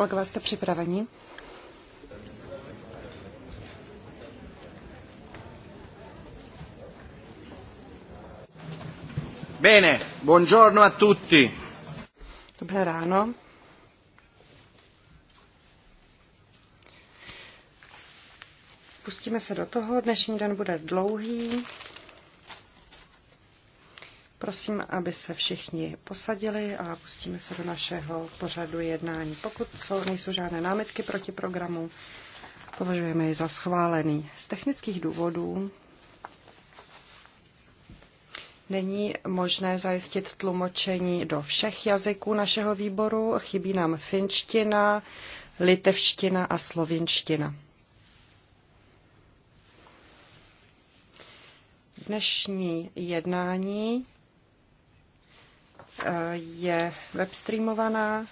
Kolegové, jste připraveni? Bene, buongiorno a tutti. Dobré ráno. Pustíme se do toho. Dnešní den bude dlouhý. Prosím, aby se všichni posadili a pustíme se do našeho pořadu jednání. Pokud jsou, nejsou žádné námitky proti programu, považujeme ji za schválený. Z technických důvodů není možné zajistit tlumočení do všech jazyků našeho výboru. Chybí nám finština, litevština a slovinština. Dnešní jednání Eh, je webstreamovaná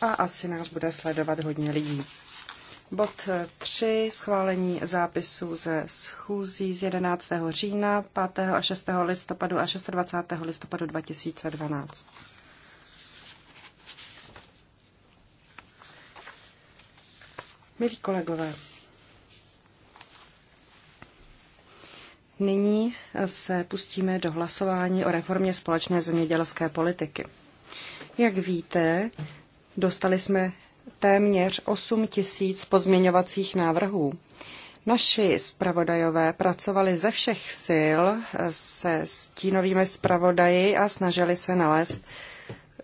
a asi nás bude sledovat hodně lidí. Bod 3. Eh, schválení zápisů ze schůzí z 11. října, 5. a 6. listopadu a 26. listopadu 2012. Milí kolegové, Nyní se pustíme do hlasování o reformě společné zemědělské politiky. Jak víte, dostali jsme téměř 8 tisíc pozměňovacích návrhů. Naši zpravodajové pracovali ze všech sil eh, se stínovými zpravodaji a snažili se nalézt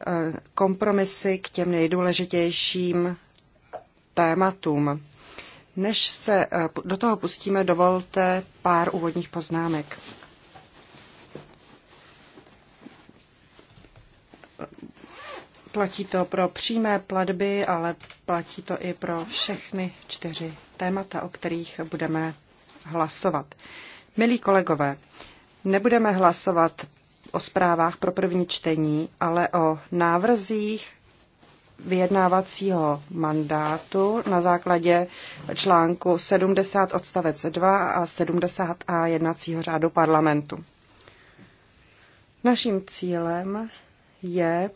eh, kompromisy k těm nejdůležitějším tématům. Než se eh, do toho pustíme, dovolte pár úvodních poznámek. Platí to pro přímé platby, ale platí to i pro všechny čtyři témata, o kterých budeme hlasovat. Milí kolegové, nebudeme hlasovat o zprávách pro první čtení, ale o návrzích vyjednávacího mandátu na základě článku 70 odstavec 2 a 70a jednacího řádu parlamentu. Naším cílem je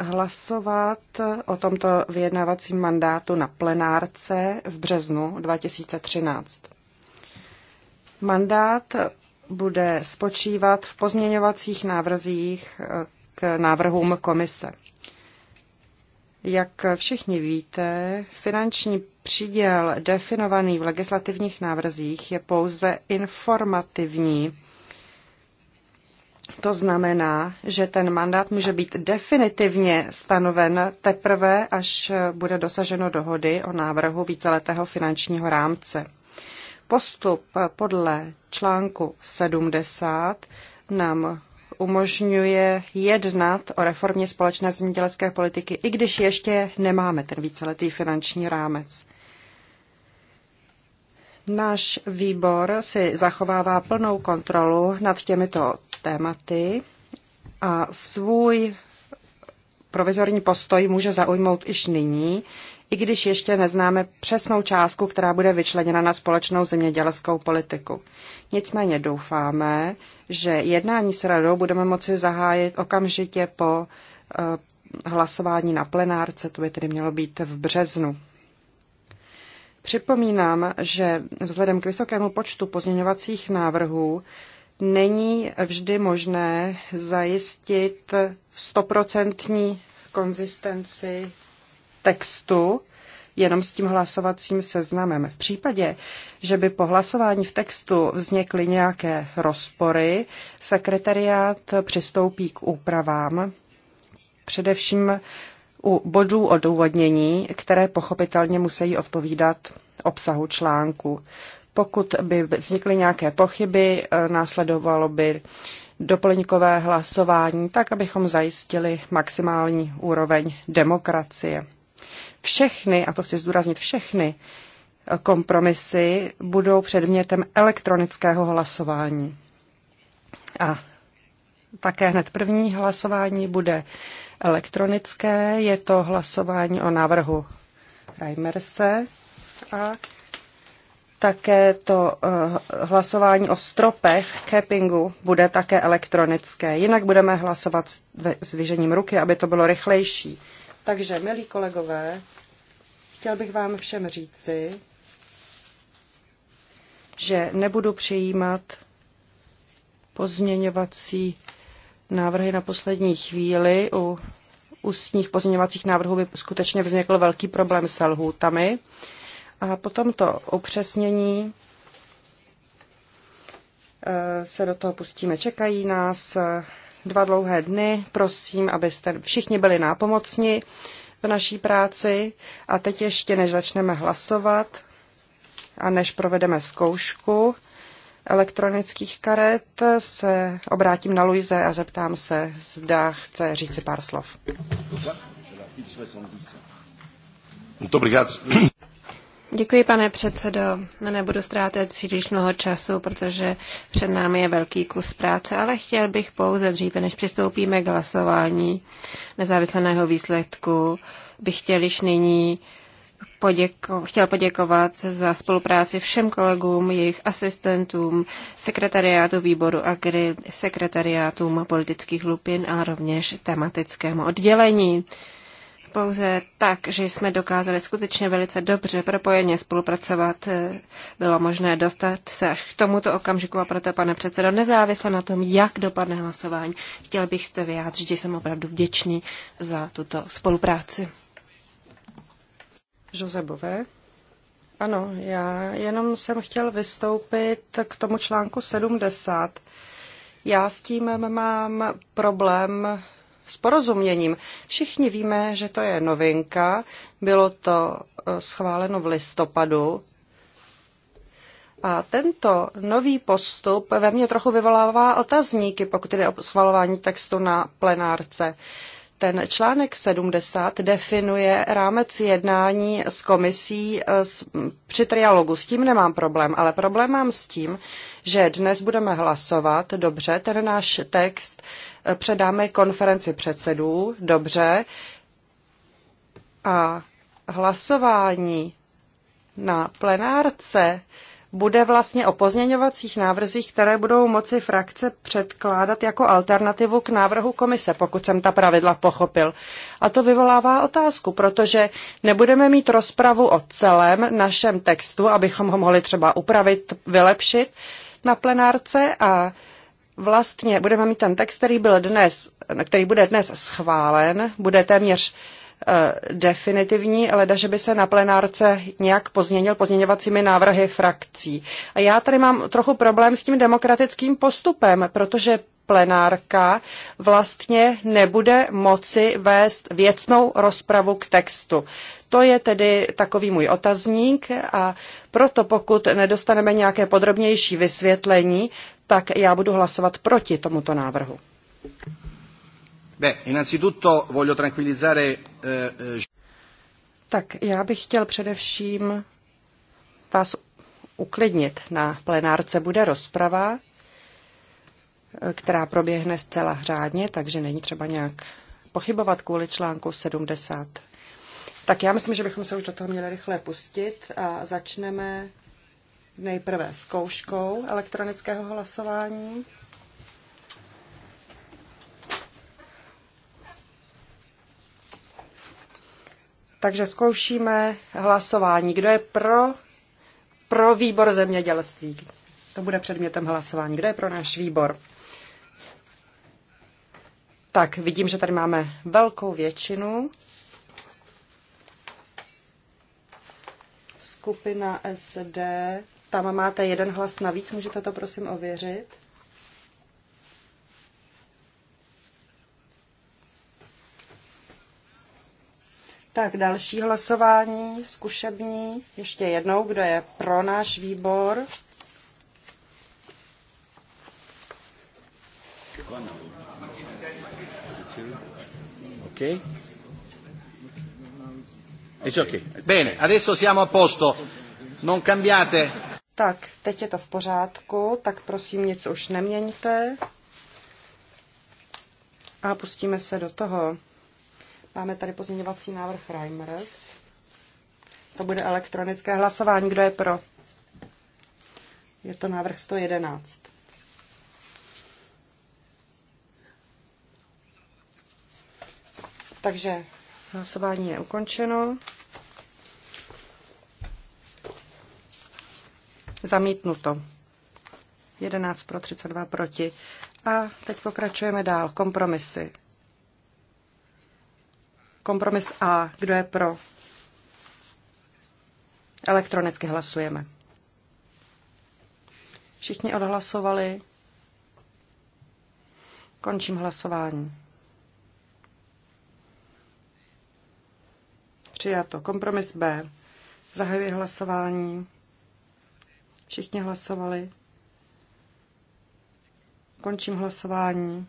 hlasovat o tomto vyjednávacím mandátu na plenárce v březnu 2013. Mandát bude spočívat v pozměňovacích návrzích k návrhům komise. Jak všichni víte, finanční příděl definovaný v legislativních návrzích je pouze informativní. To znamená, že ten mandát může být definitivně stanoven teprve, až bude dosaženo dohody o návrhu víceletého finančního rámce. Postup podle článku 70 nám umožňuje jednat o reformě společné zemědělské politiky, i když ještě nemáme ten víceletý finanční rámec. Náš výbor si zachovává plnou kontrolu nad těmito tématy a svůj provizorní postoj může zaujmout již nyní, i když ještě neznáme přesnou částku, která bude vyčleněna na společnou zemědělskou politiku. Nicméně doufáme, že jednání s radou budeme moci zahájit okamžitě po eh, hlasování na plenárce, to by tedy mělo být v březnu. Připomínám, že vzhledem k vysokému počtu pozměňovacích návrhů není vždy možné zajistit stoprocentní konzistenci textu jenom s tím hlasovacím seznamem. V případě, že by po hlasování v textu vznikly nějaké rozpory, sekretariát přistoupí k úpravám, především u bodů odůvodnění, které pochopitelně musí odpovídat obsahu článku. Pokud by vznikly nějaké pochyby, následovalo by doplňkové hlasování, tak abychom zajistili maximální úroveň demokracie všechny, a to chci zdůraznit všechny, eh, kompromisy budou předmětem elektronického hlasování. A také hned první hlasování bude elektronické. Je to hlasování o návrhu Reimerse a také to eh, hlasování o stropech cappingu bude také elektronické. Jinak budeme hlasovat s vyžením ruky, aby to bylo rychlejší. Takže, milí kolegové, chtěl bych vám všem říci, že nebudu přijímat pozměňovací návrhy na poslední chvíli. U ústních pozměňovacích návrhů by skutečně vznikl velký problém s lhůtami. A po tomto upřesnění eh, se do toho pustíme. Čekají nás dva dlouhé dny. Prosím, abyste všichni byli nápomocni v naší práci. A teď ještě, než začneme hlasovat a než provedeme zkoušku elektronických karet, se obrátím na Luize a zeptám se, zda chce říci pár slov. Muito obrigado, Děkuji, pane předsedo. Nebudu ztrátet příliš mnoho času, protože před námi je velký kus práce, ale chtěl bych pouze dříve, než přistoupíme k hlasování nezávislého výsledku, bych chtěl již nyní poděko- chtěl poděkovat za spolupráci všem kolegům, jejich asistentům, sekretariátu výboru AGRI, sekretariátům politických hlupin a rovněž tematickému oddělení. Pouze tak, že jsme dokázali skutečně velice dobře propojeně spolupracovat, bylo možné dostat se až k tomuto okamžiku a proto, pane předsedo, nezávisle na tom, jak dopadne hlasování, chtěl bych jste vyjádřit, že jsem opravdu vděčný za tuto spolupráci. Josebové. Ano, já jenom jsem chtěl vystoupit k tomu článku 70. Já s tím mám problém, s porozuměním. Všichni víme, že to je novinka, bylo to eh, schváleno v listopadu. A tento nový postup ve mně trochu vyvolává otazníky, pokud jde o schvalování textu na plenárce. Ten článek 70 definuje rámec jednání s komisí eh, s při trialogu. S tím nemám problém, ale problém mám s tím, že dnes budeme hlasovat. Dobře, ten náš text předáme konferenci předsedů, dobře, a hlasování na plenárce bude vlastně o pozměňovacích návrzích, které budou moci frakce předkládat jako alternativu k návrhu komise, pokud jsem ta pravidla pochopil. A to vyvolává otázku, protože nebudeme mít rozpravu o celém našem textu, abychom ho mohli třeba upravit, vylepšit na plenárce a vlastně budeme mít ten text, který, byl dnes, který bude dnes schválen, bude téměř eh, definitivní, ale že by se na plenárce nějak pozměnil pozměňovacími návrhy frakcí. A já tady mám trochu problém s tím demokratickým postupem, protože plenárka vlastně nebude moci vést věcnou rozpravu k textu. To je tedy takový můj otazník a proto pokud nedostaneme nějaké podrobnější vysvětlení, tak já budu hlasovat proti tomuto návrhu. Eh, eh, tak já bych chtěl především vás uklidnit. Na plenárce bude rozprava, eh, která proběhne zcela řádně, takže není třeba nějak pochybovat kvůli článku 70. Tak já myslím, že bychom se už do toho měli rychle pustit a začneme nejprve zkouškou elektronického hlasování. Takže zkoušíme hlasování. Kdo je pro, pro výbor zemědělství? To bude předmětem hlasování. Kdo je pro náš výbor? Tak, vidím, že tady máme velkou většinu. Skupina SD tam máte jeden hlas navíc, můžete to prosím ověřit? Tak další hlasování, zkušební, ještě jednou, kdo je pro náš výbor. Okay. It's okay. Bene, adesso siamo a posto. Non cambiate. Tak, teď je to v pořádku, tak prosím nic už neměňte. A pustíme se do toho. Máme tady pozměňovací návrh Reimers. To bude elektronické hlasování. Kdo je pro? Je to návrh 111. Takže hlasování je ukončeno. Zamítnuto. 11 pro, 32 proti. A teď pokračujeme dál. Kompromisy. Kompromis A. Kdo je pro? Elektronicky hlasujeme. Všichni odhlasovali. Končím hlasování. Přijato. Kompromis B. Zahajuji hlasování. Všichni hlasovali. Končím hlasování.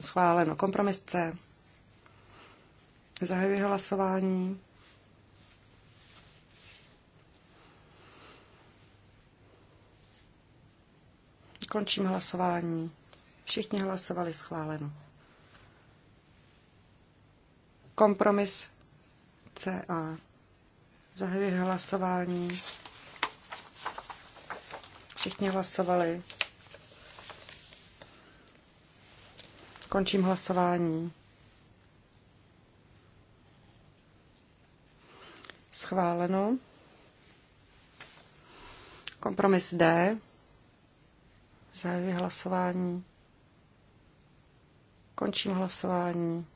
Schváleno. Kompromis C. Zahajuji hlasování. Končím hlasování. Všichni hlasovali schváleno. Kompromis CA. Zahajuji hlasování. Všichni hlasovali. Končím hlasování. Schváleno. Kompromis D. Zahajuji hlasování. Končím hlasování.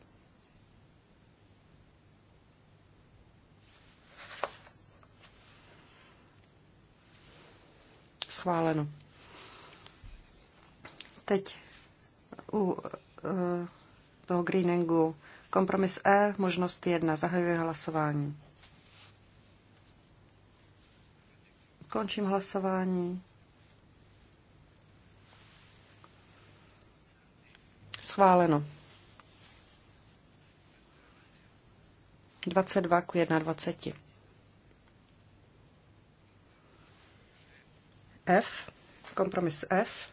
schváleno. Teď u eh, toho greeningu kompromis E, možnost 1, zahajuje hlasování. Končím hlasování. Schváleno. 22 k 21. F, kompromis F.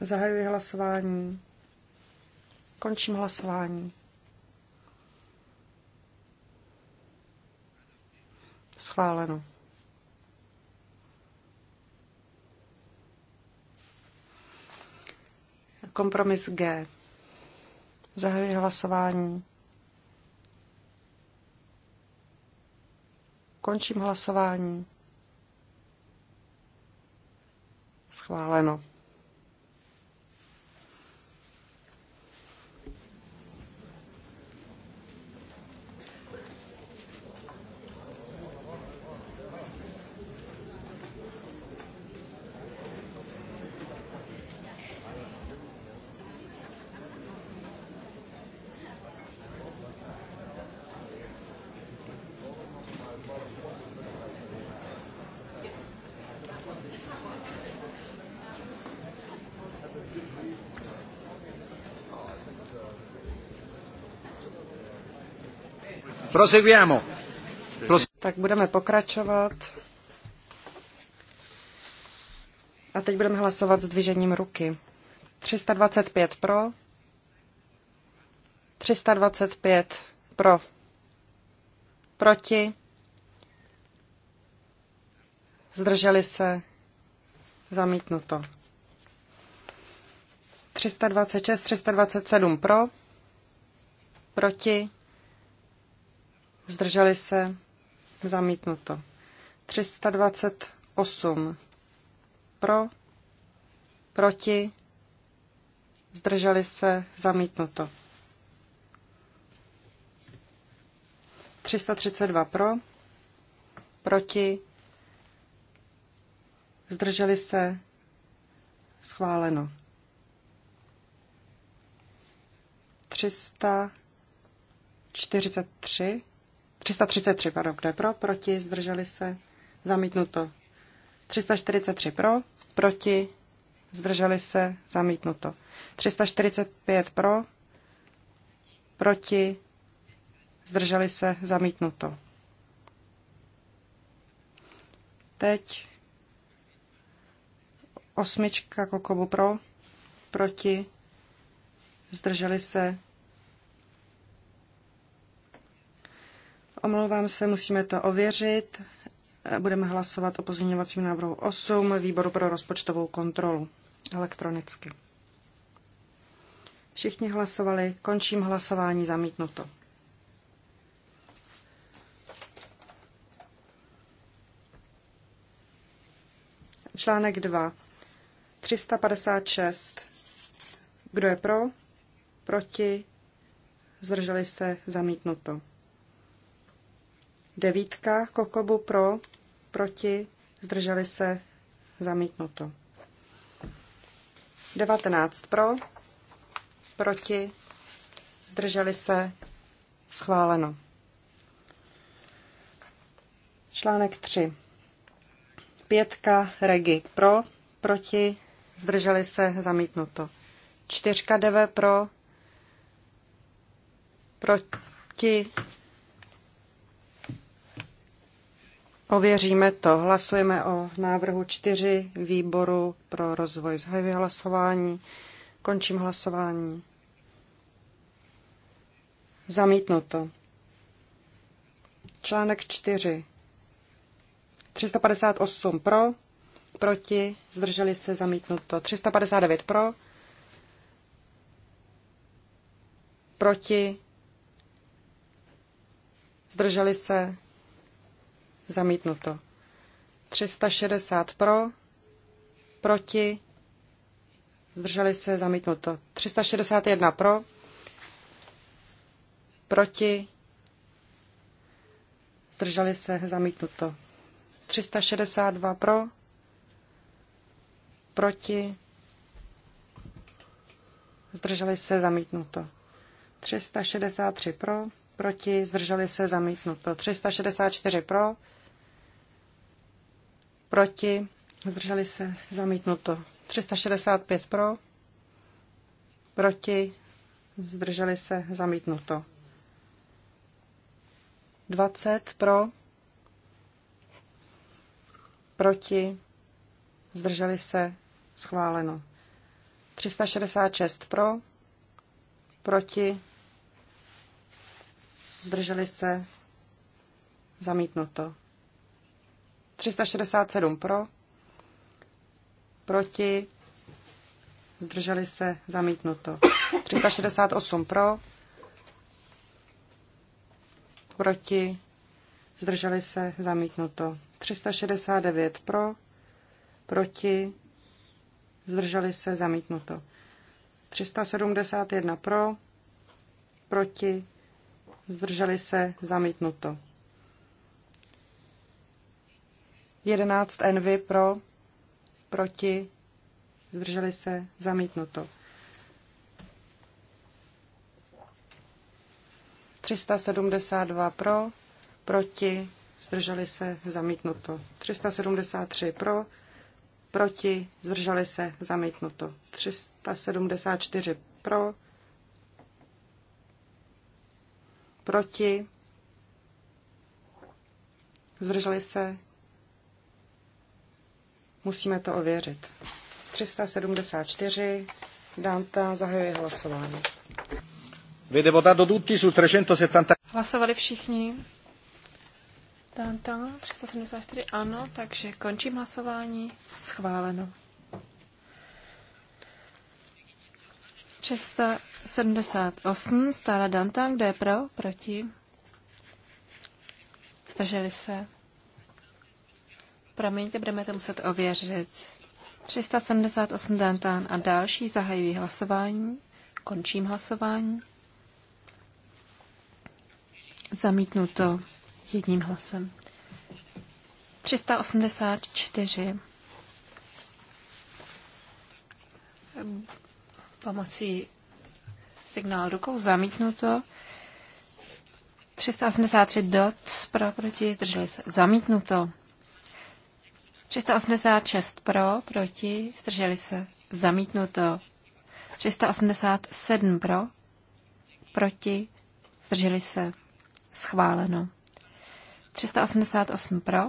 Zahajuji hlasování. Končím hlasování. Schváleno. Kompromis G. Zahajuji hlasování. Končím hlasování. Schváleno. Proseguiamo. Prose... Tak budeme pokračovat. A teď budeme hlasovat s dvižením ruky. 325 pro. 325 pro. Proti. Zdrželi se. Zamítnuto. 326, 327 pro. Proti zdrželi se, zamítnuto. 328 pro, proti, zdrželi se, zamítnuto. 332 pro, proti, zdrželi se, schváleno. 343 333, pardon, kdo je pro, proti, zdrželi se, zamítnuto. 343 pro, proti, zdrželi se, zamítnuto. 345 pro, proti, zdrželi se, zamítnuto. Teď osmička kokobu pro, proti, zdrželi se, Omlouvám se, musíme to ověřit. Budeme hlasovat o pozměňovacím návrhu 8 výboru pro rozpočtovou kontrolu elektronicky. Všichni hlasovali, končím hlasování zamítnuto. Článek 2. 356. Kdo je pro? Proti? Zdrželi se? Zamítnuto. Devítka Kokobu pro, proti, zdrželi se, zamítnuto. 19 pro, proti, zdrželi se, schváleno. Článek 3. Pětka Regi pro, proti, zdrželi se, zamítnuto. Čtyřka Deve pro, proti, Ověříme to. Hlasujeme o návrhu čtyři výboru pro rozvoj. zhajvy hlasování. Končím hlasování. Zamítnuto. Článek 4. 358 pro, proti, zdrželi se, zamítnuto. 359 pro, proti, zdrželi se, Zamítnuto. 360 pro, proti, zdrželi se, zamítnuto. 361 pro, proti, zdrželi se, zamítnuto. 362 pro, proti, zdrželi se, zamítnuto. 363 pro, proti, zdrželi se, zamítnuto. 364 pro, proti, zdrželi se, zamítnuto. 365 pro, proti, zdrželi se, zamítnuto. 20 pro, proti, zdrželi se, schváleno. 366 pro, proti, zdrželi se, zamítnuto. 367 pro, proti, zdrželi se, zamítnuto. 368 pro, proti, zdrželi se, zamítnuto. 369 pro, proti, zdrželi se, zamítnuto. 371 pro, proti, zdrželi se, zamítnuto. 11 envy pro, proti, zdrželi se, zamítnuto. 372 pro, proti, zdrželi se, zamítnuto. 373 pro, proti, zdrželi se, zamítnuto. 374 pro, proti, zdrželi se, Musíme to ověřit. 374. Dante zahajuje hlasování. Vede votato tutti sul 370. Hlasovali všichni. Dante 374 ano, takže končím hlasování. Schváleno. 378, stála Dantan, kdo je pro, proti? Zdrželi se. Promiňte, budeme to muset ověřit. 378 Dantán a další zahajují hlasování. Končím hlasování. Zamítnu to jedním hlasem. 384. Pomocí signálu rukou zamítnu to. 383 dot pro proti zdrželi se. to. 386 pro, proti, zdrželi se, zamítnuto. 387 pro, proti, zdrželi se, schváleno. 388 pro,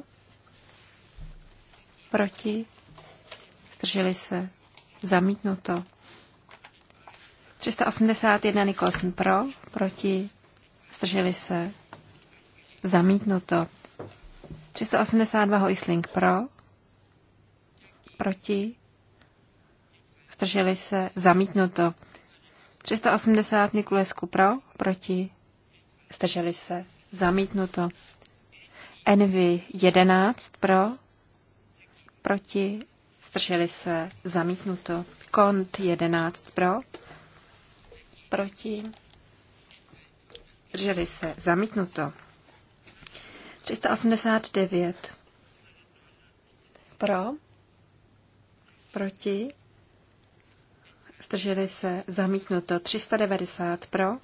proti, zdrželi se, zamítnuto. 381 Nikolson pro, proti, zdrželi se, zamítnuto. 382 Hoisling pro, Proti? Zdrželi se? Zamítnuto. 380 Nikulesku pro? Proti? Zdrželi se? Zamítnuto. Envy 11 pro? Proti? Zdrželi se? Zamítnuto. Kont 11 pro? Proti? Zdrželi se? Zamítnuto. 389 pro? proti, zdrželi se, zamítnuto. 390 pro,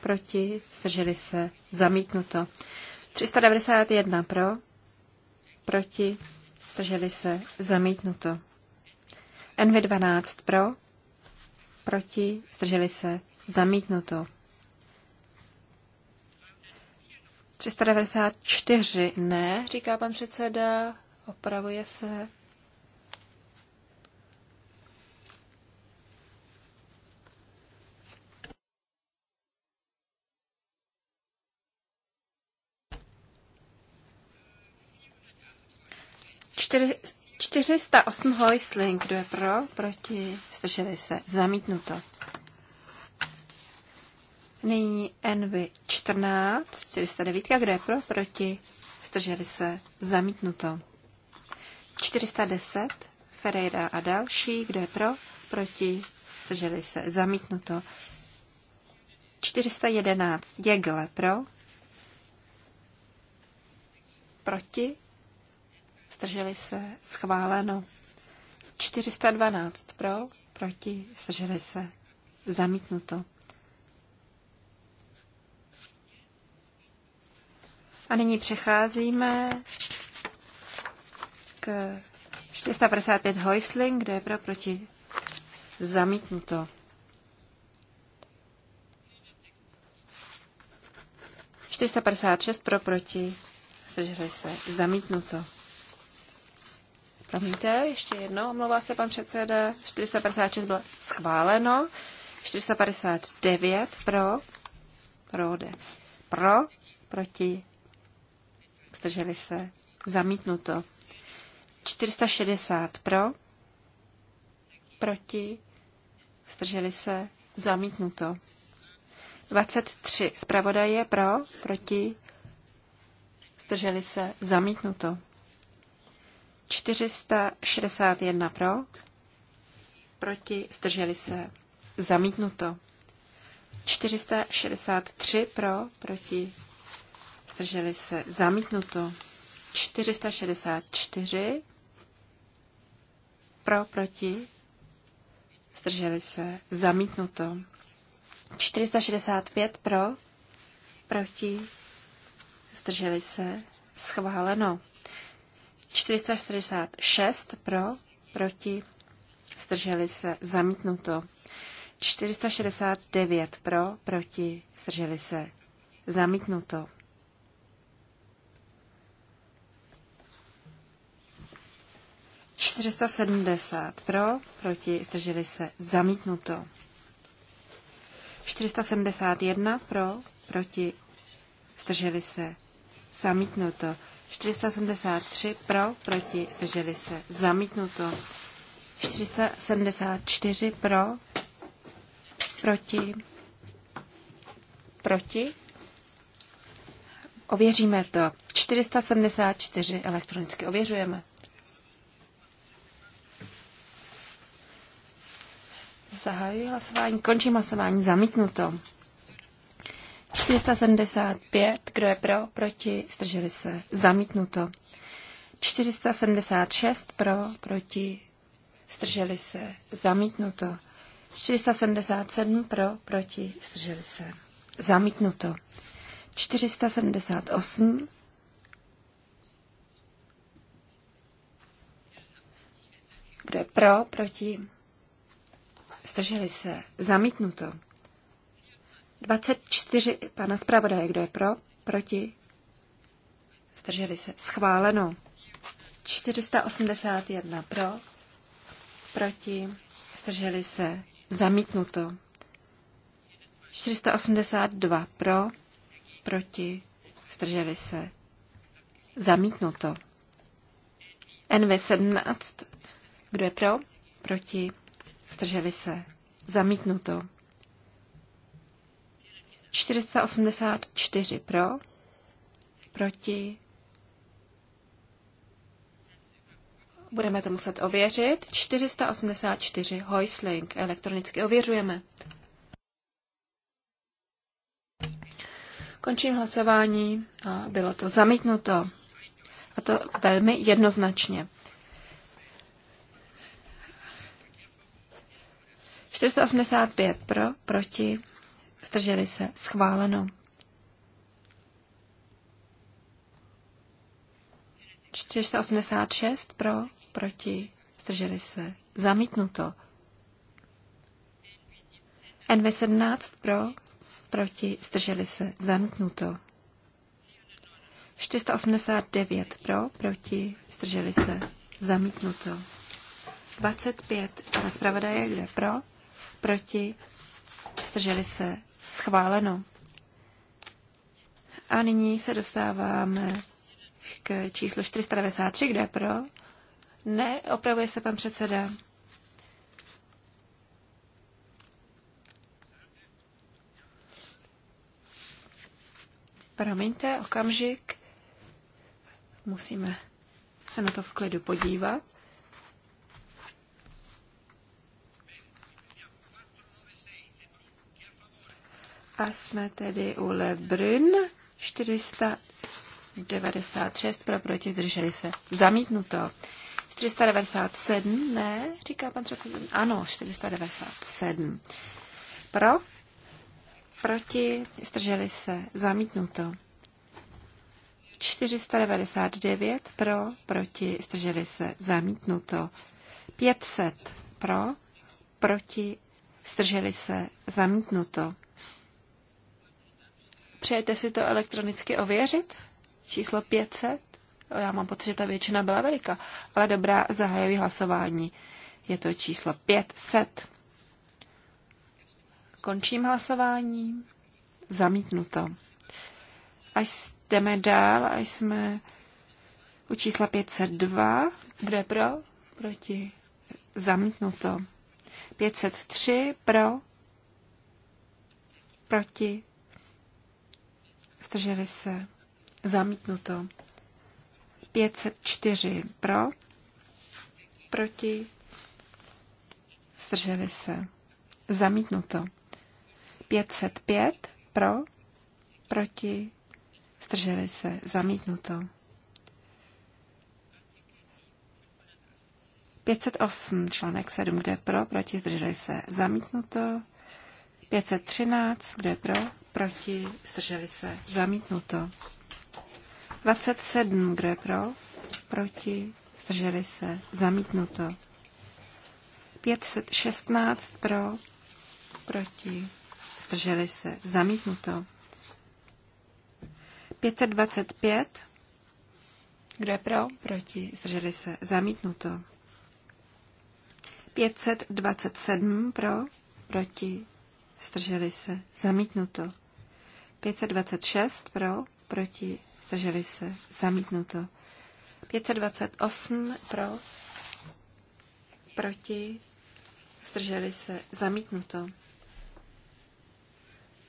proti, zdrželi se, zamítnuto. 391 pro, proti, zdrželi se, zamítnuto. NV12 pro, proti, zdrželi se, zamítnuto. 394 ne, říká pan předseda, opravuje se. 408 Hoisling, kdo je pro, proti, zdrželi se, zamítnuto. Nyní nv 14, 409, kdo je pro, proti, zdrželi se, zamítnuto. 410, Ferreira a další, kdo je pro, proti, zdrželi se, zamítnuto. 411, Jegle pro, proti, zdrželi se, schváleno. 412 pro, proti, zdrželi se, zamítnuto. A nyní přecházíme k 455 hoisling, kde je pro, proti, zamítnuto. 456 pro, proti, zdrželi se, zamítnuto. Promiňte, ještě jednou, omlouvá se pan předseda. 456 bylo schváleno, 459 pro, pro de, pro, proti, zdrželi se, zamítnuto. 460 pro, proti, zdrželi se, zamítnuto. 23 zpravodaje pro, proti, zdrželi se, zamítnuto. 461 pro, proti, zdrželi se, zamítnuto. 463 pro, proti, zdrželi se, zamítnuto. 464 pro, proti, zdrželi se, zamítnuto. 465 pro, proti, zdrželi se, schváleno. 446 pro, proti, zdrželi se, zamítnuto. 469 pro, proti, zdrželi se, zamítnuto. Čtyřista sedmdesát pro, proti, zdrželi se, zamítnuto. 471 pro, proti, zdrželi se, zamítnuto. 473 pro, proti, zdrželi se. Zamítnuto. 474 pro, proti, proti. Ověříme to. 474 elektronicky ověřujeme. Zahajuji hlasování, končím hlasování, zamítnuto. 475, kdo je pro, proti, zdrželi se, zamítnuto. 476 pro, proti, zdrželi se, zamítnuto. 477 pro, proti, zdrželi se, zamítnuto. 478 Kdo je pro, proti, zdrželi se, zamítnuto. 24 pana zpravodaje, kdo je pro, proti, zdrželi se, schváleno. 481 pro, proti, zdrželi se, zamítnuto. 482 pro, proti, zdrželi se, zamítnuto. NV17, kdo je pro, proti, zdrželi se, zamítnuto. 484 pro, proti. Budeme to muset ověřit. 484 Hoisling. Elektronicky ověřujeme. Končím hlasování a bylo to zamítnuto. A to velmi jednoznačně. 485 pro, proti. Zdrželi se. Schváleno. 486 pro, proti, zdrželi se. Zamítnuto. NV17 pro, proti, zdrželi se. Zamítnuto. 489 pro, proti, zdrželi se. Zamítnuto. 25 na zpravodaje, kde pro, proti, zdrželi se. Schváleno. A nyní se dostáváme k číslu 493, kde pro? Ne, opravuje se pan předseda. Promiňte, okamžik. Musíme se na to v klidu podívat. A jsme tedy u Lebrun 496 pro proti, zdrželi se. Zamítnuto. 497, ne, říká pan předseda. Ano, 497. Pro, proti, zdrželi se. Zamítnuto. 499 pro, proti, zdrželi se, zamítnuto. 500 pro, proti, zdrželi se, zamítnuto. Přejete si to elektronicky ověřit? Číslo 500? Já mám pocit, že ta většina byla veliká. Ale dobrá, zahajuji hlasování. Je to číslo 500. Končím hlasování. Zamítnuto. Až jdeme dál, až jsme u čísla 502. Kdo je pro? Proti. Zamítnuto. 503 pro. Proti. Zdrželi se. Zamítnuto. 504 pro. Proti. Zdrželi se. Zamítnuto. 505 pro. Proti. Zdrželi se. Zamítnuto. 508 článek 7, kde pro, proti zdrželi se, zamítnuto. 513, kde pro, proti, zdrželi se, zamítnuto. 27, kdo je pro, proti, zdrželi se, zamítnuto. 516 pro, proti, zdrželi se, zamítnuto. 525, kdo je pro, proti, zdrželi se, zamítnuto. 527 pro, proti, zdrželi se, zamítnuto. 526 pro, proti, zdrželi se, zamítnuto. 528 pro, proti, zdrželi se, zamítnuto.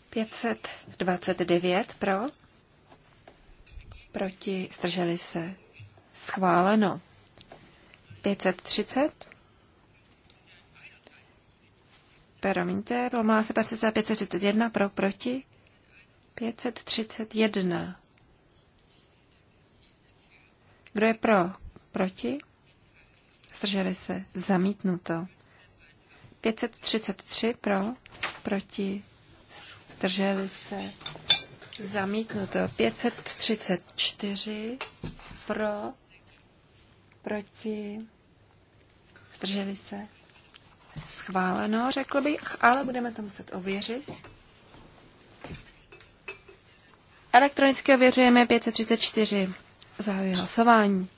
529 pro, proti, zdrželi se, schváleno. 530 Promiňte, pomáhá se 531 pro, proti, 531. Kdo je pro? Proti? Zdrželi se. Zamítnuto. 533 pro, proti, zdrželi se. Zamítnuto. 534 pro, proti, zdrželi se. Schváleno, řekl bych, ale budeme to muset ověřit. Elektronicky ověřujeme 534. Zahajuji hlasování.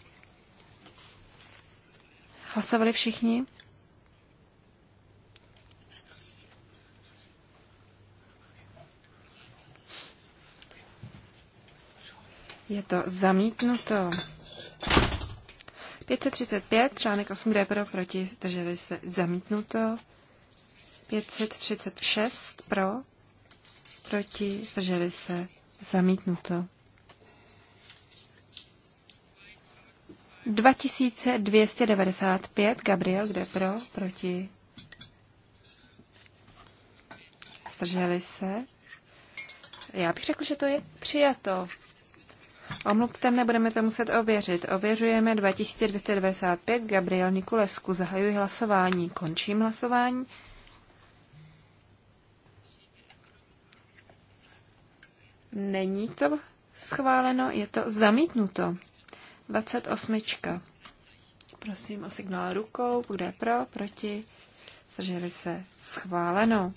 Hlasovali všichni? Je to zamítnuto. 535, článek 8, kde pro, proti, drželi se zamítnuto. 536 pro, proti, zdrželi se Zamítnuto. 2295, Gabriel, kde pro, proti. Zdrželi se. Já bych řekl, že to je přijato. Omluvte nebudeme to muset ověřit. Ověřujeme 2295, Gabriel Nikulesku. Zahajuji hlasování. Končím hlasování. Není to schváleno, je to zamítnuto. 28. Prosím o signál rukou, kdo je pro, proti, zdrželi se schváleno.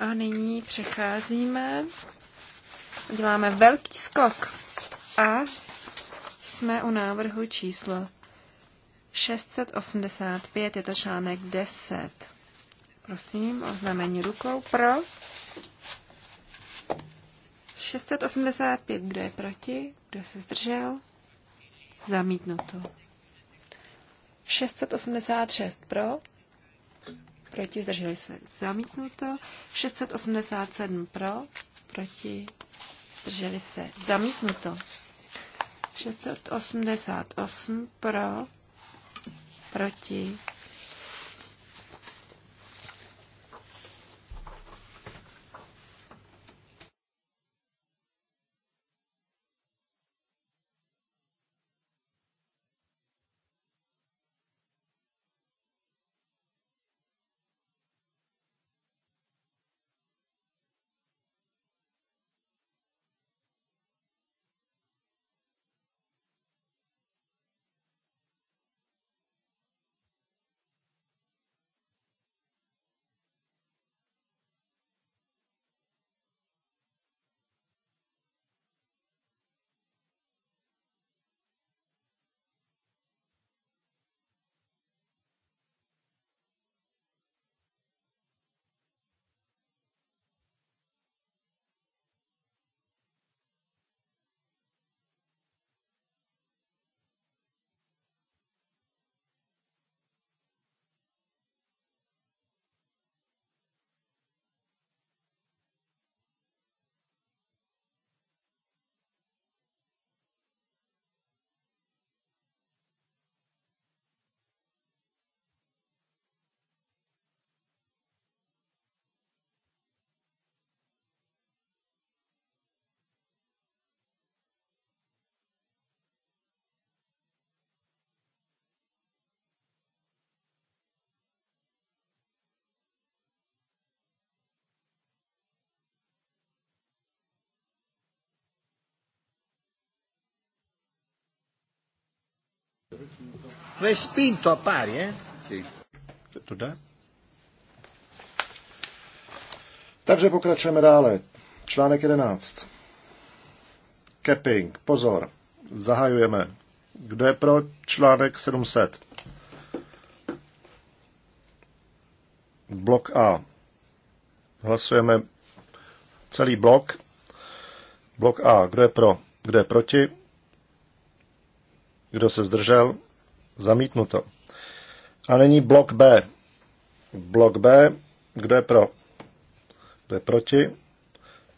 A nyní přecházíme, děláme velký skok a jsme u návrhu číslo 685, je to článek 10. Prosím o znamení rukou. Pro. 685. Kdo je proti? Kdo se zdržel? Zamítnuto. 686 pro. Proti zdrželi se. Zamítnuto. 687 pro. Proti zdrželi se. Zamítnuto. 688 pro. Proti Respinto a pari, eh? Sì. To dá? Takže pokračujeme dále. Článek 11. Capping. Pozor. Zahajujeme. Kdo je pro článek 700? Blok A. Hlasujeme celý blok. Blok A. Kdo je pro? Kdo je proti? Kdo se zdržel? Zamítnuto. A není blok B. Blok B, kdo je pro? Kdo je proti?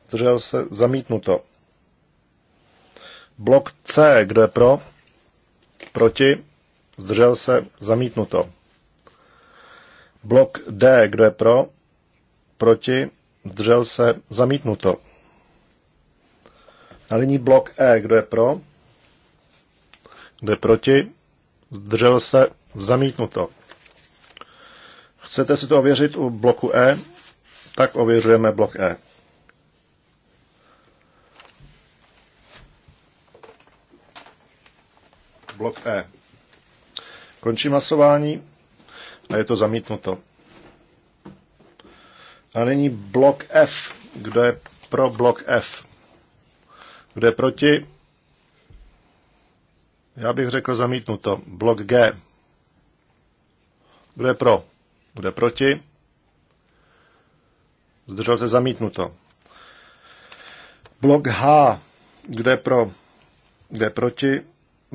Zdržel se? Zamítnuto. Blok C, kdo je pro? Proti? Zdržel se? Zamítnuto. Blok D, kdo je pro? Proti? Zdržel se? Zamítnuto. A nyní blok E, kdo je pro? Jde proti? Zdržel se? Zamítnuto. Chcete si to ověřit u bloku E? Tak ověřujeme blok E. Blok E. Končím hlasování a je to zamítnuto. A nyní blok F. Kdo je pro blok F? Kdo je proti? Já bych řekl zamítnuto. Blok G. Kdo je pro? Kdo je proti? Zdržel se zamítnuto. Blok H. Kdo je pro? Kdo je proti?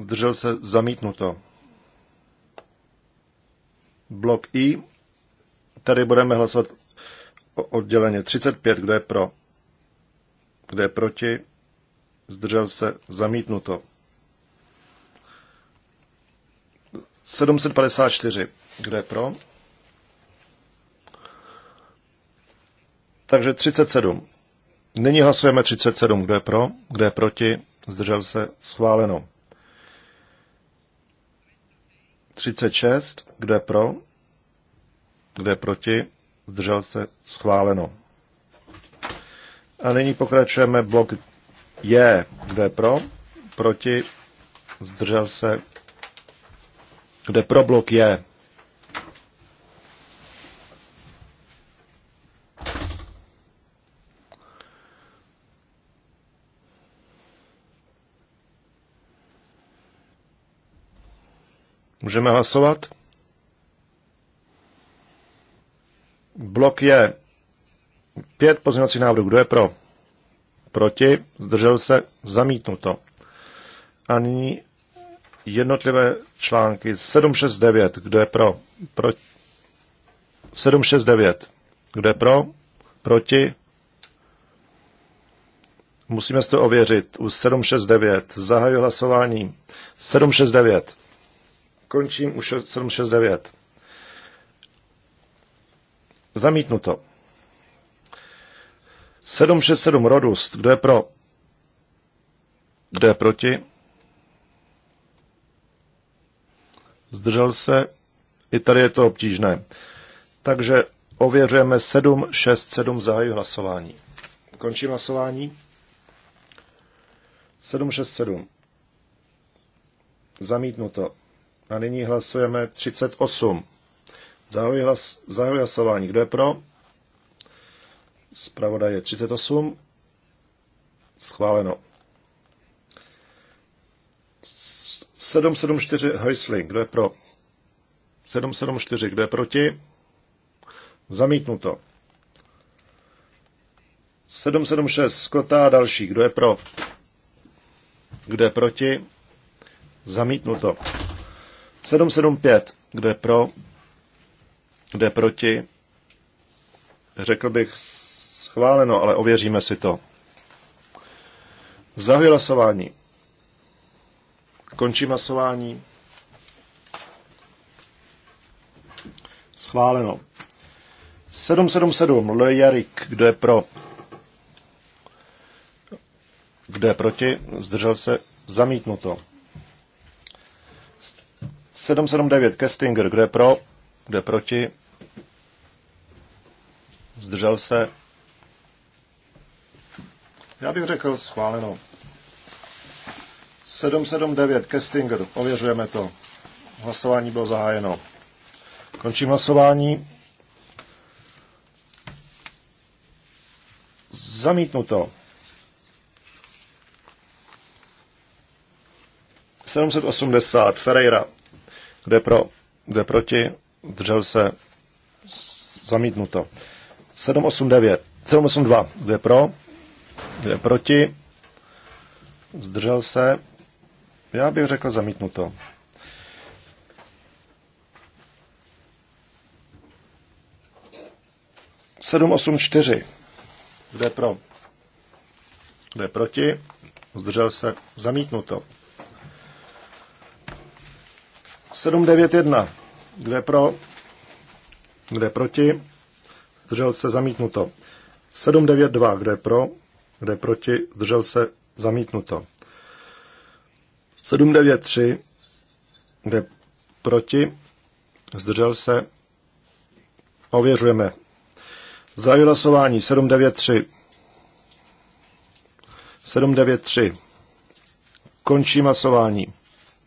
Zdržel se zamítnuto. Blok I. Tady budeme hlasovat odděleně. 35. Kdo je pro? Kdo je proti? Zdržel se zamítnuto. 754. Kdo je pro? Takže 37. Nyní hlasujeme 37. Kdo je pro? Kdo je proti? Zdržel se? Schváleno. 36. Kdo je pro? Kdo je proti? Zdržel se? Schváleno. A nyní pokračujeme blok J. Kdo je pro? Proti? Zdržel se? kde problok je Můžeme hlasovat? Blok je pět pozměňovacích návrhů. Kdo je pro? Proti? Zdržel se? Zamítnuto. A nyní jednotlivé články 769, kdo je pro, pro 769, kdo je pro, proti, musíme si to ověřit, u 769, zahajuji hlasování, 769, končím u 769, zamítnuto, 767 Rodust, kdo je pro, kdo je proti, zdržel se, i tady je to obtížné. Takže ověřujeme 7, 6, 7, zahají hlasování. Končím hlasování. 7, 6, 7. Zamítnuto. A nyní hlasujeme 38. Zahajuji, hlas, zahajuji hlasování. Kdo je pro? Zpravodaj je 38. Schváleno. 774 Heisling, kdo je pro? 774, kdo je proti? Zamítnuto. 776 Skota a další, kdo je pro? Kdo je proti? Zamítnuto. 775, kdo je pro? Kdo je proti? Řekl bych schváleno, ale ověříme si to. Zahajuji hlasování. Končím hlasování. Schváleno. 777 Le Jarik, kdo je pro? Kdo je proti? Zdržel se? Zamítnuto. 779 Kestinger, kdo je pro? Kdo je proti? Zdržel se? Já bych řekl schváleno. 779 Kestinger, ověřujeme to. Hlasování bylo zahájeno. Končím hlasování. Zamítnuto. 780 Ferreira. Kde pro, kde proti, držel se zamítnuto. 789, 782, kde pro, kde proti, zdržel se, já bych řekl zamítnuto. Sedm, osm, čtyři. Kde pro? Kde proti? Zdržel se zamítnuto. jedna, Kde pro? Kde proti? Zdržel se zamítnuto. dva, Kde pro? Kde proti? Zdržel se zamítnuto. 793, kde proti, zdržel se, ověřujeme. Zahajuji hlasování 793. 793. Končí hlasování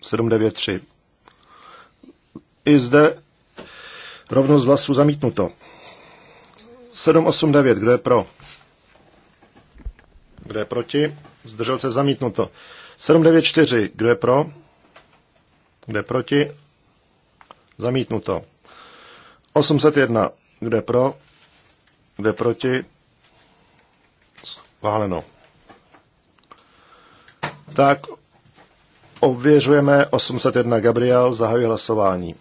793. I zde rovnost hlasu zamítnuto. 789, kdo je pro? Kdo je proti? Zdržel se zamítnuto. 794, kdo je pro? Kdo je proti? Zamítnuto. 801, kdo je pro? Kdo je proti? Schváleno. Tak ověřujeme 801 Gabriel, zahajuje hlasování.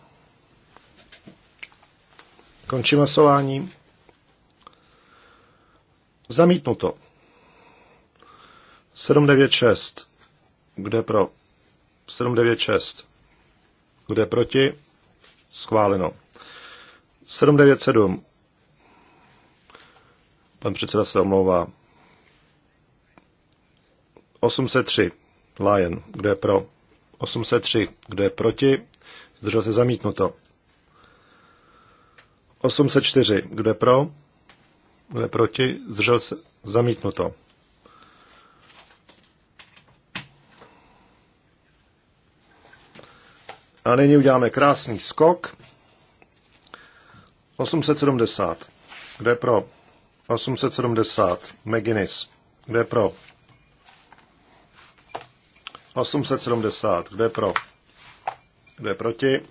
Končím hlasování. Zamítnuto. 796. Kde pro? 796. Kde proti? Schváleno. 797. Pan předseda se omlouvá. 803. Lion. Kdo je pro? 803. Kdo je proti? Zdržel se zamítnuto. 804. Kdo je pro? Kdo je proti? Zdržel se zamítnuto. A nyní uděláme krásný skok. 870. Kde pro? 870. McGuinness. Kde pro? 870. Kde pro? Kde proti?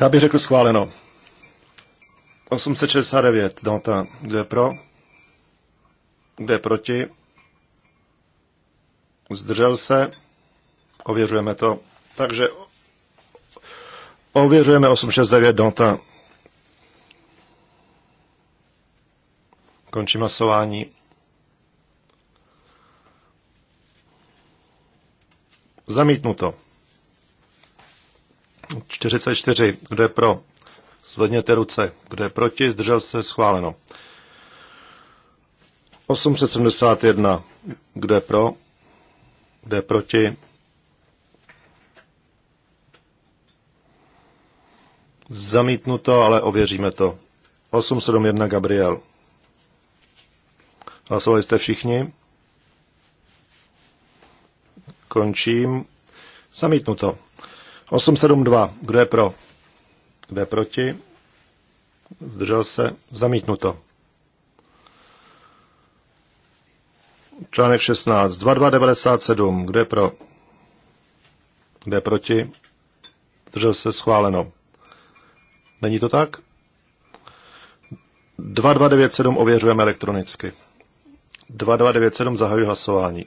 Já bych řekl schváleno. 869. Dota. kde pro? kde proti? Zdržel se? Ověřujeme to. Takže ověřujeme 869 Danta. Končím hlasování. Zamítnuto. 44. Kdo je pro? Zvedněte ruce. Kdo je proti? Zdržel se? Schváleno. 871. Kdo je pro? Kdo je proti? Zamítnuto, ale ověříme to. 871 Gabriel. Hlasovali jste všichni? Končím. Zamítnuto. 872. Kdo je pro? Kdo je proti? Zdržel se? Zamítnuto. Článek 16. 2297. Kdo je pro? Kdo je proti? Zdržel se? Schváleno. Není to tak? 2297 ověřujeme elektronicky. 2297 zahajuji hlasování.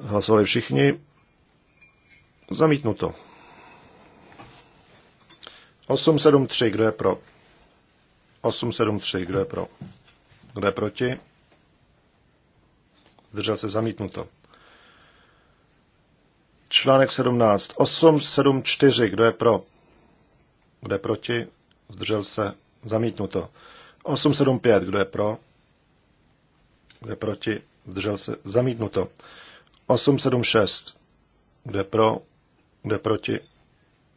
Hlasovali všichni. Zamítnuto. 873, kdo je pro? 873, kdo je pro? Kdo je proti? Zdržel se zamítnuto. Článek 17. 874. Kdo je pro? Kdo je proti? Zdržel se. Zamítnuto. 875. Kdo je pro? Kdo je proti? Zdržel se. Zamítnuto. 876. Kdo je pro? Kdo je proti?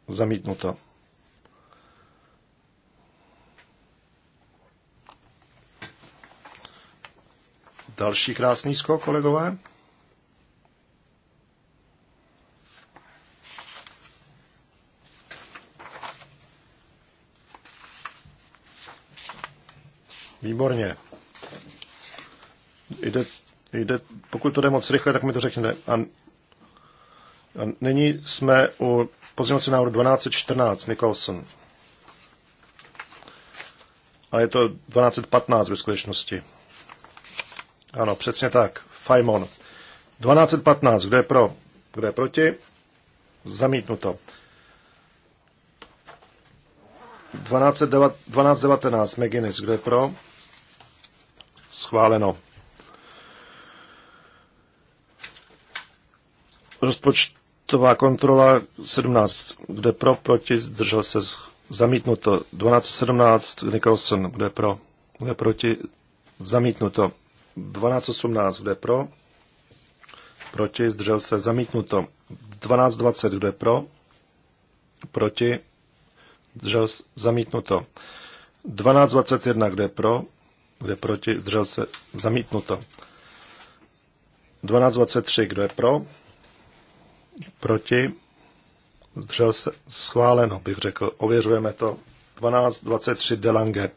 Zamítnuto. Další krásný skok, kolegové. Výborně. Jde, jde, pokud to jde moc rychle, tak mi to řekněte. A, a nyní jsme u pozměnce návrhu 1214 Nicholson. A je to 1215 ve skutečnosti. Ano, přesně tak. Fajmon. 1215, kdo je pro? Kdo je proti? Zamítnuto. 1219 12, McGinnis, kdo je pro? Schváleno. Rozpočtová kontrola 17. Kde pro, proti, zdržel se zamítnuto. 12.17. Nicholson. Kde pro, kde proti, zamítnuto. 12.18. Kde pro, proti, zdržel se zamítnuto. 12.20. Kde pro, proti, zdržel se zamítnuto. 12.21. Kde pro, kdo je proti? Zdržel se? Zamítnuto. 12.23. Kdo je pro? Proti? Zdržel se? Schváleno, bych řekl. Ověřujeme to. 12.23 Delange.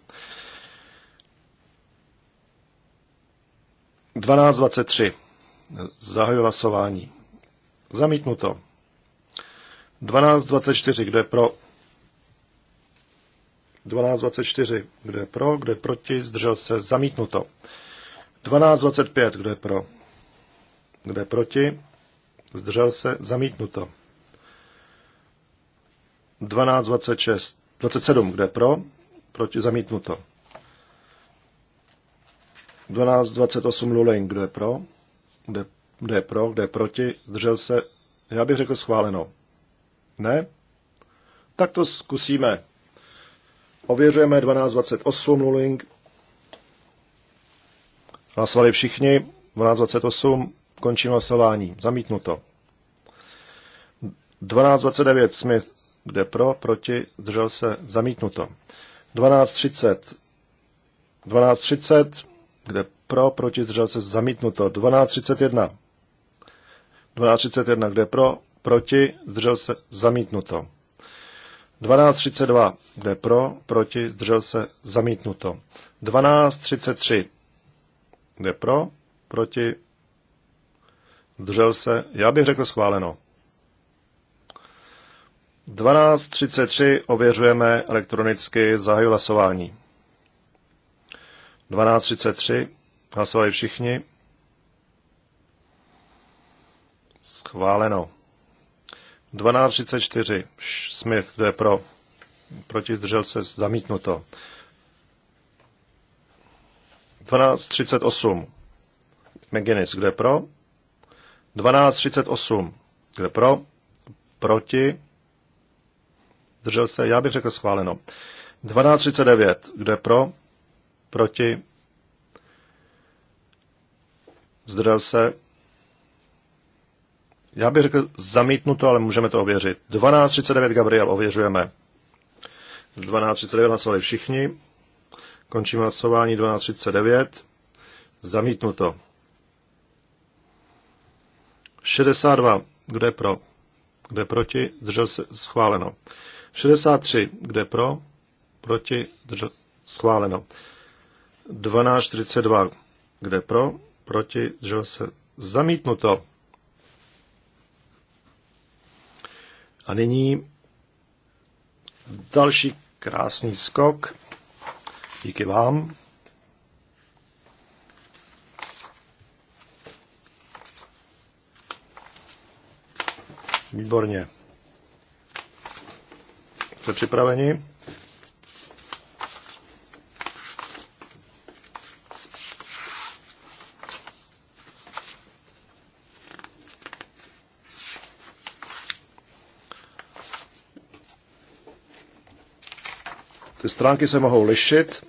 12.23. Zahajuji hlasování. Zamítnuto. 12.24. Kdo je pro? 12.24, kdo je pro, kdo je proti, zdržel se, zamítnuto. 12.25, kdo je pro, kdo je proti, zdržel se, zamítnuto. 12.26, 27, kdo je pro, proti, zamítnuto. 12.28 Lulin, kdo je pro, kdo, kdo je pro, kdo je proti, zdržel se, já bych řekl schváleno. Ne? Tak to zkusíme. Ověřujeme 1228 Luling. Hlasovali všichni. 1228. Končím hlasování. Zamítnuto. 1229 Smith. Kde pro, proti, zdržel se. Zamítnuto. 1230. 1230. Kde pro, proti, zdržel se. Zamítnuto. 1231. 1231. Kde pro, proti, zdržel se. Zamítnuto. 12.32, kde pro, proti, zdržel se, zamítnuto. 12.33, kde pro, proti, zdržel se, já bych řekl schváleno. 12.33 ověřujeme elektronicky zahajuji hlasování. 12.33 hlasovali všichni. Schváleno. 12.34. Smith, kdo je pro? Proti zdržel se zamítnuto. 12.38. McGinnis, kdo je pro? 12.38. Kdo je pro? Proti? Zdržel se? Já bych řekl schváleno. 12.39. Kdo je pro? Proti? Zdržel se? Já bych řekl zamítnuto, ale můžeme to ověřit. 12.39 Gabriel, ověřujeme. 12.39 hlasovali všichni. Končíme hlasování 12.39. Zamítnuto. 62. Kde pro? Kde proti? Držel se schváleno. 63. Kde pro? Proti? Držel schváleno. 12.42. Kde pro? Proti? Držel se zamítnuto. A nyní další krásný skok. Díky vám. Výborně. Jste připraveni? Ty stránky se mohou lišit.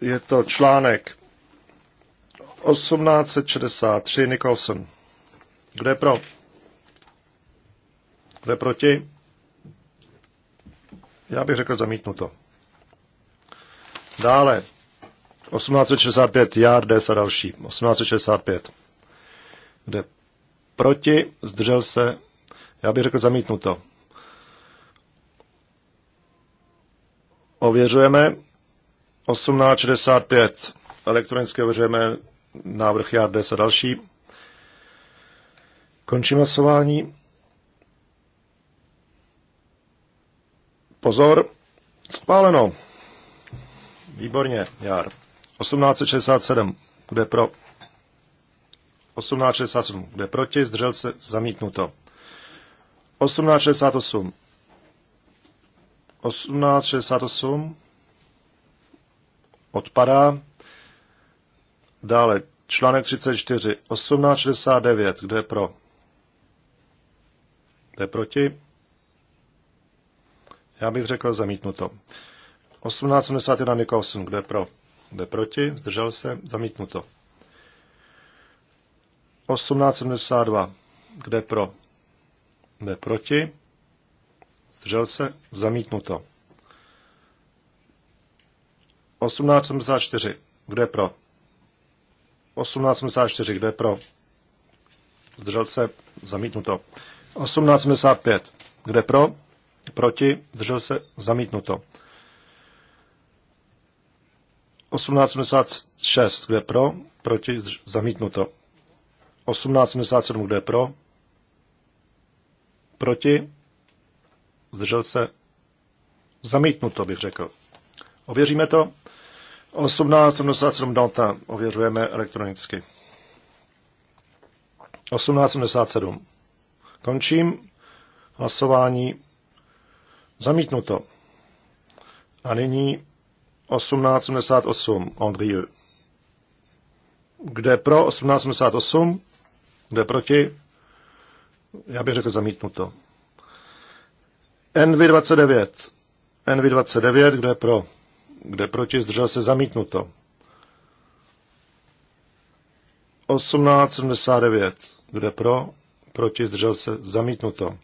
Je to článek 1863 Nicholson. Kde pro? Kde proti? Já bych řekl zamítnuto. Dále 1865 Jardes a další. 1865. Kde proti, zdržel se, já bych řekl zamítnuto. Ověřujeme 1865. elektronické ověřujeme návrh JARDS a další. Končím hlasování. Pozor, spáleno. Výborně, Jar. 1867, kde pro. 1867, kde proti, zdržel se, zamítnuto. 1868, 1868 odpadá. Dále článek 34, 1869, kdo je pro? Kdo je proti? Já bych řekl zamítnuto. 1871 Nikolson, kdo je pro? Kdo je proti? Zdržel se? Zamítnuto. 1872, kde je pro? kde je proti? Střelce se, zamítnuto. 1874, kdo je pro? 1874, kdo je pro? Zdržel se, zamítnuto. 1875, kdo je pro? Proti, zdržel se, zamítnuto. 1876, kdo je pro? Proti, zamítnuto. 1877, kdo je pro? Proti, zdržel se, zamítnuto bych řekl. Ověříme to. 1877 Delta ověřujeme elektronicky. 1877. Končím hlasování. Zamítnuto. A nyní 1878 Andrieu. Kde pro 1878? Kde proti? Já bych řekl zamítnuto. NV29. NV29, kdo je pro? Kde proti? Zdržel se zamítnuto. 1879. Kde pro? Proti? Zdržel se zamítnuto.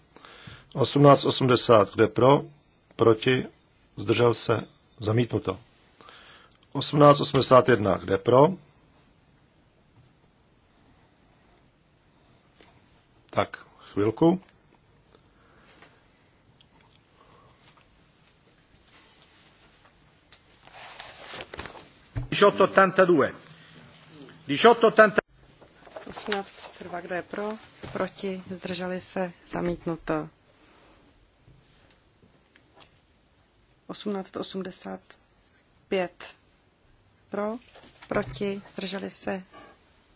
1880. Kde pro? Proti? Zdržel se zamítnuto. 1881. Kde pro? Tak, chvilku. 1882. 1882. 1832, kdo je pro, proti, zdrželi se, zamítnuto. 1885 pro, proti, zdrželi se,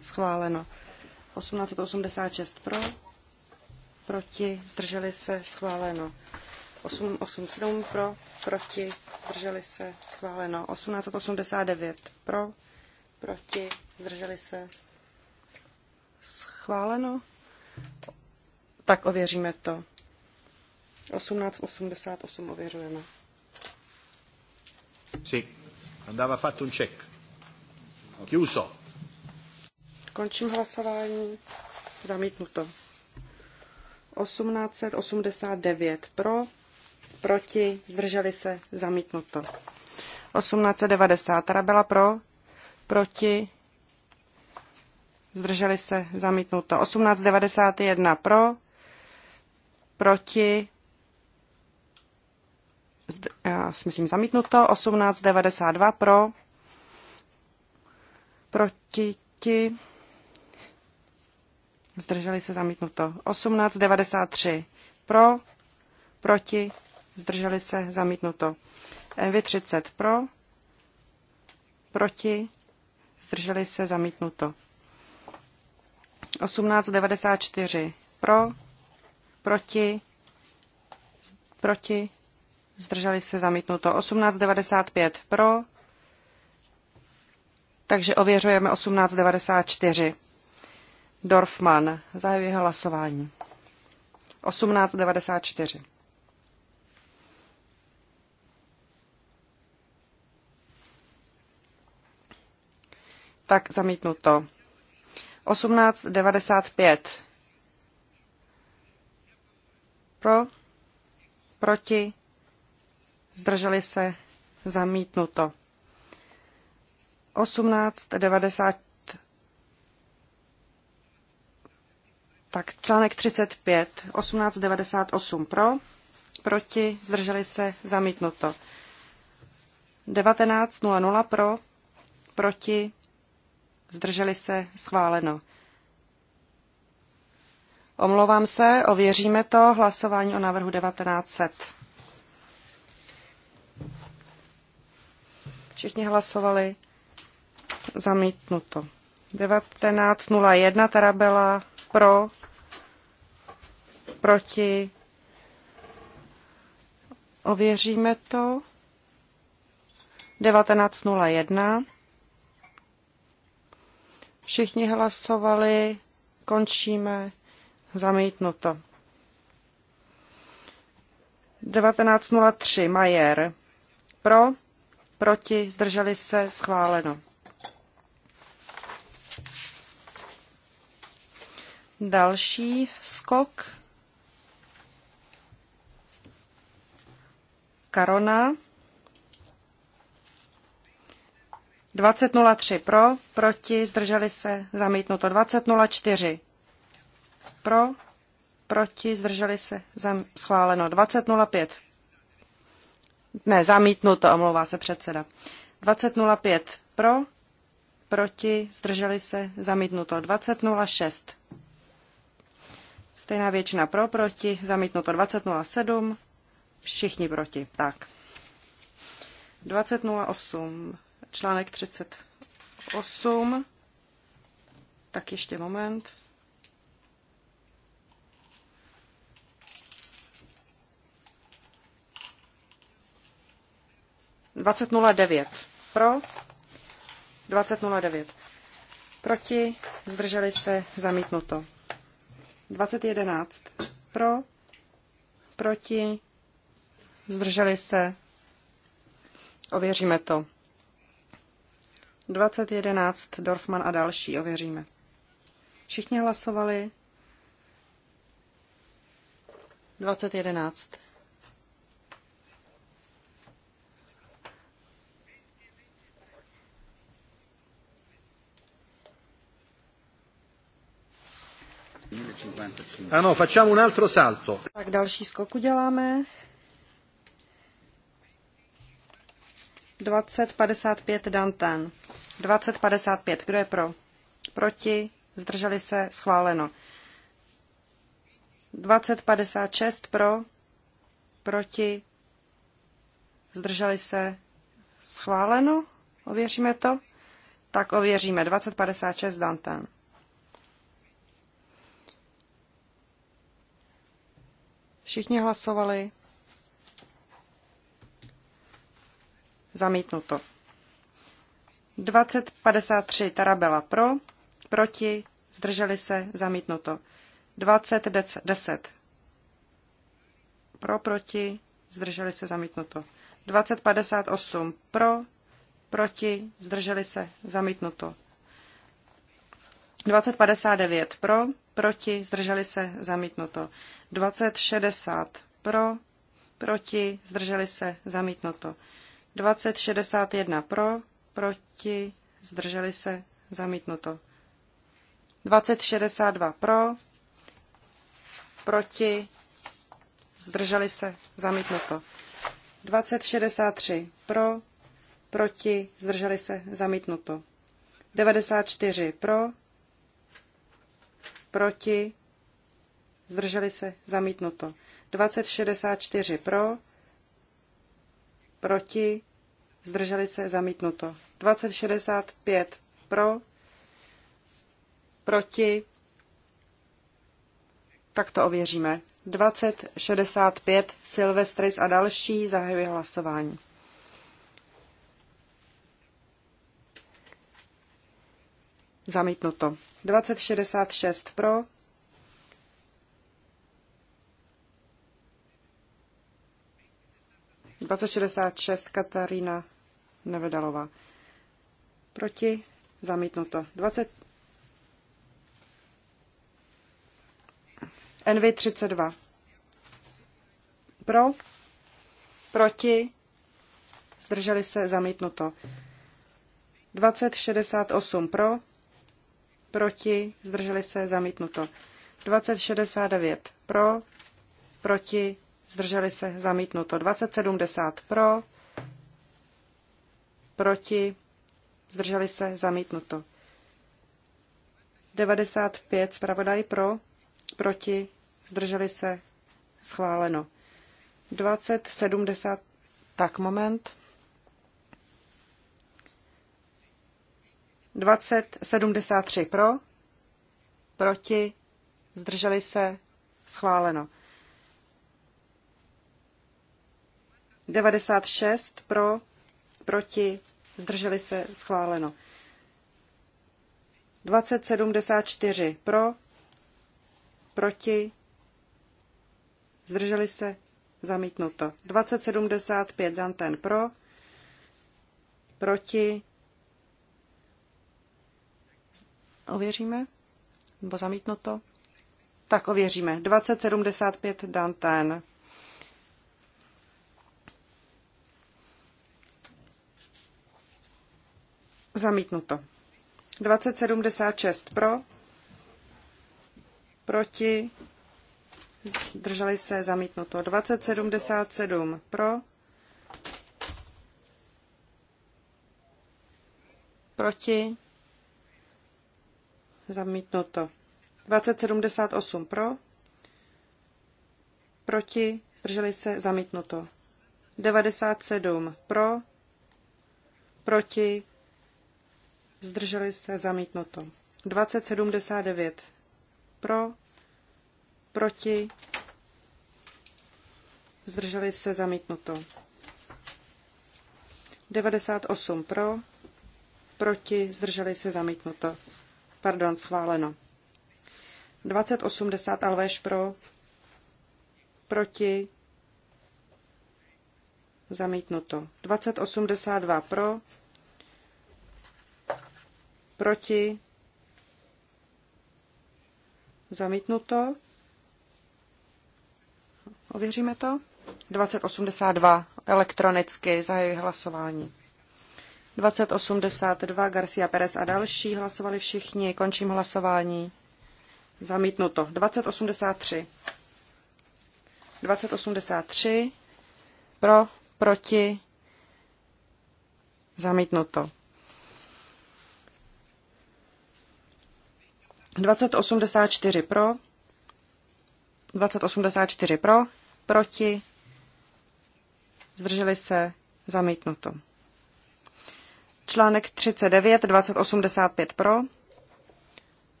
schváleno. 1886 pro, proti, zdrželi se, schváleno. 887 pro, proti, zdrželi se, schváleno. 1889 pro, proti, zdrželi se, schváleno. Tak ověříme to. 1888 ověřujeme. Si, andava fatto un check. Chiuso. Končím hlasování. Zamítnuto. 1889 pro, proti, zdrželi se, zamítnuto. 1890 Tarabela pro, proti, zdrželi se, zamítnuto. 1891 pro, proti, já si myslím zamítnuto, 1892 pro, proti ti, zdrželi se zamítnuto, 1893 pro, proti, zdrželi se, zamítnuto. mv 30 pro, proti, zdrželi se, zamítnuto. 1894 pro, proti, proti, zdrželi se, zamítnuto. 1895 pro, takže ověřujeme 1894. Dorfman, zahajuje hlasování. 1894. tak zamítnuto. 1895. Pro, proti, zdrželi se, zamítnuto. 1890. Tak článek 35, 1898 pro, proti, zdrželi se, zamítnuto. 1900 pro, proti, Zdrželi se? Schváleno. Omlouvám se, ověříme to. Hlasování o návrhu 1900. Všichni hlasovali. Zamítnuto. 1901 byla pro, proti. Ověříme to. 1901. Všichni hlasovali, končíme, zamítnuto. 1903 Majer. Pro, proti, zdrželi se, schváleno. Další skok. Karona. 20.03 pro, proti, zdrželi se, zamítnuto. 20.04 pro, proti, zdrželi se, zam, schváleno. 20.05 ne, zamítnuto, omlouvá se předseda. 20.05 pro, proti, zdrželi se, zamítnuto. 20.06 stejná většina pro, proti, zamítnuto. 20.07 všichni proti, tak. 20.08 Článek 38. Tak ještě moment. Dvacet devět. Pro. Dvacet Proti. Zdrželi se. Zamítnuto. Dvacet Pro. Proti. Zdrželi se. Ověříme to. 2011 Dorfman a další, ověříme. Všichni hlasovali. 2011. Ano, ah, facciamo un altro salto. Tak další skok uděláme. 2055 Dantan. 2055. Kdo je pro? Proti? Zdrželi se? Schváleno. 2056 pro? Proti? Zdrželi se? Schváleno? Ověříme to? Tak ověříme. 2056 Dantan. Všichni hlasovali. Zamítnuto. 2053 Tarabela pro, proti, zdrželi se, zamítnuto. 2010 pro, proti, zdrželi se, zamítnuto. 2058 pro, proti, zdrželi se, zamítnuto. 2059 pro, proti, zdrželi se, zamítnuto. 2060 pro, proti, zdrželi se, zamítnuto. 2061 pro, proti, zdrželi se, zamítnuto. 2062 pro, proti, zdrželi se, zamítnuto. 2063 pro, proti, zdrželi se, zamítnuto. 94 pro, proti, zdrželi se, zamítnuto. 2064 pro, proti, zdrželi se, zamítnuto. 2065 pro, proti, tak to ověříme. 2065 Silvestris a další zahajuje hlasování. Zamítnuto. 2066 pro. Dvacet šedesát šest Katarína Nevedalová proti, zamítnuto. 20. NV 32. Pro, proti, zdrželi se, zamítnuto. 2068 pro, proti, zdrželi se, zamítnuto. 2069 pro, proti, zdrželi se, zamítnuto. 2070 pro, proti, zdrželi se, zamítnuto. 95, zpravodaj pro, proti, zdrželi se, schváleno. 20, 70, tak moment. 20, 73 pro, proti, zdrželi se, schváleno. 96 pro, proti, zdrželi se, schváleno. 2074 pro, proti, zdrželi se, zamítnuto. 2075 Danten pro, proti, ověříme, nebo zamítnuto. Tak ověříme. 2075 Danten. Zamítnuto. 2076 pro, proti, zdrželi se, zamítnuto. 2077 pro, proti, zamítnuto. 2078 pro, proti, zdrželi se, zamítnuto. 97 pro, proti, zdrželi se, zamítnuto. 2079 pro, proti, zdrželi se, zamítnuto. 98 pro, proti, zdrželi se, zamítnuto. Pardon, schváleno. 2080 Alvéš pro, proti, zamítnuto. 2082 pro, proti, zamítnuto, ověříme to, 2082 elektronicky, zahají hlasování. 2082 Garcia Perez a další hlasovali všichni, končím hlasování. Zamítnuto. 2083. 2083. Pro, proti. Zamítnuto. 2084 pro, 2084 pro, proti, zdrželi se, zamítnuto. Článek 39, 2085 pro,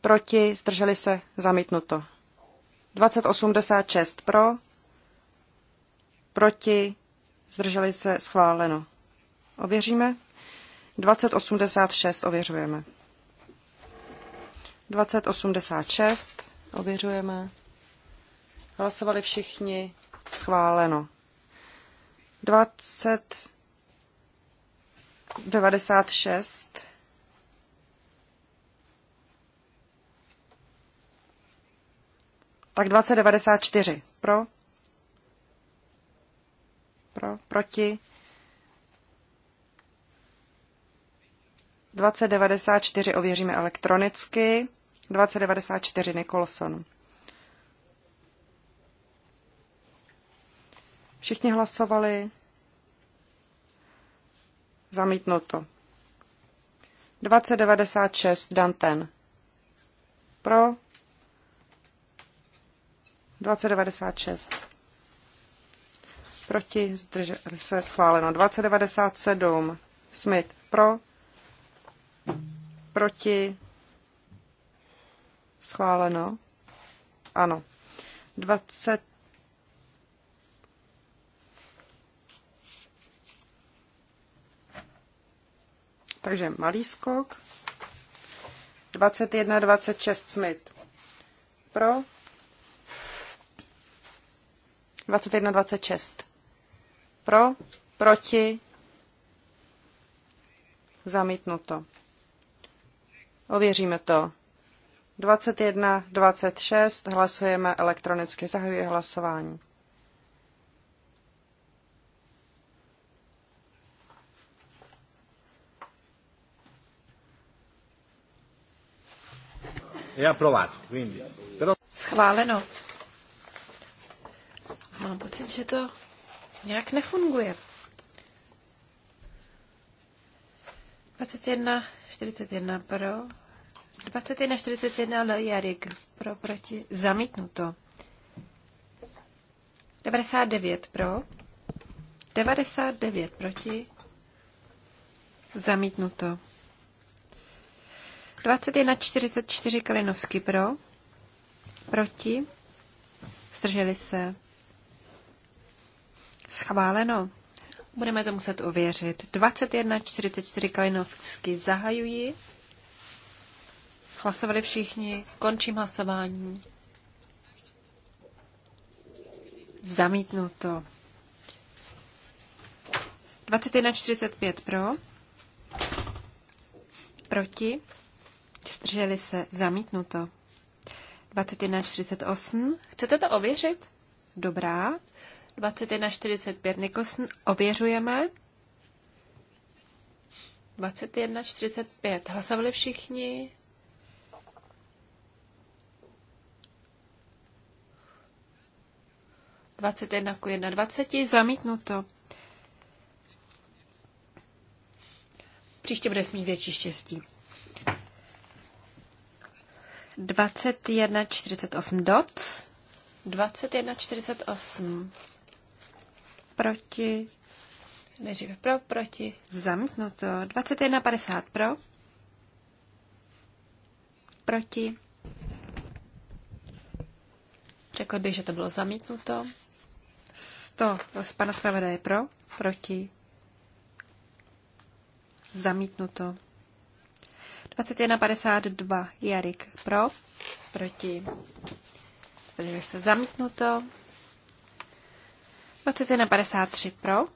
proti, zdrželi se, zamítnuto. 2086 pro, proti, zdrželi se, schváleno. Ověříme? 2086 ověřujeme. 2086 ověřujeme. Hlasovali všichni. Schváleno. 2096 Tak 2094. Pro? Pro? Proti? 2094 ověříme elektronicky. 2094 Nicholson. Všichni hlasovali. Zamítnuto. 2096 Danten. Pro. 2096. Proti. zdrže- se. Schváleno. 2097 Smith. Pro. Proti. Schváleno? Ano. 20. Takže malý skok. 21, 26 Smith. Pro. 21, 26. Pro. Proti. Zamítnuto. Ověříme to. 21, 26, hlasujeme elektronicky, zahajuji hlasování. Je approvato, quindi. Schváleno. Mám pocit, že to nějak nefunguje. 21, 41 pro, 21, 41 Jarik pro, proti, zamítnuto. 99 pro, 99 proti, zamítnuto. 21, 44 Kalinovský pro, proti, zdrželi se. Schváleno. Budeme to muset ověřit. 21, 44 Kalinovský zahajují. Hlasovali všichni. Končím hlasování. Zamítnuto. 21.45 pro. Proti. Zdrželi se. Zamítnuto. 21.48. Chcete to ověřit? Dobrá. 21.45 Nicholson. Ověřujeme. 21.45. Hlasovali všichni? 21 k 21, zamítnuto. Příště bude smít větší štěstí. 21.48 doc. 21.48 proti. Nejdříve pro, proti. Zamknuto. 21.50 pro. Proti. Řekl bych, že to bylo zamítnuto. 100 z pana je. pro, proti, zamítnuto. 21.52 Jarik pro, proti, zdrželi se zamítnuto. 21.53 pro,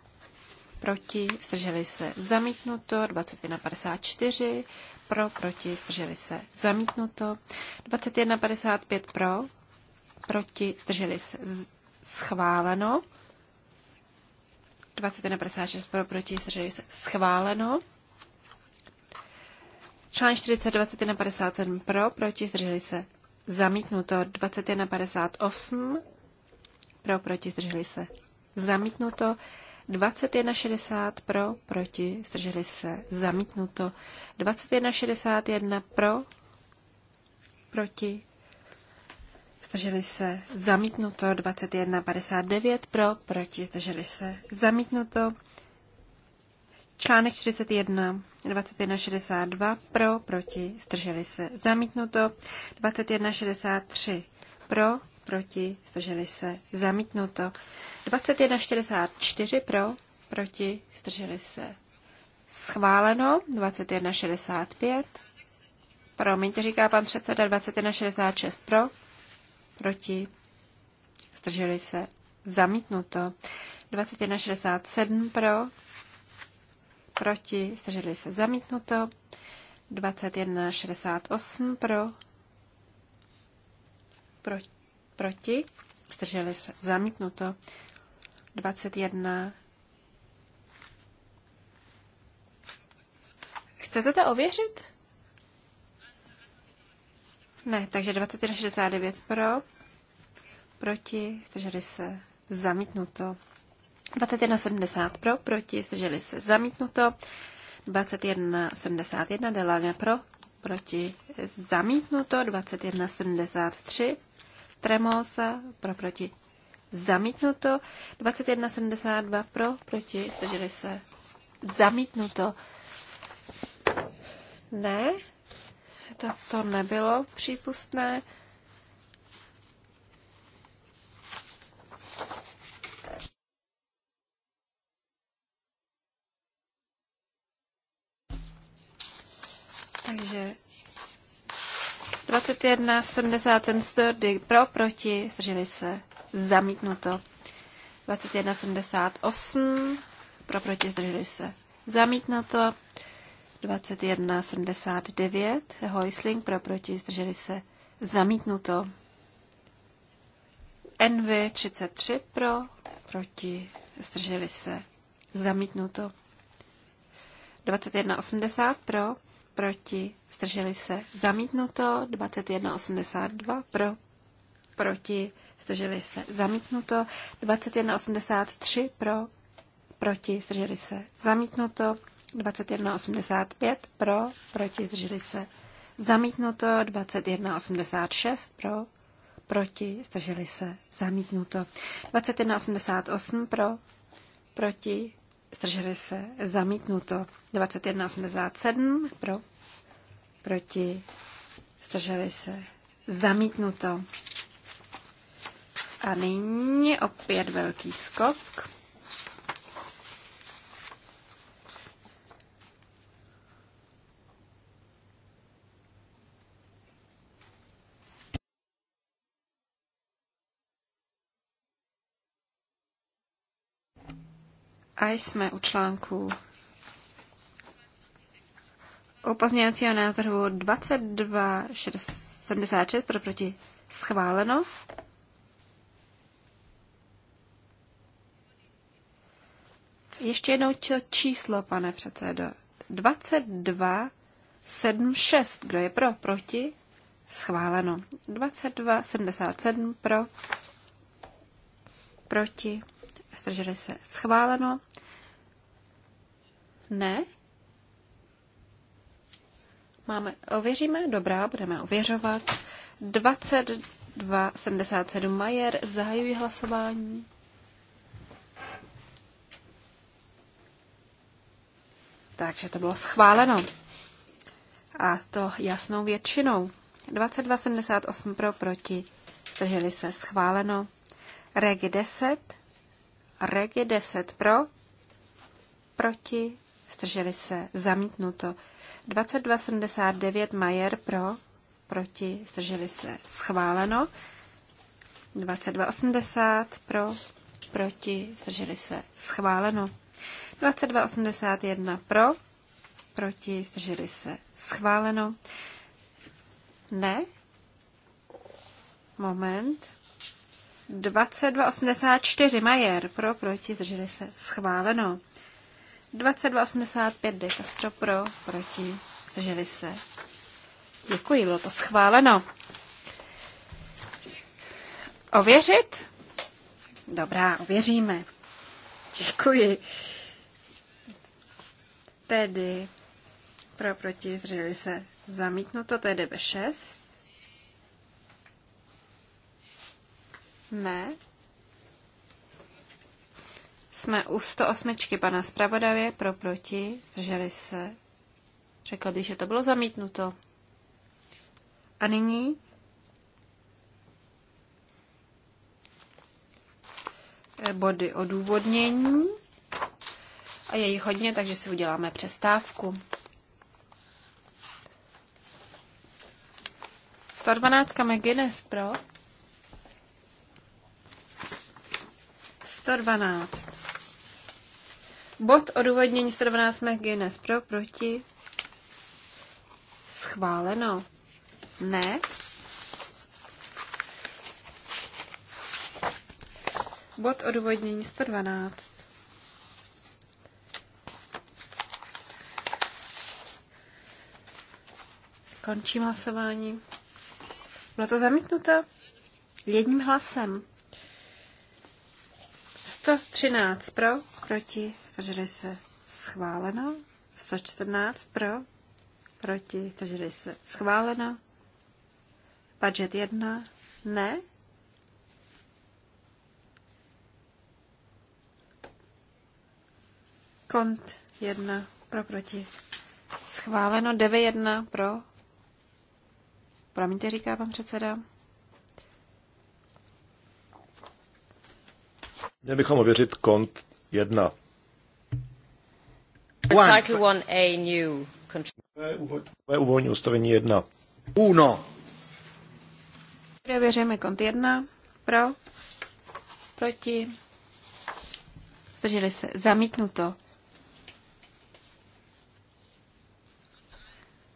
proti, zdrželi se zamítnuto. 21.54 pro, proti, zdrželi se zamítnuto. 21.55 pro, proti, zdrželi se schváleno. 2156 pro, proti, zdrželi se, schváleno. Článek 40, 21 pro, proti, zdrželi se, zamítnuto. 2158 pro, proti, zdrželi se, zamítnuto. 21,60 pro, proti, zdrželi se, zamítnuto. 21,61 pro, proti, zdrželi se, zamítnuto 21.59 pro, proti, zdrželi se, zamítnuto. Článek 41, 21.62 pro, proti, zdrželi se, zamítnuto. 21.63 pro, proti, zdrželi se, zamítnuto. 21.64 pro, proti, zdrželi se, schváleno. 21.65 Promiňte, říká pan předseda 2166 pro, proti, zdrželi se, zamítnuto. 21,67 pro, proti, zdrželi se, zamítnuto. 21,68 pro, pro, proti, zdrželi se, zamítnuto. 21. Chcete to ověřit? Ne, takže 21,69 pro, proti, zdrželi se, zamítnuto. 21,70 pro, proti, zdrželi se, zamítnuto. 21,71 delania pro, proti, zamítnuto. 21,73 Tremosa pro, proti, zamítnuto. 21,72 pro, proti, zdrželi se, zamítnuto. Ne, to, to nebylo přípustné. 21, 77, 100, pro, proti, zdrželi se, zamítnuto. 21, 78, pro, proti, zdrželi se, zamítnuto. 21, 79, Hojsling, pro, proti, zdrželi se, zamítnuto. nv 33 pro, proti, zdrželi se, zamítnuto. 21,80 pro, proti, zdrželi se, zamítnuto, 21,82 pro, proti, zdrželi se, zamítnuto, 21,83 pro, proti, zdrželi se, zamítnuto, 21,85 pro, proti, zdrželi se, zamítnuto, 21,86 pro, proti, zdrželi se, zamítnuto, 21,88 pro, proti, zdrželi se, zamítnuto. 2187 pro, proti, zdrželi se, zamítnuto. A nyní opět velký skok. A jsme u článku u pozměňovacího návrhu 2276 pro proti schváleno. Ještě jednou číslo, pane předsedo. 2276. Kdo je pro? Proti? Schváleno. 2277 pro. Proti. Zdrželi se. Schváleno. Ne. Máme, ověříme, dobrá, budeme ověřovat. 22,77 Majer, zahajuji hlasování. Takže to bylo schváleno. A to jasnou většinou. 22,78 pro, proti, zdrželi se, schváleno. Regi 10, Regi 10 pro, proti, zdrželi se, zamítnuto. 2279 Majer pro, proti, zdrželi se, schváleno. 2280 pro, proti, zdrželi se, schváleno. 2281 pro, proti, zdrželi se, schváleno. Ne. Moment. 2284 Majer pro, proti, drželi se, schváleno. 2285 De Castro pro, proti, drželi se. Děkuji, bylo to schváleno. Ověřit? Dobrá, ověříme. Děkuji. Tedy pro, proti, zřeli se, zamítnuto, to je DB6. Ne. Jsme u 108 pana zpravodavě pro proti, Zdrželi se. Řekl bych, že to bylo zamítnuto. A nyní body odůvodnění. A je jich hodně, takže si uděláme přestávku. 112 McGuinness pro. 112. Bod odůvodnění 112 McGuinness pro, proti. Schváleno. Ne. Bod odůvodnění 112. Končím hlasování. Bylo to zamítnuto jedním hlasem. 113 pro, proti, zdrželi se schváleno. 114 pro, proti, zdrželi se schváleno. Budget 1 ne. Kont 1 pro, proti, schváleno. 9 1 pro, promiňte, říká pan předseda. Měli bychom ověřit kont 1. Recycle 1A new. Nové uvolní ustavení 1. Uno. Prověříme kont 1. Pro. Proti. Zdrželi se. Zamítnuto.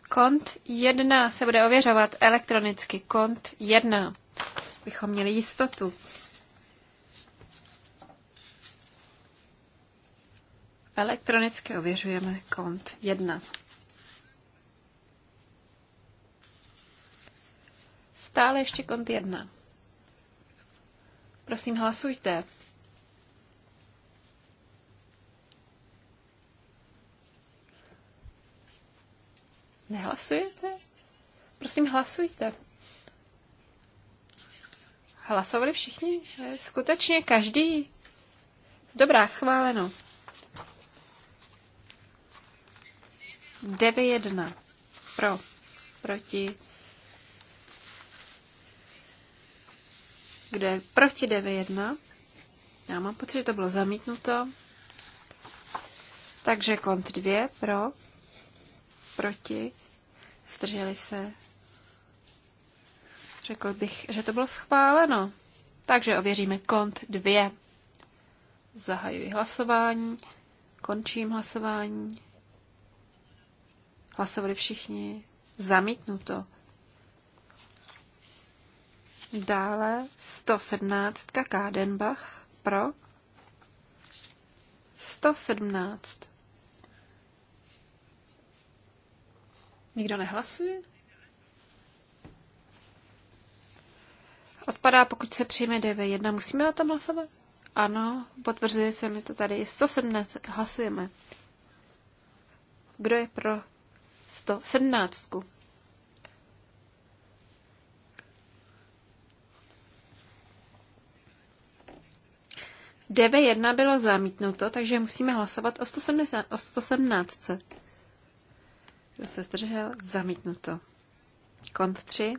Kont 1 se bude ověřovat elektronicky. Kont 1. Bychom měli jistotu. Elektronicky ověřujeme kont 1. Stále ještě kont 1. Prosím, hlasujte. Nehlasujete? Prosím, hlasujte. Hlasovali všichni? Eh, skutečně každý? Dobrá, schváleno. 9.1. Pro. Proti. Kdo je proti 9.1? Já mám pocit, že to bylo zamítnuto. Takže kont 2. Pro. Proti. Zdrželi se. Řekl bych, že to bylo schváleno. Takže ověříme kont 2. Zahajuji hlasování. Končím hlasování. Hlasovali všichni. Zamítnuto. Dále 117. Kádenbach pro. 117. Nikdo nehlasuje? Odpadá, pokud se přijme DV1. Musíme o tom hlasovat? Ano, potvrzuje se mi to tady. 117 hlasujeme. Kdo je pro 117. DB1 bylo zamítnuto, takže musíme hlasovat o, 170, o 117. Kdo se zdržel? Zamítnuto. Kont 3.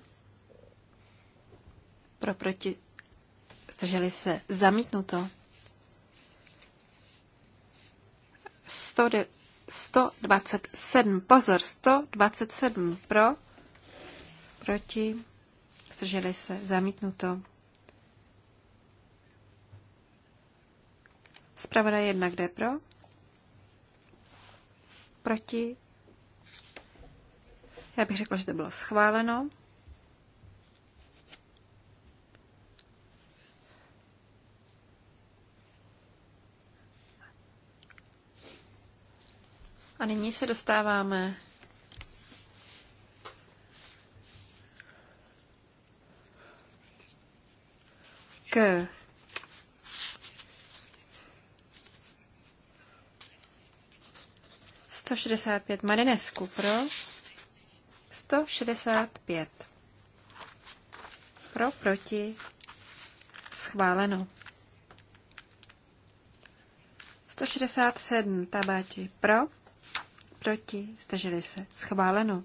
Pro proti. Zdrželi se. Zamítnuto. 100, 127. Pozor, 127 pro, proti, zdrželi se, zamítnuto. Zpravodaj jedna, kde pro? Proti. Já bych řekla, že to bylo schváleno. A nyní se dostáváme k sto šedesát pět Marinesku pro sto šedesát pět pro proti schváleno sto šedesát sedm tabáči pro sto šedesát proti, zdrželi se, schváleno.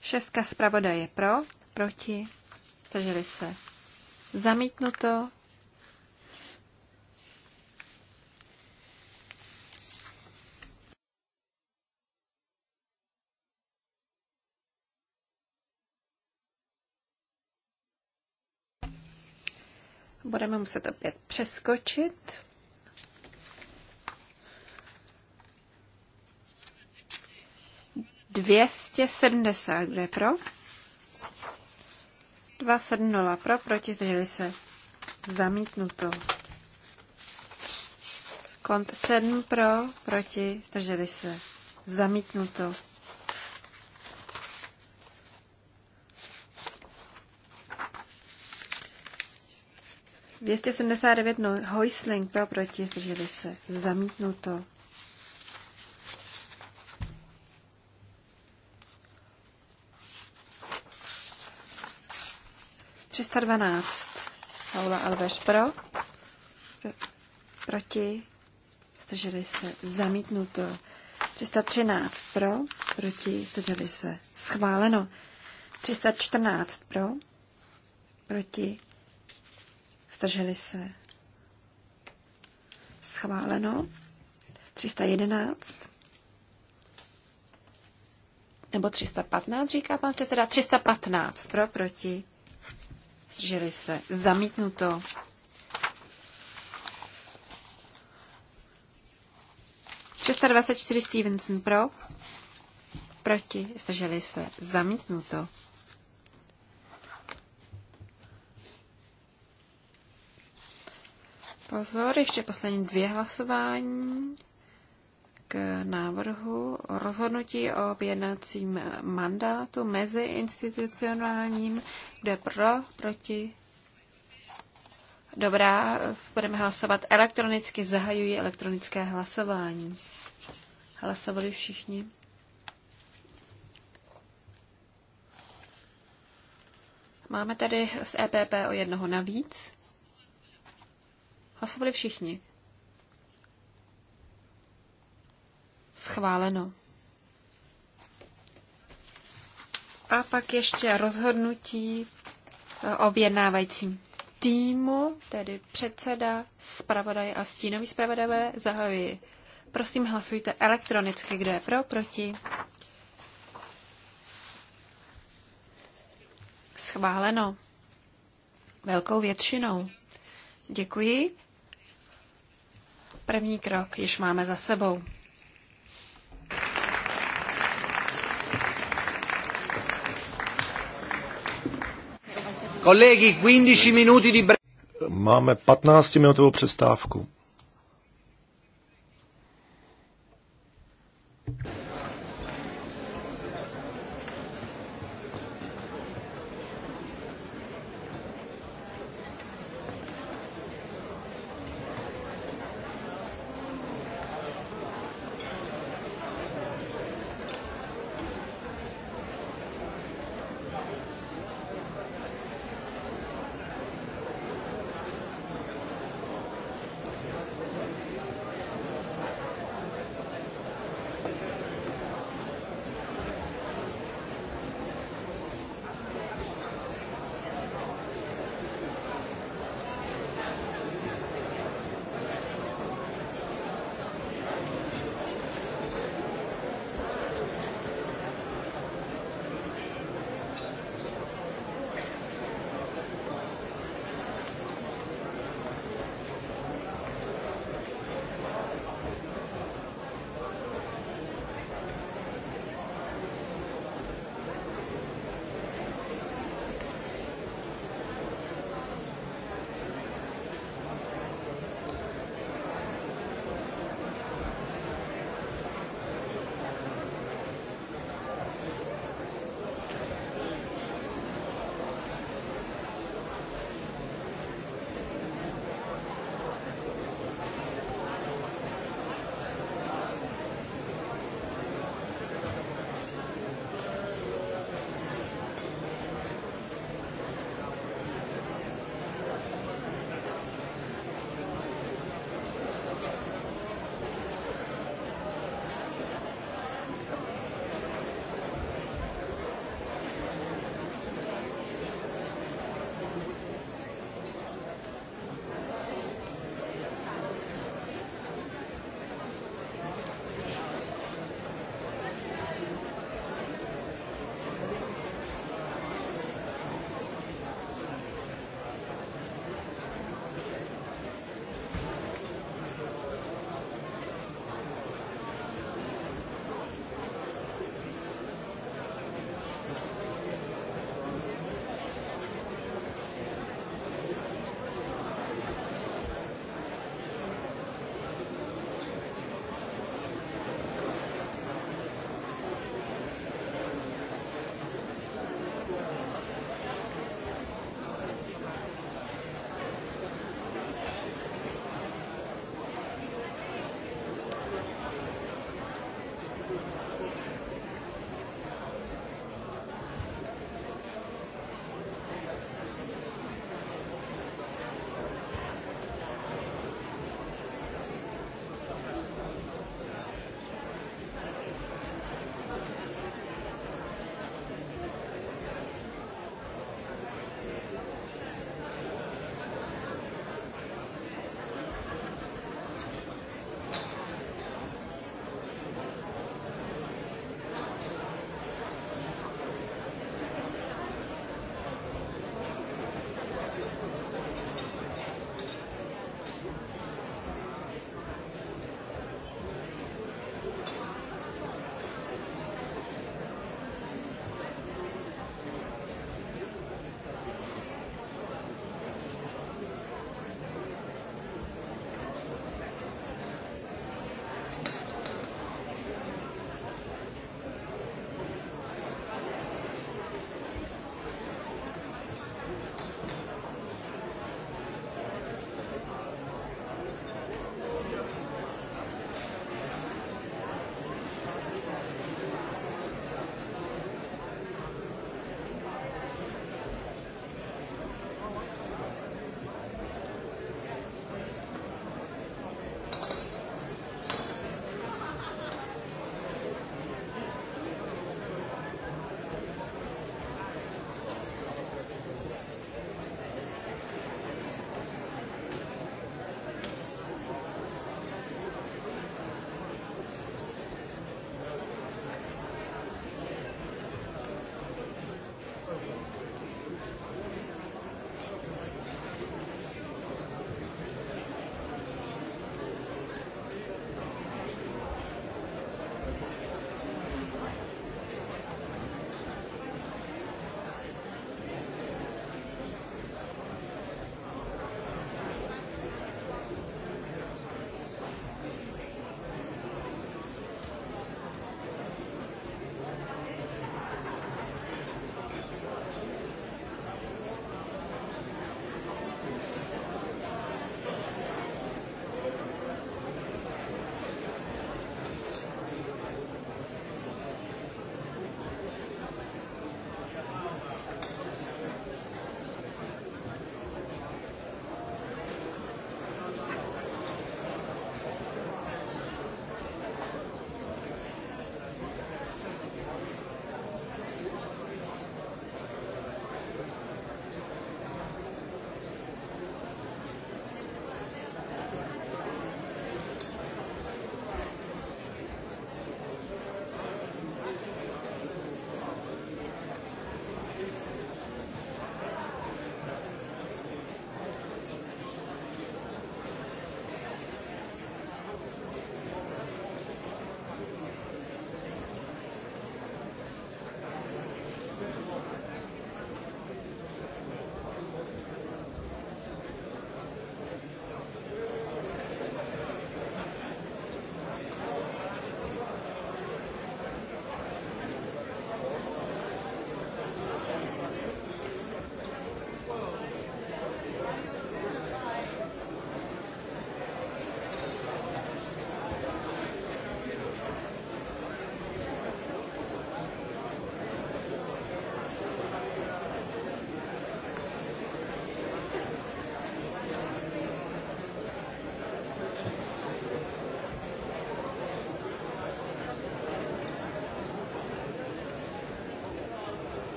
Šestka zpravodaje pro, proti, zdrželi se, zamítnuto. Budeme muset opět přeskočit. 270, kdo je pro? 270 pro, proti zdrželi se. Zamítnuto. Kont 7 pro, proti zdrželi se. Zamítnuto. Dvěstě sedmdesát devět no, Hojsling pro proti zdrželi se. Zamítnuto. 312. Paula Alves pro. Proti. Zdrželi se. Zamítnuto. 313 pro. Proti. Zdrželi se. Schváleno. 314 pro. Proti. Zdrželi se. Schváleno. 311 nebo 315, říká pan předseda, 315 pro, proti, zdrželi se, zamítnuto. čtyři Stevenson pro, proti, zdrželi se, zamítnuto. Pozor, ještě poslední dvě hlasování k návrhu rozhodnutí o objednacím mandátu mezi institucionálním, kde pro, proti. Dobrá, budeme hlasovat elektronicky, zahajuji elektronické hlasování. Hlasovali všichni. Máme tady z EPP o jednoho navíc. Hlasovali všichni. Schváleno. A pak ještě rozhodnutí eh, o vyjednávajícím týmu, tedy předseda, zpravodaj a stínový zpravodajové, zahajuji. Prosím, hlasujte elektronicky, kdo je pro, proti. Schváleno. Velkou většinou. Děkuji. První krok již máme za sebou. 15 minuti di Máme 15-minutovou přestávku.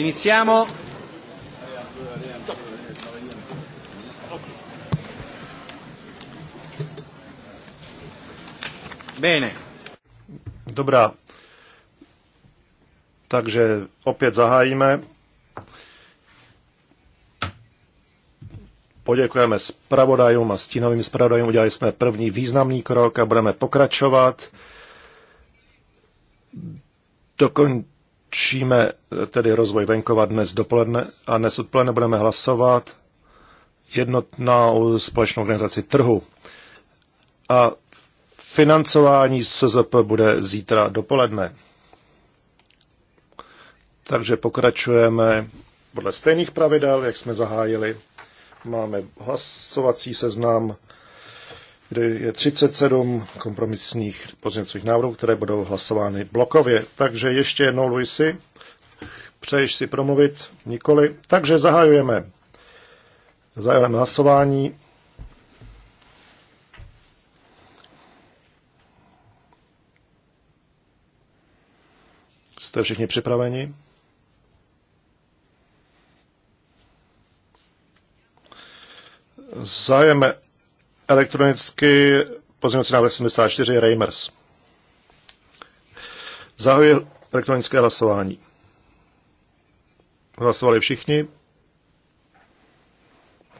Iniziamo. Bene. Dobrá. Takže opět zahájíme. Poděkujeme zpravodajům a stínovým zpravodajům. Udělali jsme první významný krok a budeme pokračovat. Dokon, končíme eh, tedy rozvoj venkova dnes dopoledne a dnes odpoledne budeme hlasovat jednotná společnou organizaci trhu. A financování SZP bude zítra dopoledne. Takže pokračujeme podle stejných pravidel, jak jsme zahájili. Máme hlasovací seznam kde je 37 kompromisních pozměňovacích návrhů, které budou hlasovány blokově. Takže ještě jednou, Luisi, přeješ si promluvit? Nikoli. Takže zahajujeme. Zahajujeme hlasování. Jste všichni připraveni? Zajeme Elektronicky pozměňovací návrh 74 Reimers. Zahajuji elektronické hlasování. Hlasovali všichni.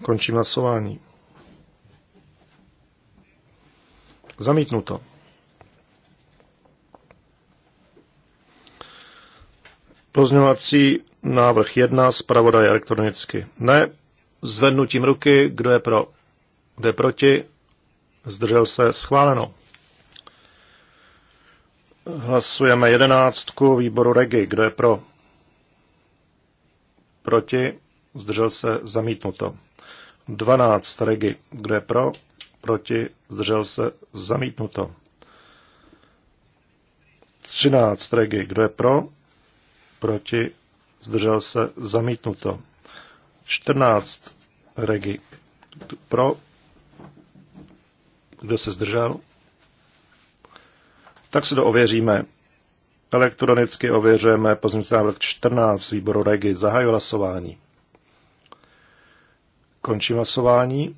Končím hlasování. Zamítnuto. Pozměňovací návrh 1, zpravodaj elektronicky. Ne, zvednutím ruky, kdo je pro. Jde proti? Zdržel se? Schváleno. Hlasujeme jedenáctku výboru Regi. Kdo je pro? Proti? Zdržel se? Zamítnuto. dvanáct Regi. Kdo je pro? Proti? Zdržel se? Zamítnuto. třináct Regi. Kdo je pro? Proti? Zdržel se? Zamítnuto. čtrnáct Regi. Pro? kdo se zdržel. Tak se to ověříme. Elektronicky ověřujeme pozměnce návrh 14 výboru Regi. Zahaju hlasování. Končím hlasování.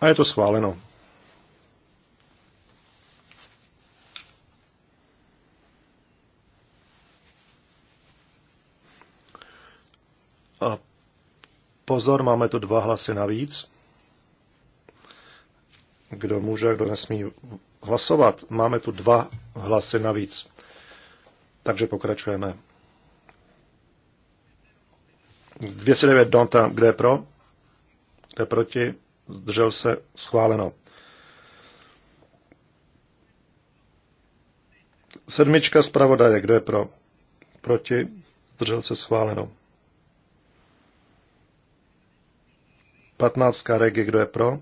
A je to schváleno. Pozor, máme tu dva hlasy navíc. Kdo může, kdo nesmí hlasovat. Máme tu dva hlasy navíc. Takže pokračujeme. 209 Donta, kde je pro? Kde je proti? Zdržel se, schváleno. Sedmička zpravodaje, kdo je pro? Proti? Zdržel se, schváleno. 15. regi, kdo je pro?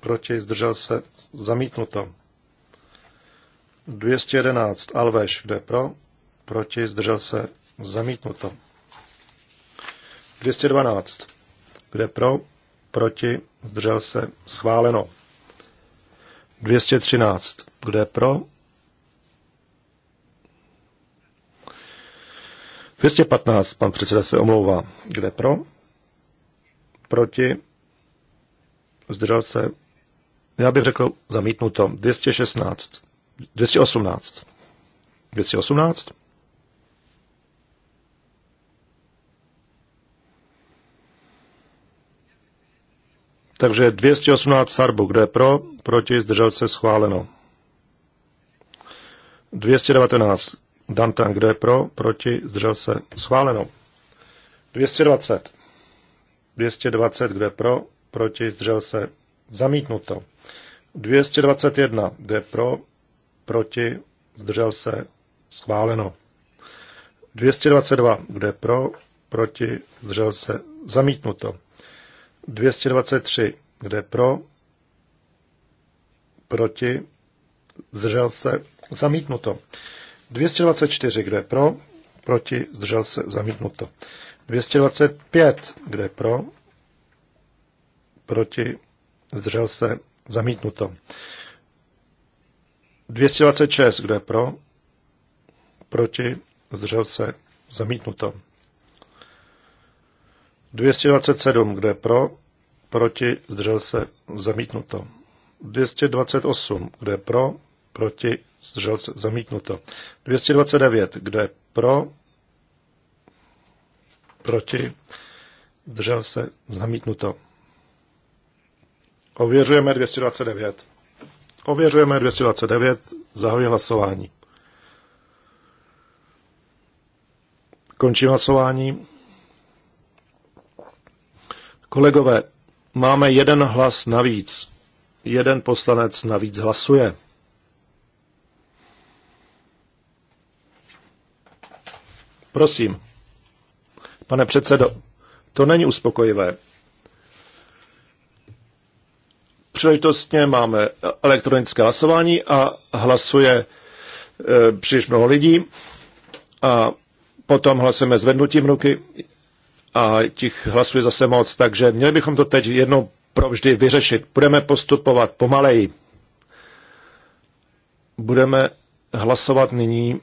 Proti, zdržel se, zamítnuto. 211. Alveš, kdo je pro? Proti, zdržel se, zamítnuto. 212. je pro? Proti, zdržel se, schváleno. 213. je pro? 215. Pan předseda se omlouvá. Kde pro? proti, zdržel se, já bych řekl zamítnuto, 216, 218, 218, Takže 218 sarbu, kde je pro, proti, zdržel se, schváleno. 219 Dantan, kde je pro, proti, zdržel se, schváleno. 220. 220, kde pro, proti, zdržel se, zamítnuto. 221, kde pro, proti, zdržel se, schváleno. 222, kde pro, proti, zdržel se, zamítnuto. 223, kde pro, proti, zdržel se, zamítnuto. 224, kde pro, proti, zdržel se, zamítnuto. 225, kde pro, proti, zdržel se, zamítnuto. 226, kde pro, proti, zdržel se, zamítnuto. 227, kde pro, proti, zdržel se, zamítnuto. 228, kde pro, proti, zdržel se, zamítnuto. 229, kde pro, proti, zdržel se, zamítnuto. Ověřujeme 229. Ověřujeme 229, zahajuji hlasování. Končím hlasování. Kolegové, máme jeden hlas navíc. Jeden poslanec navíc hlasuje. Prosím. Pane předsedo, to není uspokojivé. Příležitostně máme elektronické hlasování a hlasuje e, příliš mnoho lidí a potom hlasujeme zvednutím ruky a těch hlasuje zase moc, takže měli bychom to teď jednou provždy vyřešit. Budeme postupovat pomaleji. Budeme hlasovat nyní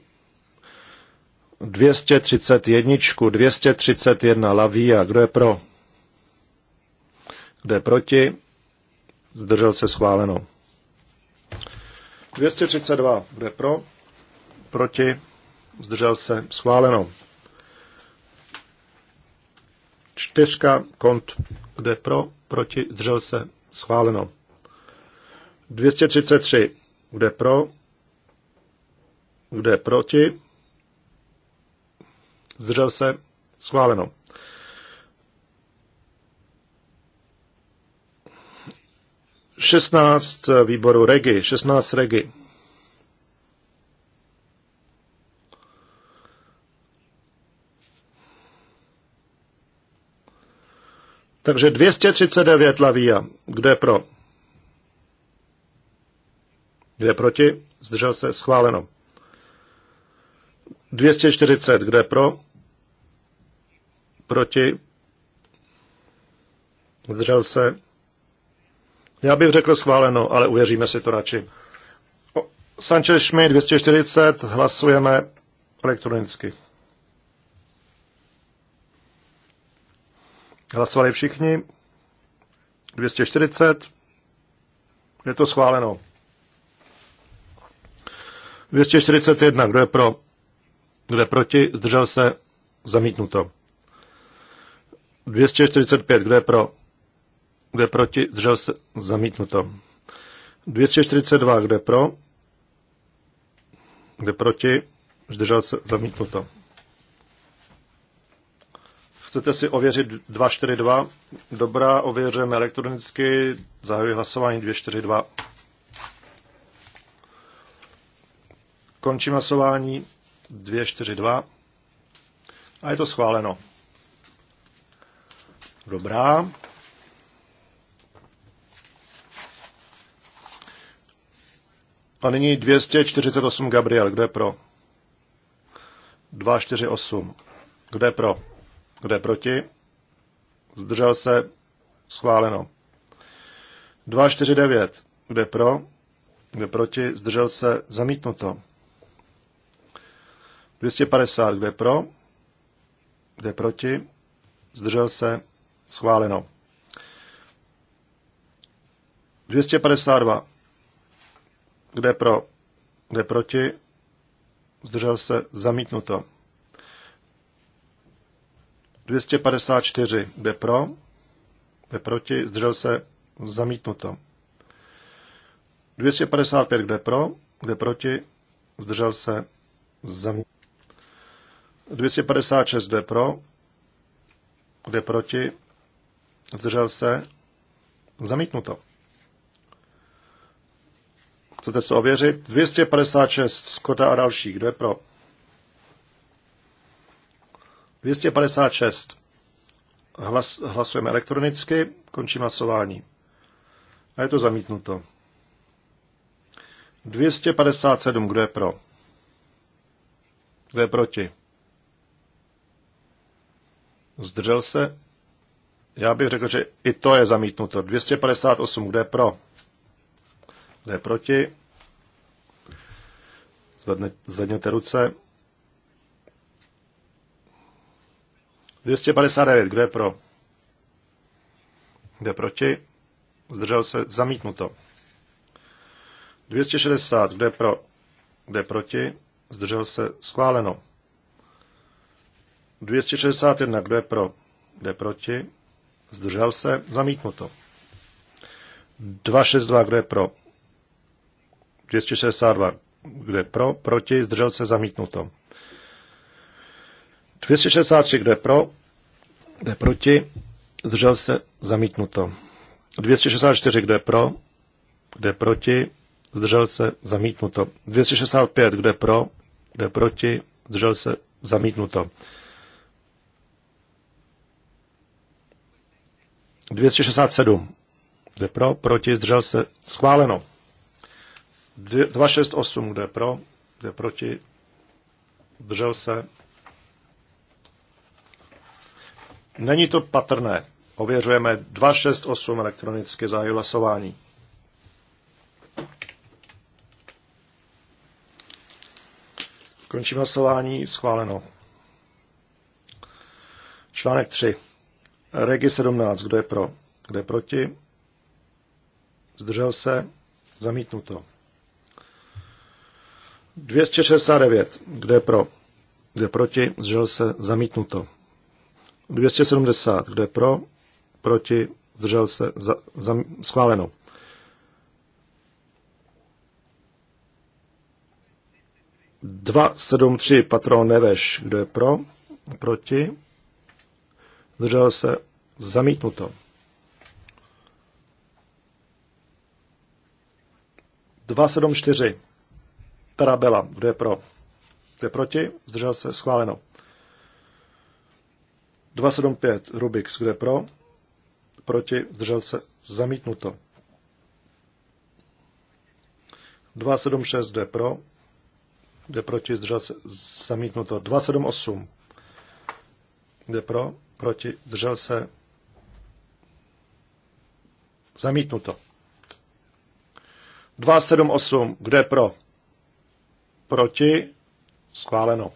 231, 231 a Kdo je pro? Kdo je proti? Zdržel se schváleno. 232. Kdo je pro? Proti? Zdržel se schváleno. Čtyřka kont. Kdo je pro? Proti? Zdržel se schváleno. 233. Kdo je pro? Kdo je proti? zdržel se, schváleno. Šestnáct eh, výboru Regi, šestnáct Regi. Takže 239 Lavia. Kdo je pro? Kdo je proti? Zdržel se? Schváleno. 240. Kdo je pro? proti, zdržel se. Já bych řekl schváleno, ale uvěříme si to radši. O Sanchez Schmidt 240, hlasujeme elektronicky. Hlasovali všichni. 240. Je to schváleno. 241. Kdo je pro? Kdo je proti? Zdržel se? Zamítnuto. 245, kdo je pro? Kdo je proti? Zdržel se zamítnuto. 242, kdo je pro? Kdo je proti? Zdržel se zamítnuto. Chcete si ověřit 242? Dobrá, ověřujeme elektronicky. Zahajuji hlasování 242. Končím hlasování 242. A je to schváleno. Dobrá. A nyní 248 Gabriel. Kdo je pro? 248. Kdo je pro? Kdo je proti? Zdržel se? Schváleno. 249. Kdo je pro? Kdo je proti? Zdržel se? Zamítnuto. 250. Kdo je pro? Kdo je proti? Zdržel se? Schváleno. 252. Kde pro? Kde proti? Zdržel se zamítnuto. 254. Kde pro? Kde proti? Zdržel se zamítnuto. 255. Kde pro? Kde proti? Zdržel se zamítnuto. 256. Kde pro? Kde proti? Zdržel se? Zamítnuto. Chcete se ověřit? 256 Skota a další. Kdo je pro? 256. Hlas, hlasujeme elektronicky, končím hlasování. A je to zamítnuto. 257. Kdo je pro? Kdo je proti? Zdržel se? Já bych řekl, že i to je zamítnuto. 258, kde je pro? Kde je proti? Zvedne, zvedněte ruce. 259, kde je pro? Kde je proti? Zdržel se, zamítnuto. 260, kde je pro? Kde je proti? Zdržel se, schváleno. 261, kdo je pro? Kde je proti? zdržel se, zamítnuto. 262, kdo je pro? 262, kdo je pro, proti, zdržel se, zamítnuto. 263, kdo je pro, kdo je proti, zdržel se, zamítnuto. 264, kdo je pro, kdo je proti, zdržel se, zamítnuto. 265, kdo je pro, kdo je proti, zdržel se, zamítnuto. 267. Kde pro, proti, zdržel se, schváleno. 268, kde pro, kde proti, zdržel se. Není to patrné. Ověřujeme 268 elektronicky zahájí hlasování. Končím hlasování, schváleno. Článek 3. Regi 17, kdo je pro, kdo je proti, zdržel se, zamítnuto. 269, kdo je pro, kdo je proti, zdržel se, zamítnuto. 270, kdo je pro, proti, zdržel se, za, za, schváleno. 273 patron Neveš, kdo je pro, proti, zdržel se, zamítnuto. 274. Tarabela, kdo je pro? Kdo je proti? Zdržel se, schváleno. 275. Rubik, kdo je pro? Proti, zdržel se, zamítnuto. 276, kdo je pro? Kdo je proti, zdržel se, zamítnuto. 278, kdo je pro? proti, držel se, zamítnuto. 278, kde pro, proti, schváleno.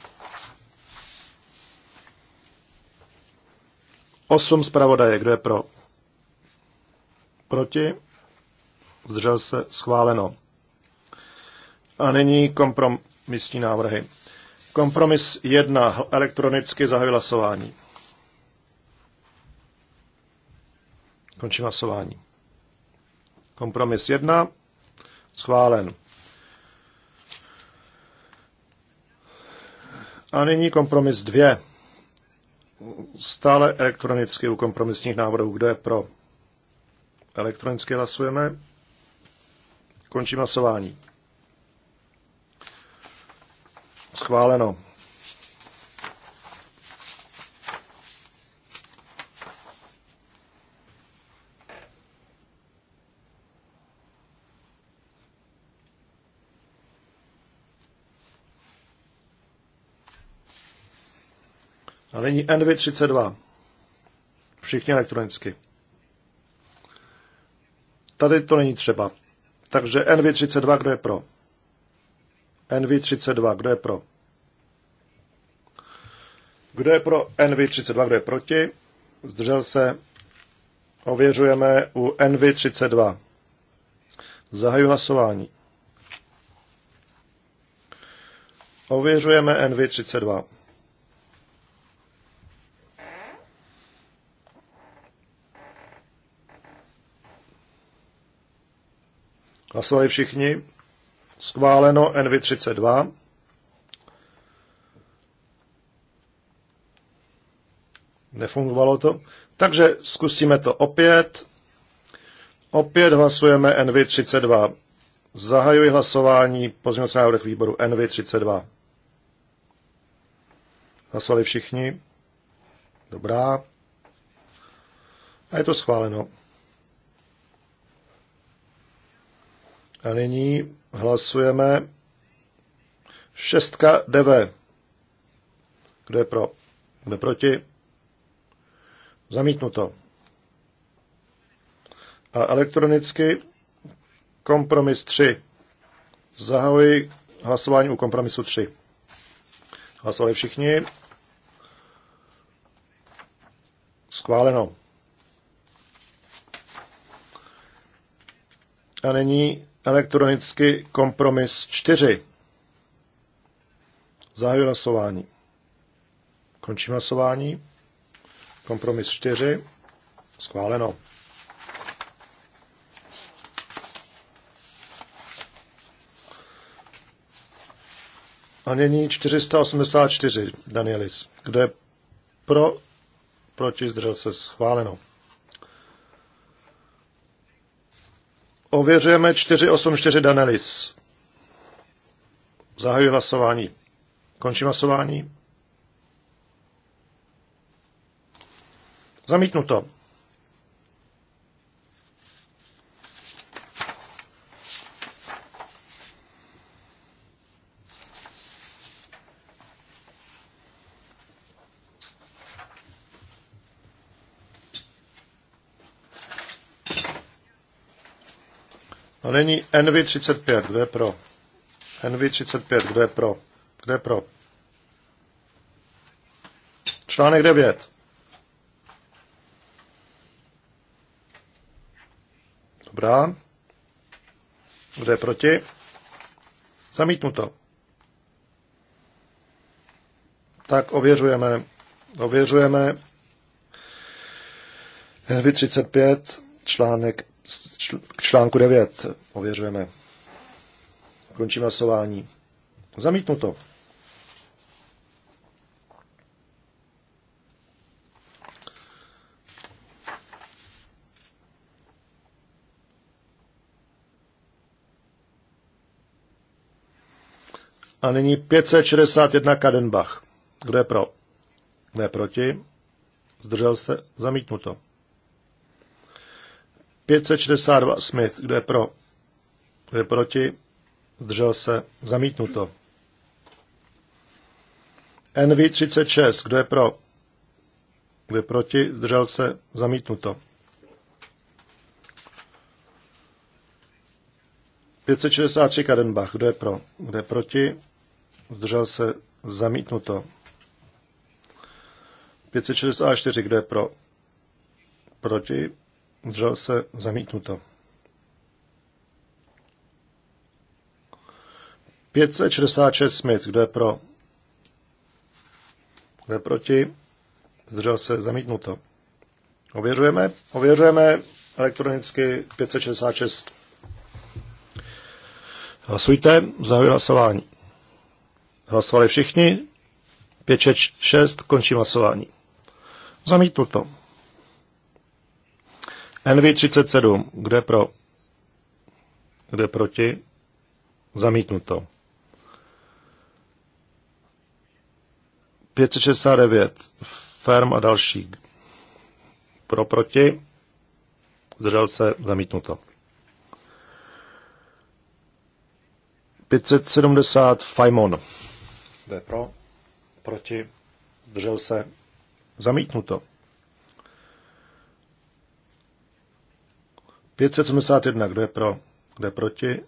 8 zpravodaje, kdo je pro? Proti? Zdržel se schváleno. A nyní kompromisní návrhy. Kompromis 1. Elektronicky zahajuje hlasování. Končím hlasování. Kompromis 1. Schválen. A nyní kompromis 2. Stále elektronicky u kompromisních návrhů. Kdo je pro? Elektronicky hlasujeme. Končím hlasování. Schváleno. nyní NV32. Všichni elektronicky. Tady to není třeba. Takže NV32, kdo je pro? NV32, kdo je pro? Kdo je pro NV32, kdo je proti? Zdržel se. Ověřujeme u NV32. Zahaju hlasování. Ověřujeme NV32. Hlasovali všichni. Schváleno NV32. Nefungovalo to. Takže zkusíme to opět. Opět hlasujeme NV32. Zahajuji hlasování pozměnce návrh výboru NV32. Hlasovali všichni. Dobrá. A je to schváleno. A nyní hlasujeme šestka DV. Kdo je pro? Kdo je proti? Zamítnuto. A elektronicky kompromis 3. Zahajuji hlasování u kompromisu 3. Hlasovali všichni. Schváleno. A nyní elektronicky kompromis 4. Zahajuji hlasování. Končím hlasování. Kompromis 4. Schváleno. A nyní 484, Danielis. Kdo je pro, proti, zdržel se, schváleno. Ověřujeme 484 Danelis. Zahajuji hlasování. Končím hlasování. Zamítnuto. není NV35, kdo je pro? NV35, kdo je pro? Kdo je pro? Článek 9. Dobrá. Kdo je proti? Zamítnuto. Tak ověřujeme. Ověřujeme NV35, článek k článku 9 ověřujeme. Končíme hlasování. Zamítnuto. A nyní 561 Kadenbach. Kdo je pro? Ne proti. Zdržel se? Zamítnuto. 562 Smith, kdo je pro, kdo je proti, zdržel se, zamítnuto. NV36, kdo je pro, kdo je proti, zdržel se, zamítnuto. 563 Kadenbach, kdo je pro, kdo je proti, zdržel se, zamítnuto. 564, kdo je pro, proti, Zdržel se zamítnuto. 566 Smith, kdo je pro? Kdo je proti? Zdržel se zamítnuto. Ověřujeme, ověřujeme elektronicky 566. Hlasujte, zahajuji hlasování. Hlasovali všichni, 5, 6, končím hlasování. Zamítnuto. NV37, kde pro? Kde proti? Zamítnuto. 569, Ferm a další. Pro, proti? Zdržel se, zamítnuto. 570, Fajmon. Kde pro? Proti? Zdržel se, zamítnuto. 571, kdo je pro, kdo je proti,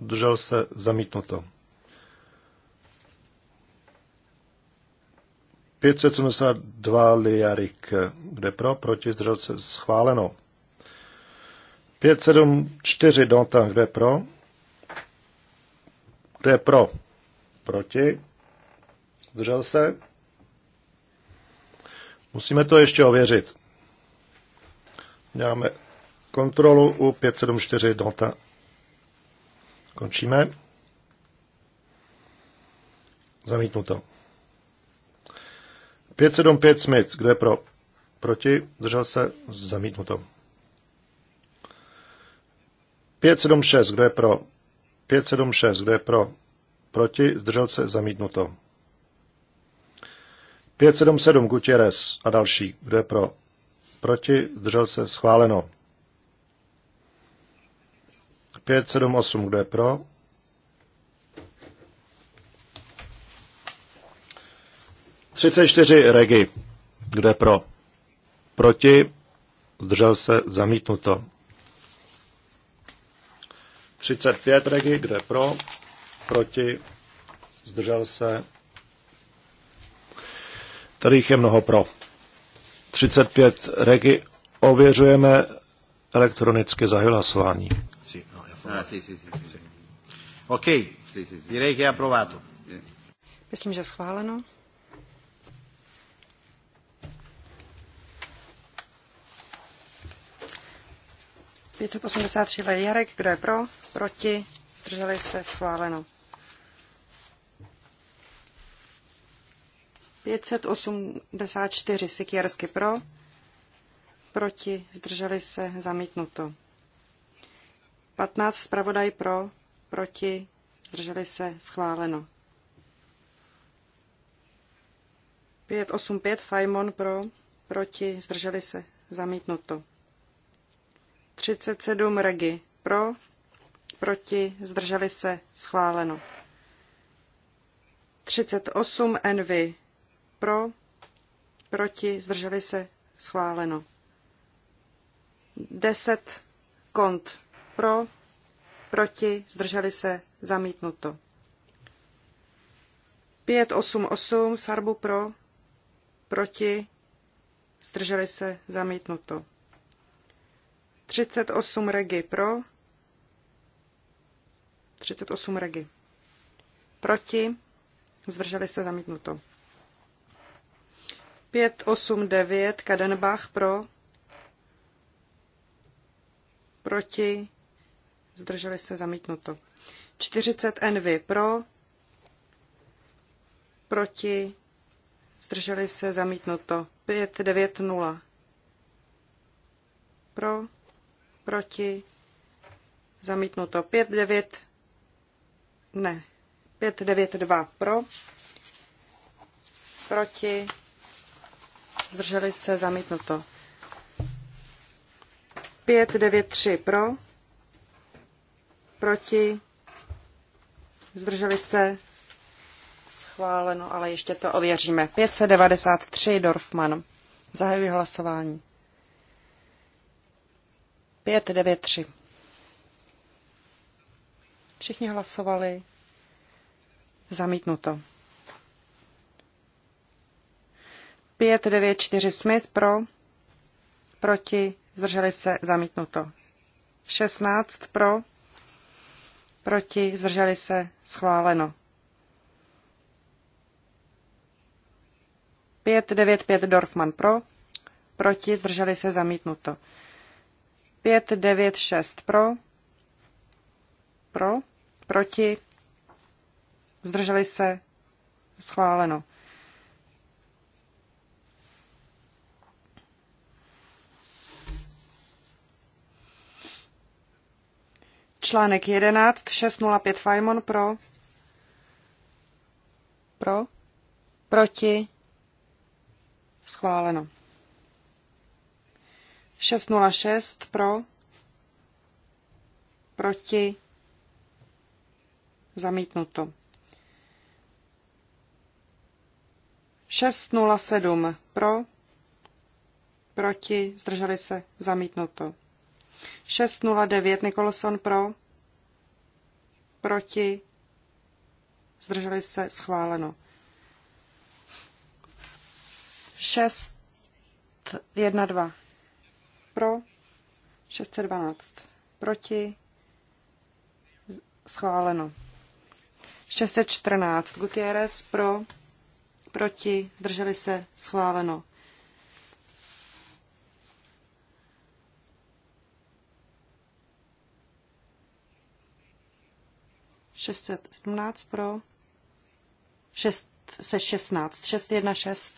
držel se zamítnuto. 572 liarik, kde pro, proti, zdržel se, schváleno. 574 dota, kde pro, kde pro, proti, zdržel se. Musíme to ještě ověřit. Děláme kontrolu u 574 Delta. Končíme. Zamítnuto. 575 Smith, kdo je pro? Proti, držel se, zamítnuto. 576, kdo je pro? 576, kdo je pro? Proti, zdržel se, zamítnuto. 577 Gutierrez a další, kdo je pro? Proti, zdržel se, schváleno. 578, kdo je pro? Třicet čtyři regi. Kdo je pro? Proti? Zdržel se zamítnuto. pět regi. Kdo je pro? Proti? Zdržel se. Tady jich je mnoho pro. Třicet pět regi. Ověřujeme elektronicky za hlasování. Ah, sì, sì, sì, sì. Ok, sì, sì, sì. direi che è approvato. Myslím, že schváleno. Pět Jarek, kdo je pro, proti, zdrželi se, schváleno. 584 Sikiersky pro, proti, zdrželi se, zamítnuto. 15 zpravodaj pro, proti, zdrželi se, schváleno. 585 Fajmon pro, proti, zdrželi se, zamítnuto. 37 Regi pro, proti, zdrželi se, schváleno. 38 Envy pro, proti, zdrželi se, schváleno. 10 Kont pro, proti, zdrželi se, zamítnuto. 588 Sarbu pro, proti, zdrželi se, zamítnuto. 38 Regi pro, 38 Regi proti, zdrželi se, zamítnuto. 589 Kadenbach pro, proti, zdrželi se zamítnuto. 40 envy pro, proti, zdrželi se zamítnuto. nula pro, proti, zamítnuto. devět ne, dva pro, proti, zdrželi se zamítnuto. tři pro, proti, zdrželi se, schváleno, ale ještě to ověříme. 593 Dorfman. Zahajuji hlasování. 593. Všichni hlasovali. Zamítnuto. 594 Smith pro, proti, zdrželi se, zamítnuto. 16 pro, proti, zdrželi se, schváleno. 595 Dorfman pro, proti, zdrželi se, zamítnuto. 596 pro, pro, proti, zdrželi se, schváleno. Článek 11, 605 Fajmon pro. Pro. Proti. Schváleno. 606 pro. Proti. Zamítnuto. 607 pro. Proti. Zdrželi se. Zamítnuto. 609 Nikolson pro, proti, zdrželi se, schváleno. 6.12 pro, 612, proti, schváleno. 614, Gutierrez pro, proti, zdrželi se, schváleno. 617 pro, 6 16, 616.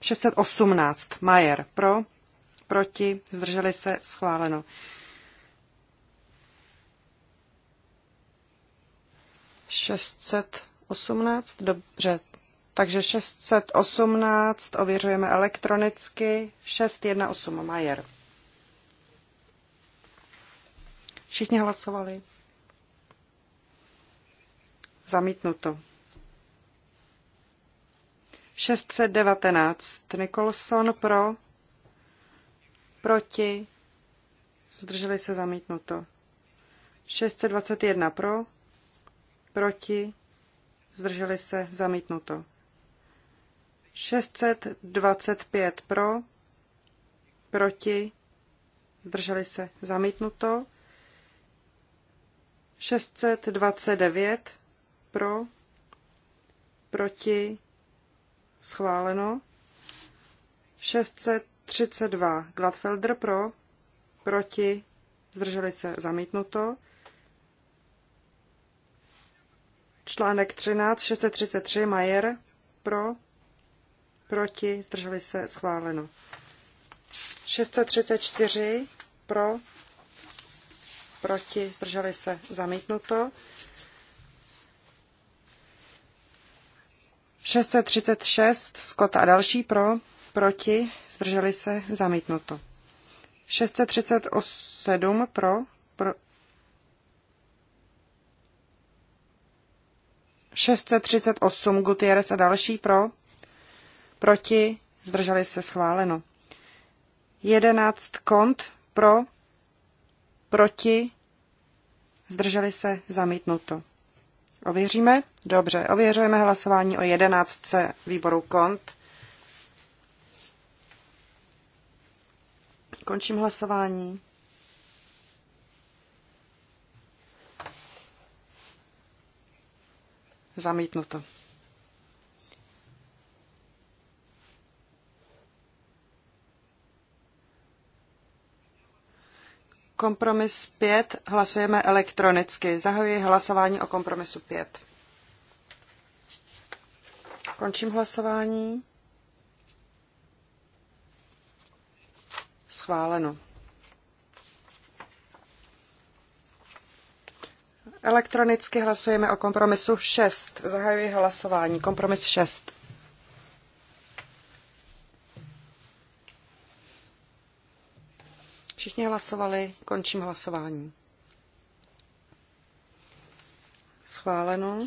Šestset osmnáct. Majer pro, proti, zdrželi se, schváleno. 618, dobře, takže 618 ověřujeme elektronicky, 618 Majer. Všichni hlasovali. Zamítnuto. 619 Nikolson pro, proti, zdrželi se zamítnuto. 621 pro, proti, zdrželi se zamítnuto. 625 pro, proti, drželi se zamítnuto, 629 pro, proti, schváleno, 632 Gladfelder pro, proti, zdrželi se zamítnuto, článek 13, 633 Majer pro, proti, zdrželi se, schváleno. 634 pro, proti, zdrželi se, zamítnuto. 636 Scott a další pro, proti, zdrželi se, zamítnuto. 637 pro, pro 638 Gutierrez a další pro, proti, zdrželi se schváleno. 11 kont pro, proti, zdrželi se zamítnuto. Ověříme? Dobře, ověřujeme hlasování o 11 výboru kont. Končím hlasování. Zamítnuto. Kompromis 5 hlasujeme elektronicky. Zahajuji hlasování o kompromisu 5. Končím hlasování. Schváleno. Elektronicky hlasujeme o kompromisu 6. Zahajuji hlasování. Kompromis 6. Všichni hlasovali, končím hlasování. Schváleno.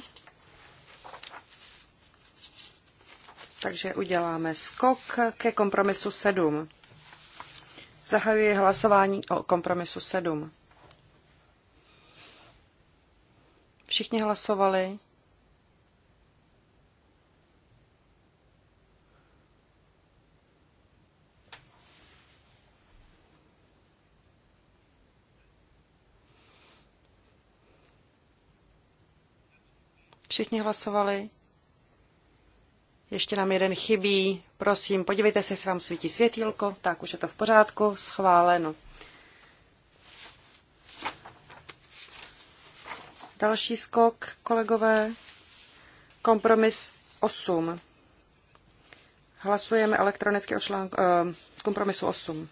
Takže uděláme skok ke kompromisu 7. Zahajuji hlasování o kompromisu 7. Všichni hlasovali. Všichni hlasovali? Ještě nám jeden chybí. Prosím, podívejte se, jestli vám svítí světýlko. Tak, už je to v pořádku. Schváleno. Další skok, kolegové. Kompromis 8. Hlasujeme elektronicky o článku, eh, kompromisu 8.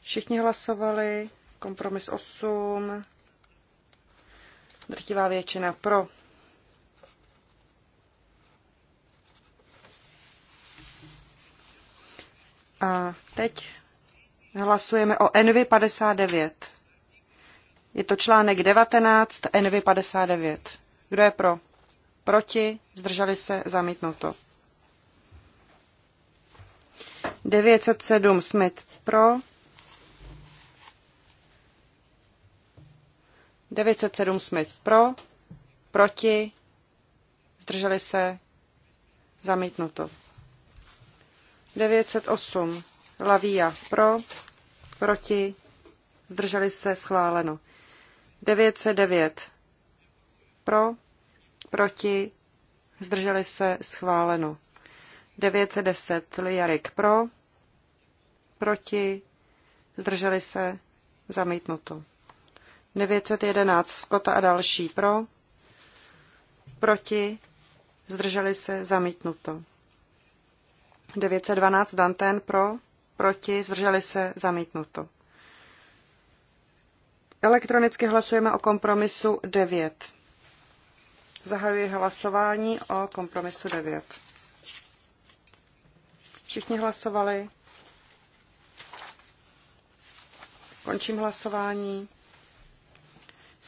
Všichni hlasovali. Kompromis 8. Drtivá většina pro. A teď hlasujeme o nv 59. Je to článek 19 nv 59. Kdo je pro? Proti? Zdrželi se? Zamítnuto. 907 Smith pro, 907 Smith pro, proti, zdrželi se, zamítnuto. 908 Lavia pro, proti, zdrželi se, schváleno. 909 pro, proti, zdrželi se, schváleno. 910 Liarik pro, proti, zdrželi se, zamítnuto. 911 Skota a další pro, proti, zdrželi se, zamítnuto. 912 Danten pro, proti, zdrželi se, zamítnuto. Elektronicky hlasujeme o kompromisu 9. Zahajuji hlasování o kompromisu 9. Všichni hlasovali. Končím hlasování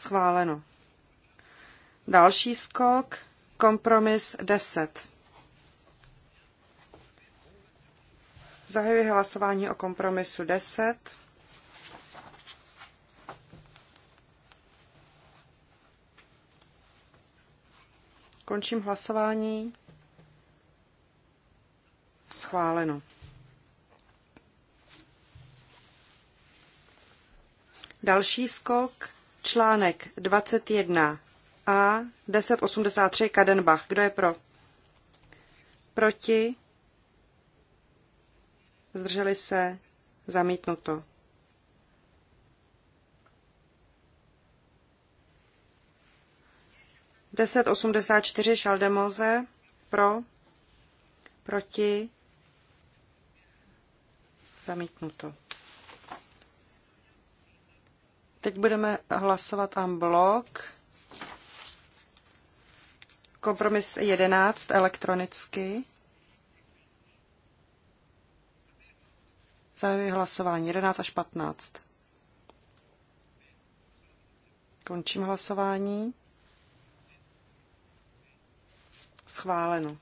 schváleno. Další skok, kompromis 10. Zahajuji hlasování o kompromisu 10. Končím hlasování. Schváleno. Další skok Článek 21 a 1083 Kadenbach. Kdo je pro? Proti? Zdrželi se? Zamítnuto. Deset osmdesát čtyři Šaldemoze pro, proti, zamítnuto. Teď budeme hlasovat en bloc. Kompromis 11 elektronicky. Zahajuji hlasování 11 až 15. Končím hlasování. Schváleno.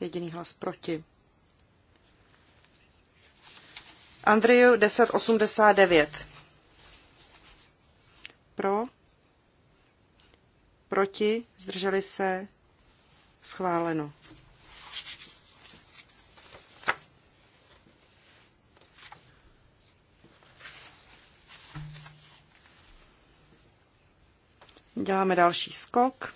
Jediný hlas proti. Andreju 1089 pro, proti, zdrželi se, schváleno. Děláme další skok.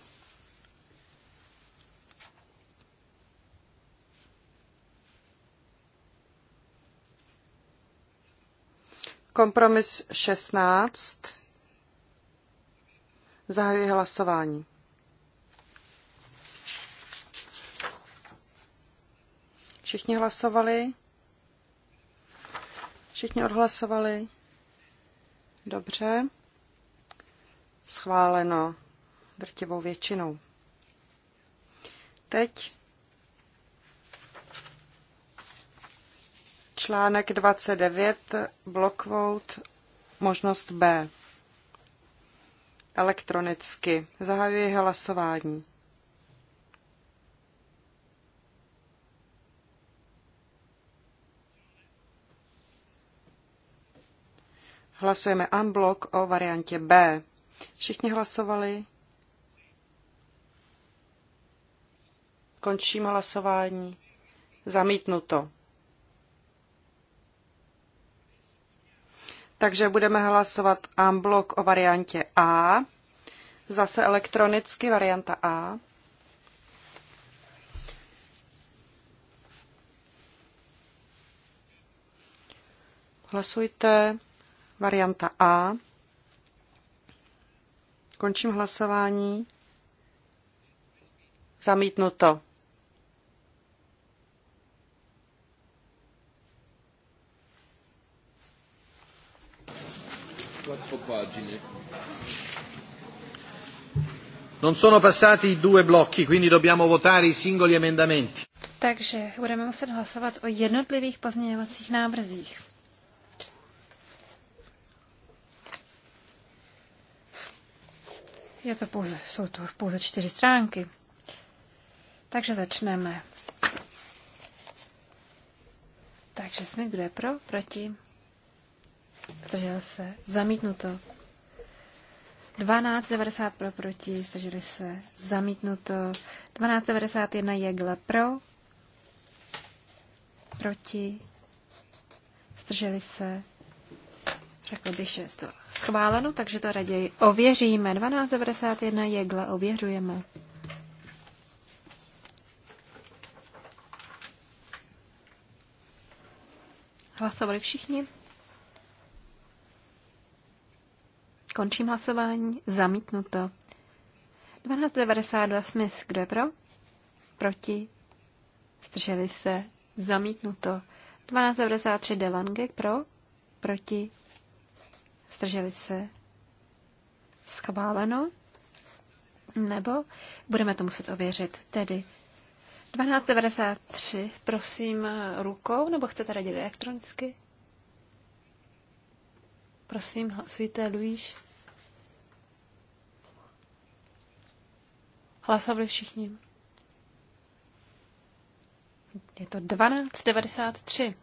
Kompromis 16 Zahajuji hlasování. Všichni hlasovali? Všichni odhlasovali? Dobře. Schváleno drtivou většinou. Teď článek 29, blockvote, možnost B elektronicky. Zahajuji hlasování. Hlasujeme unblock o variantě B. Všichni hlasovali? Končím hlasování. Zamítnuto. Takže budeme hlasovat unblock o variantě A. Zase elektronicky varianta A. Hlasujte. Varianta A. Končím hlasování. Zamítnuto. 100 pagine. Non sono passati i due blocchi, quindi dobbiamo votare i singoli emendamenti. Takže budeme muset hlasovat o jednotlivých pozměňovacích návrzích. Je to pouze, jsou to pouze čtyři stránky. Takže začneme. Takže jsme kdo je pro, proti? zdržel se, zamítnuto. 12,90 pro proti, zdrželi se, zamítnuto. 12,91 jegle pro, proti, zdrželi se. Řekl bych, že je to schváleno, takže to raději ověříme. 12,91 jegle ověřujeme. Hlasovali všichni? Končím hlasování. Zamítnuto. 1292 smys. Kdo je pro? Proti? Zdrželi se. Zamítnuto. 1293 Delange. Pro? Proti? Zdrželi se. Schváleno. Nebo budeme to muset ověřit. Tedy 1293, prosím rukou, nebo chcete radit elektronicky? Prosím, hlasujte, Luíš. Hlasovali všichni. Je to 1293.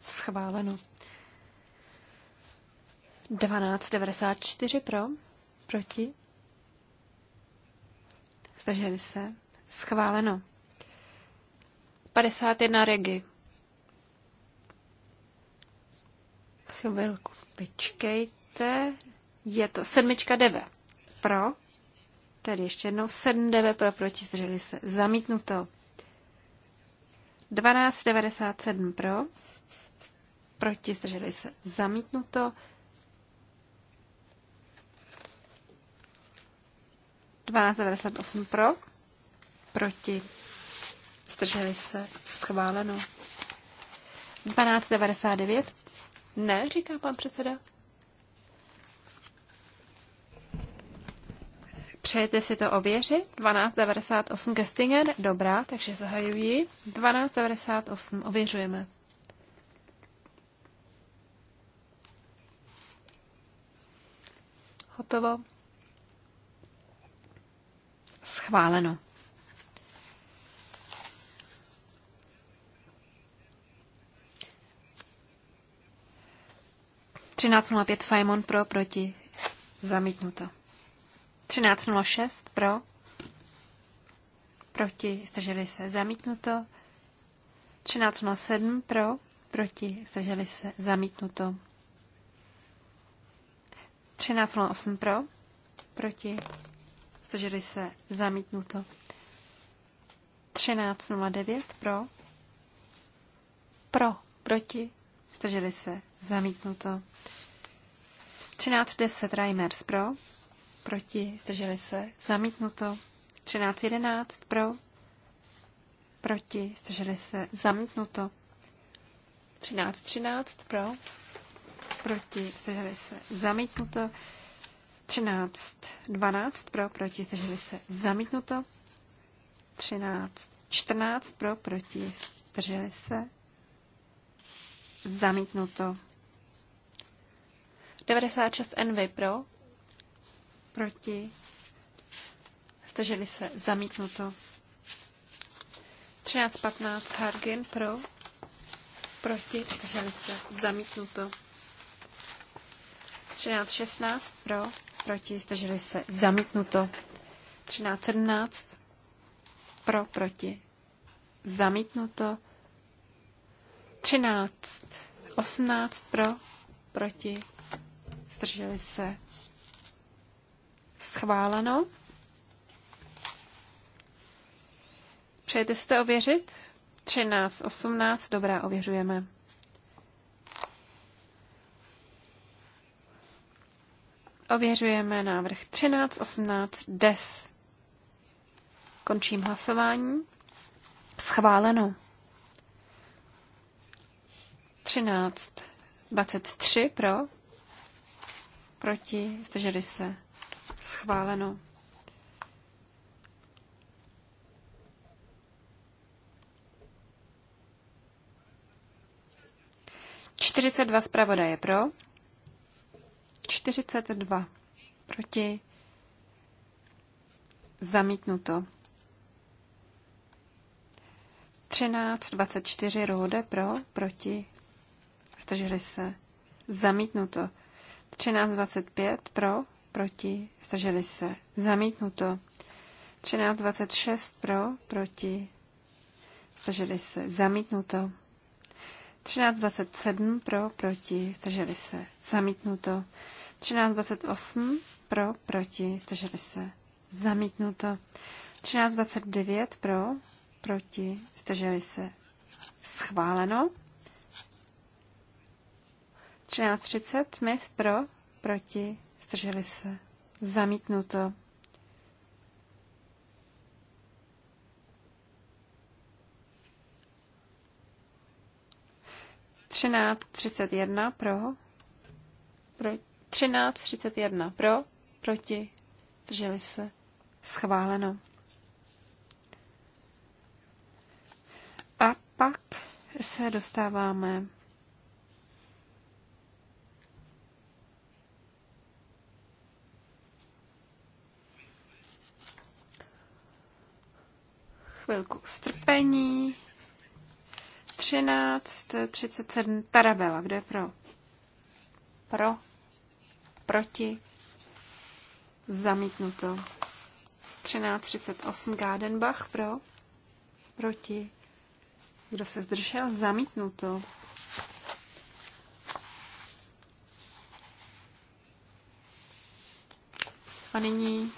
Schváleno. 1294 pro, proti. Zdrželi se. Schváleno. 51 regi. Chvilku. Počkejte, je to sedmička deve pro, tedy ještě jednou sedm deve pro, proti zdrželi se, zamítnuto. 12,97 pro, proti zdrželi se, zamítnuto. 12,98 pro, proti zdrželi se, schváleno. 12,99 ne, říká pan předseda. Přejete si to ověřit? 1298 Gestinger, dobrá, takže zahajuji. 1298, ověřujeme. Hotovo. Schváleno. 13.05 Fajmon pro, proti, zamítnuto. 13.06 pro, proti, zdrželi se, zamítnuto. 13.07 pro, proti, zdrželi se, zamítnuto. 13.08 pro, proti, zdrželi se, zamítnuto. 13.09 pro, pro, proti, Zdrželi se. Zamítnuto. 13.10 Reimers pro. Proti. Zdrželi se. Zamítnuto. 13.11 pro. Proti. Zdrželi se. Zamítnuto. 13.13 pro. Proti. Zdrželi se. Zamítnuto. 13.12 pro. Proti. Zdrželi se. Zamítnuto. 13.14 pro. Proti. Zdrželi se. Zamítnuto. 96 NV pro. Proti. Zdrželi se. Zamítnuto. 13.15 Hargin pro. Proti. Zdrželi se. Zamítnuto. 13.16 pro. Proti. Zdrželi se. Zamítnuto. 13.17 pro. Proti. Zamítnuto. 13. 18 pro, proti, zdrželi se. Schváleno. Přejete si to ověřit? 13, 18, dobrá, ověřujeme. Ověřujeme návrh 13, 18, DES. Končím hlasování. Schváleno. 13, 23 pro, proti, zdrželi se, schváleno. Čtyřicet dva zpravodaje pro, čtyřicet dva proti, zamítnuto. dvacet čtyři rohde pro, proti, Zdrželi se. Zamítnuto. 13.25 pro, proti, zdrželi se. Zamítnuto. 13.26 pro, proti, zdrželi se. Zamítnuto. 13.27 pro, proti, zdrželi se. Zamítnuto. 13.28 pro, proti, zdrželi se. Zamítnuto. 13.29 pro, proti, zdrželi se. Schváleno. 13.30 Smith pro, proti, zdrželi se. Zamítnuto. Třináct třicet jedna pro, pro třináct třicet jedna pro, proti, drželi se, schváleno. A pak se dostáváme Chvilku strpení. 13, 37, Tarabela, kdo je pro? Pro, proti, zamítnuto. 13.38 Gádenbach pro, proti, kdo se zdržel, zamítnuto. A nyní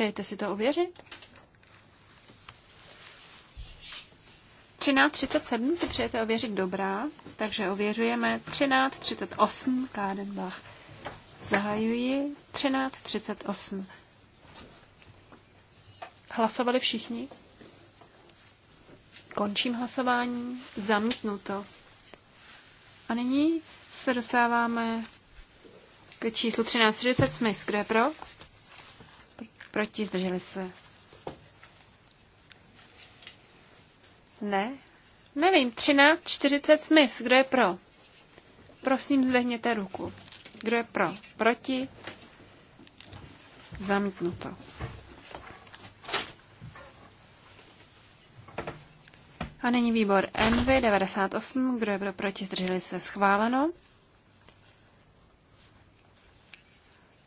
Přejete si to ověřit? 13.37 si přejete ověřit dobrá, takže ověřujeme 13.38 Kádenbach. Zahajuji 13.38. Hlasovali všichni? Končím hlasování. Zamítnuto. A nyní se dostáváme k číslu 13.40 Smith. Kdo je pro? Proti? Zdrželi se? Ne? Nevím, 13, 40 smys, Kdo je pro? Prosím, zvedněte ruku. Kdo je pro? Proti? Zamítnuto. A nyní výbor NV 98. Kdo je pro? Proti? Zdrželi se? Schváleno.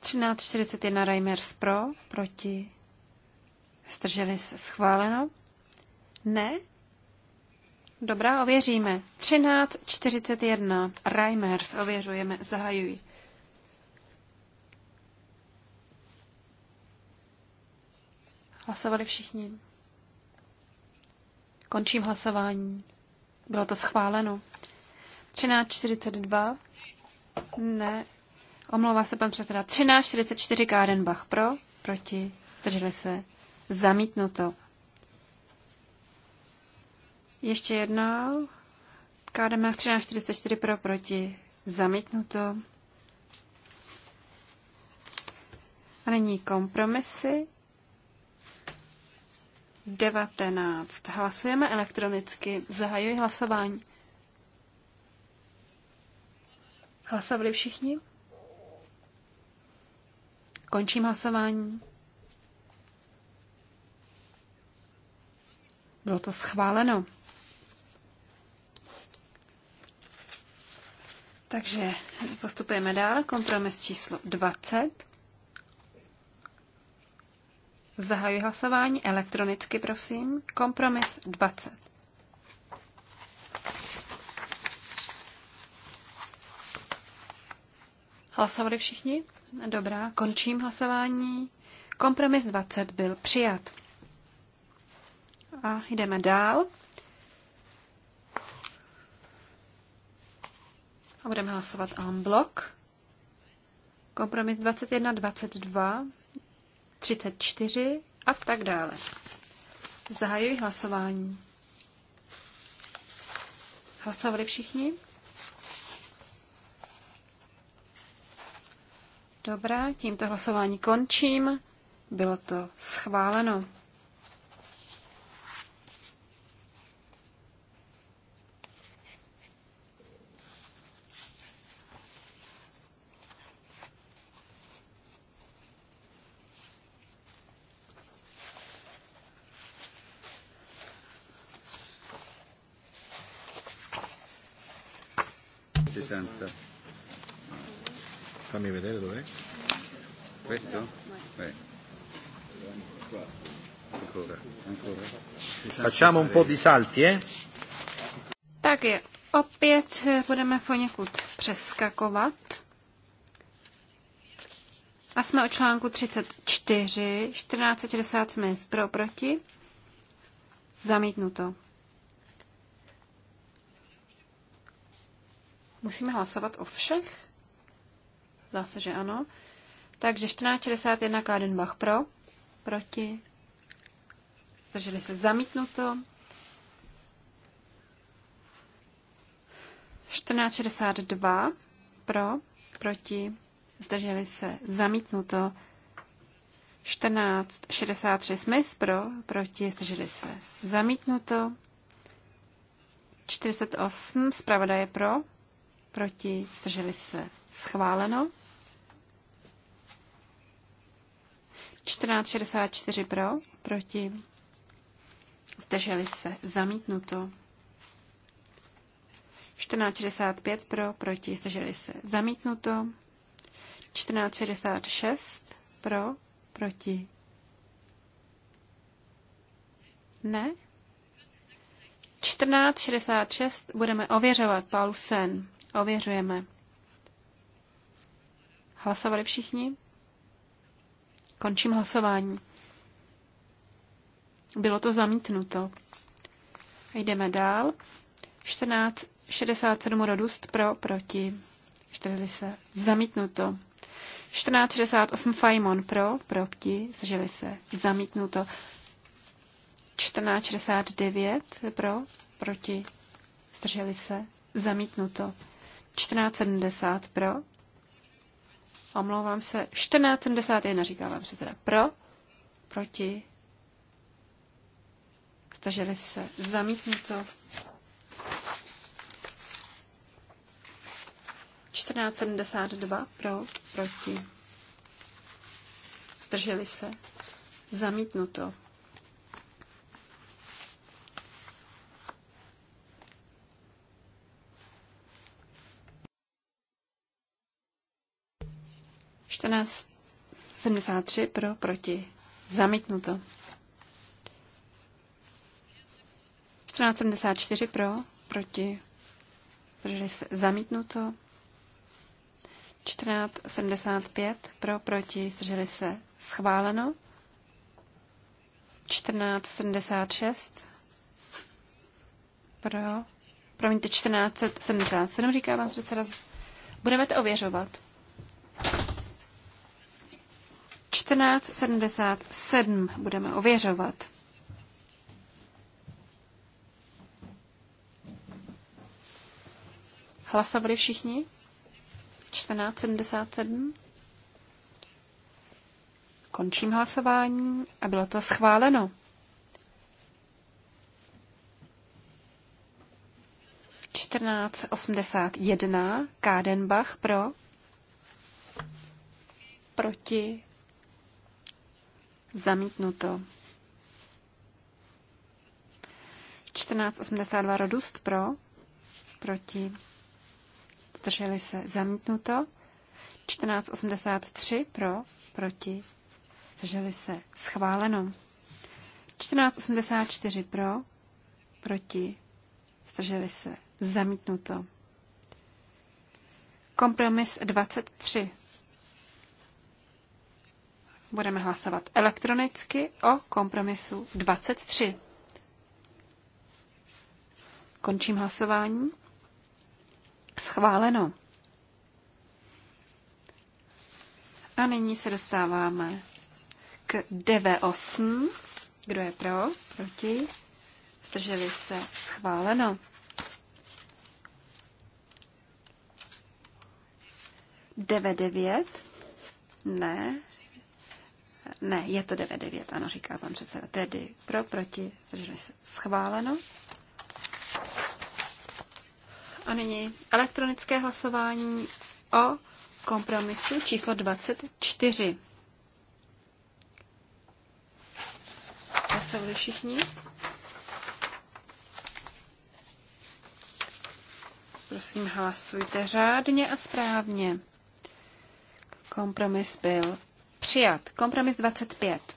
13.41 Reimers pro, proti, zdrželi se, schváleno. Ne? Dobrá, ověříme. 13.41 Reimers, ověřujeme, zahajují. Hlasovali všichni. Končím hlasování. Bylo to schváleno. 13.42. Ne, Omlouvá se pan předseda 1344 Kádenbach pro, proti, zdrželi se, zamítnuto. Ještě jednou. Kádenbach 1344 pro, proti, zamítnuto. A nyní kompromisy. 19. Hlasujeme elektronicky. Zahajuji hlasování. Hlasovali všichni? Končím hlasování. Bylo to schváleno. Takže postupujeme dál. Kompromis číslo 20. Zahajuji hlasování elektronicky, prosím. Kompromis 20. Hlasovali všichni? Dobrá, končím hlasování. Kompromis 20 byl přijat. A jdeme dál. A budeme hlasovat en bloc. Kompromis 21, 22, 34 a tak dále. Zahajuji hlasování. Hlasovali všichni? Dobrá, tímto hlasování končím. Bylo to schváleno. Facciamo un po' di salti, eh? Tak je, opět eh, budeme poněkud přeskakovat. A jsme o článku 34, 1460 jsme pro, proti. Zamítnuto. Musíme hlasovat o všech? Zase, že ano. Takže 1461 Kádenbach pro, proti, zdrželi se zamítnuto. 1462 pro, proti, zdrželi se zamítnuto. 1463 smys pro, proti, zdrželi se zamítnuto. 48 je pro, proti, zdrželi se schváleno. 1464 pro, proti, zdrželi se, zamítnuto. 1465 pro, proti, zdrželi se, zamítnuto. 1466 pro, proti. Ne? 1466 budeme ověřovat, Paulsen. Ověřujeme. Hlasovali všichni? Končím hlasování. Bylo to zamítnuto. Jdeme dál. 14, 67 rodust pro, proti. 40. Zamítnuto. 1468 Fajmon pro, proti, zdrželi se. Zamítnuto. 1469 pro, proti, zdrželi se. Zamítnuto. 1470 pro. Omlouvám se. 1471 říká vám předseda. Pro, proti, zdrželi se, zamítnu to. 1472 pro, proti, zdrželi se, zamítnuto. Čtrnáct 73 pro, proti, zamítnuto. 1474 pro, proti, zdrželi se zamítnuto. 1475 pro, proti, zdrželi se schváleno. 1476 pro, promiňte, 1477 říká vám předseda. Budeme to ověřovat. 1477 budeme ověřovat. Hlasovali všichni? 1477. Končím hlasování a bylo to schváleno. Čtrnáct osmdesát jedna Kádenbach pro proti zamítnuto. 1482 Rodust pro proti zdrželi se, zamítnuto. 1483 pro, proti, zdrželi se, schváleno. 1484 pro, proti, zdrželi se, zamítnuto. Kompromis 23. Budeme hlasovat elektronicky o kompromisu 23. Končím hlasování. Schváleno. A nyní se dostáváme k DV8. Kdo je pro? Proti? Zdrželi se? Schváleno. DV9? Ne. Ne, je to DV9, ano, říká pan předseda. Tedy pro, proti, zdrželi se. Schváleno. A nyní elektronické hlasování o kompromisu číslo 24. Hlasovali všichni? Prosím, hlasujte řádně a správně. Kompromis byl přijat. Kompromis 25.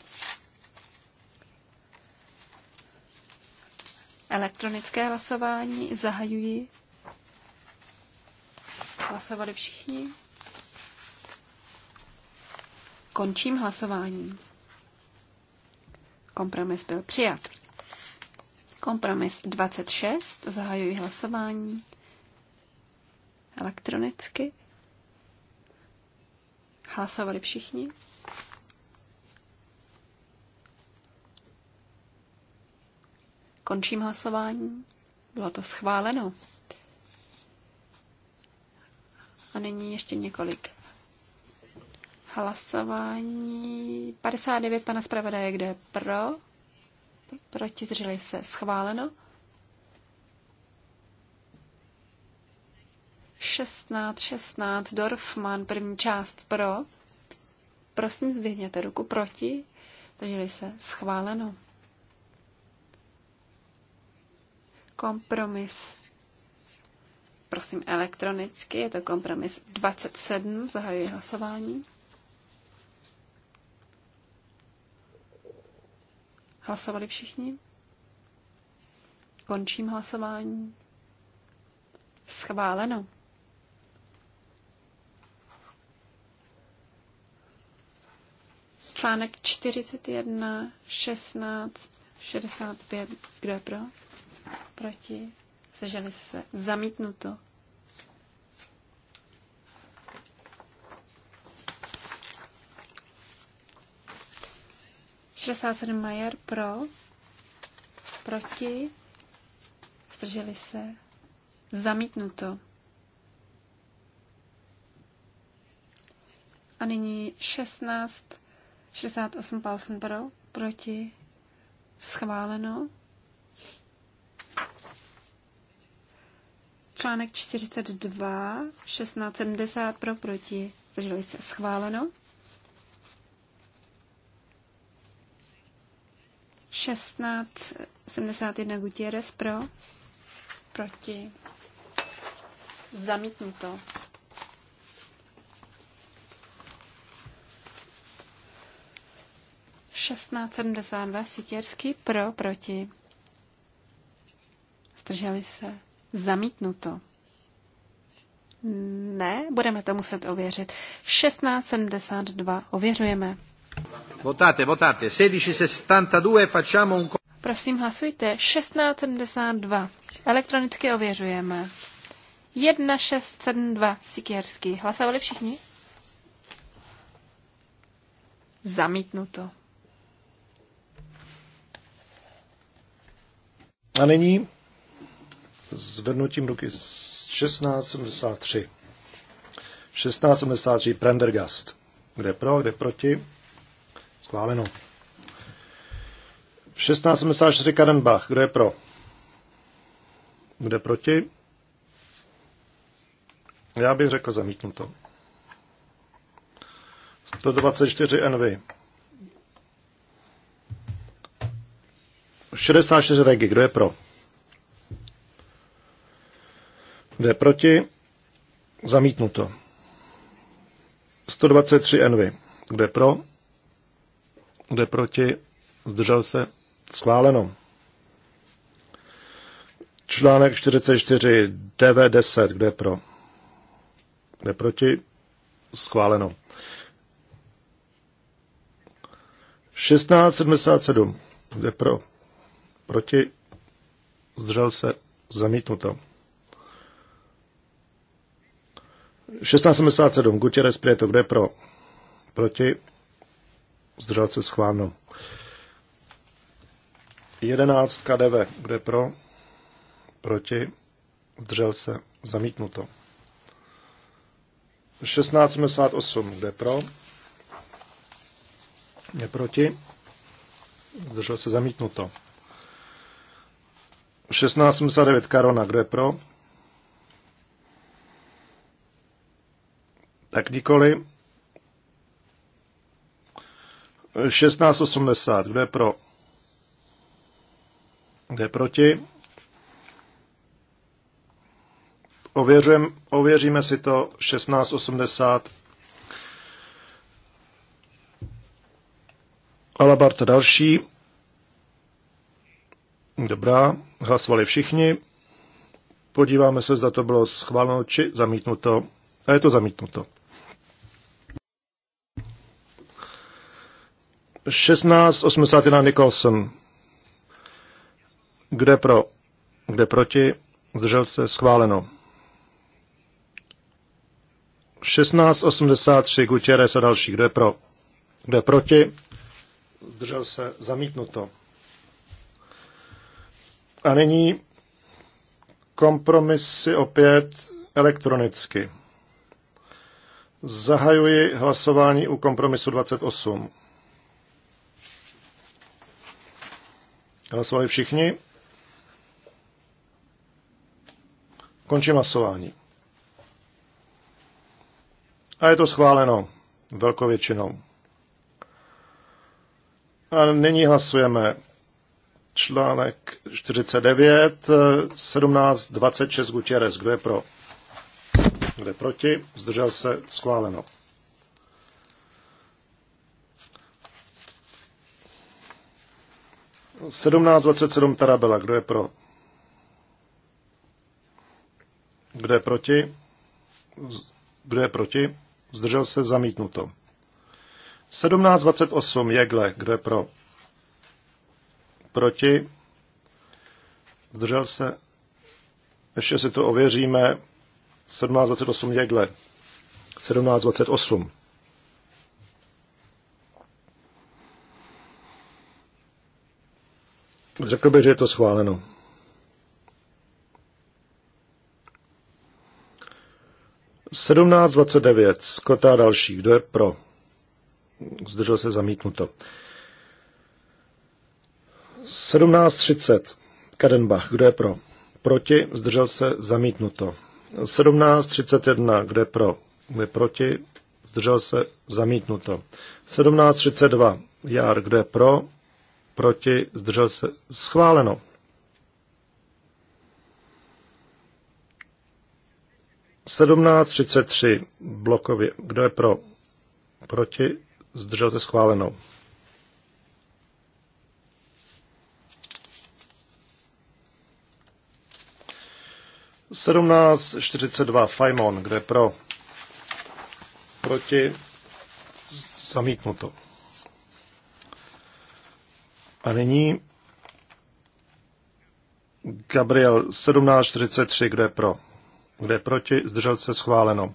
Elektronické hlasování zahajuji Hlasovali všichni? Končím hlasování. Kompromis byl přijat. Kompromis 26. Zahajuji hlasování elektronicky. Hlasovali všichni. Končím hlasování. Bylo to schváleno. A nyní ještě několik hlasování. 59 pana zpravodaje, kde je pro? Proti zdrželi se. Schváleno. 16, 16, Dorfman, první část pro. Prosím, zdvihněte ruku proti. Zdrželi se. Schváleno. Kompromis prosím elektronicky, je to kompromis 27, zahajuji hlasování. Hlasovali všichni? Končím hlasování. Schváleno. Článek 41, 16, 65. Kdo je pro? Proti? Zdrželi se. Zamítnuto. Šedesát sedm Majer pro. Proti. Zdrželi se. Zamítnuto. A nyní 16, 68 Paulsen pro, proti, schváleno. Článek 42, 1670 pro, proti, zdrželi se schváleno. 1671 Gutierrez pro, proti, zamítnuto. Šestnáct sedmdesát dva pro, proti. Zdrželi se. Zamítnuto. Ne, budeme to muset ověřit. 1672 ověřujeme. Votate, votate. 1672 facciamo un... Prosím, hlasujte. 1672. Elektronicky ověřujeme. 1672 Sikierský. Hlasovali všichni? Zamítnuto. A nyní zvednutím ruky 1673. 1673 Prendergast. Kde pro, kde proti? Schváleno. 1674 Kadenbach. Kdo je pro? Kde proti? Já bych řekl zamítnuto. 124 NV. 64 regi. Kdo je pro? Jde proti? Zamítnuto. 123 envy. Kdo pro? Kdo proti? Zdržel se? Schváleno. Článek 44 DV10. Kdo pro? Kdo proti? Schváleno. 1677. Kdo pro? Proti? Zdržel se? Zamítnuto. 1677, Gutierrez Prieto, kde pro? Proti? Zdržel se schválno. 11 KDV, kde pro? Proti? Zdržel se zamítnuto. 1678, kde pro? Je proti? Zdržel se zamítnuto. 1679 Karona, kde pro? Tak nikoli. 1680. Kdo je pro? Kdo je proti? Ověřujem, ověříme si to 1680. Alabarta další. Dobrá, hlasovali všichni. Podíváme se, zda to bylo schváleno či zamítnuto. A je to zamítnuto. 1681 Nicholson. Kde pro? Kde proti? Zdržel se schváleno. 1683 Gutierrez a další. Kde pro? kde proti? Zdržel se zamítnuto. A nyní kompromisy opět elektronicky. Zahajuji hlasování u kompromisu 28. Hlasovali všichni? Končím hlasování. A je to schváleno velkou většinou. A nyní hlasujeme článek 49, 17, 26 Gutierrez. Kdo je pro? Kdo je proti? Zdržel se? Schváleno. Sedmnáct dvacet sedm Tarabela. Kdo je pro? Kdo je proti? Kdo je proti? Zdržel se? Zamítnuto. 17.28 Jegle, kdo je pro? Proti? Zdržel se? Ještě si to ověříme. 1728 Jegle. 1728. Řekl bych, že je to schváleno. Sedmnáct dvacet devět. Skota další. Kdo je pro? Zdržel se zamítnuto. Sedmnáct třicet. Kadenbach. Kdo je pro? Proti? Zdržel se zamítnuto. 17.31, kde pro, kde proti, zdržel se, zamítnuto. 17.32, Jár, kde pro, proti, zdržel se, schváleno. Sedmnáct třicet tři blokově. Kdo je pro? Proti? Zdržel se schválenou. 17.42 Fajmon, kde pro, proti, zamítnuto. A nyní Gabriel 17.43, kde pro, kde proti, zdržel se schváleno.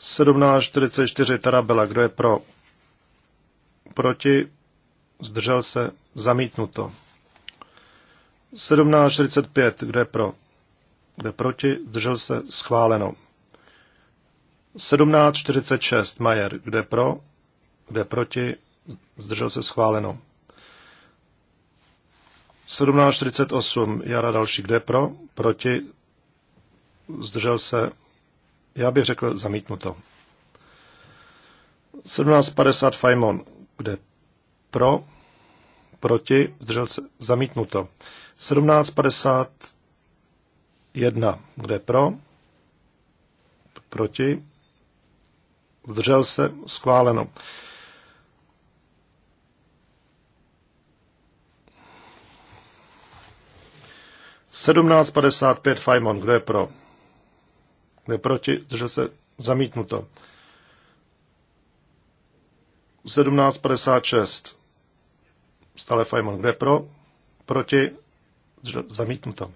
17.44 Tarabela, kdo je pro, proti, zdržel se, zamítnuto. 17.45, kdo je pro, kde proti, zdržel se, schváleno. 1746 Majer, je pro, je proti, zdržel se, schváleno. 1748 Jara další, je pro, proti, zdržel se, já bych řekl zamítnuto. 1750 Fajmon, kde pro, proti, zdržel se, zamítnuto. 1750 1. Kde pro? Proti? Zdržel se? Schváleno. Sedmnáct padesát pět Fajmon, kdo je pro? Kdo je proti? Zdržel se? Zamítnuto. 1756. Stále Fajmon, kdo je pro? Proti? Zdržel, zamítnuto.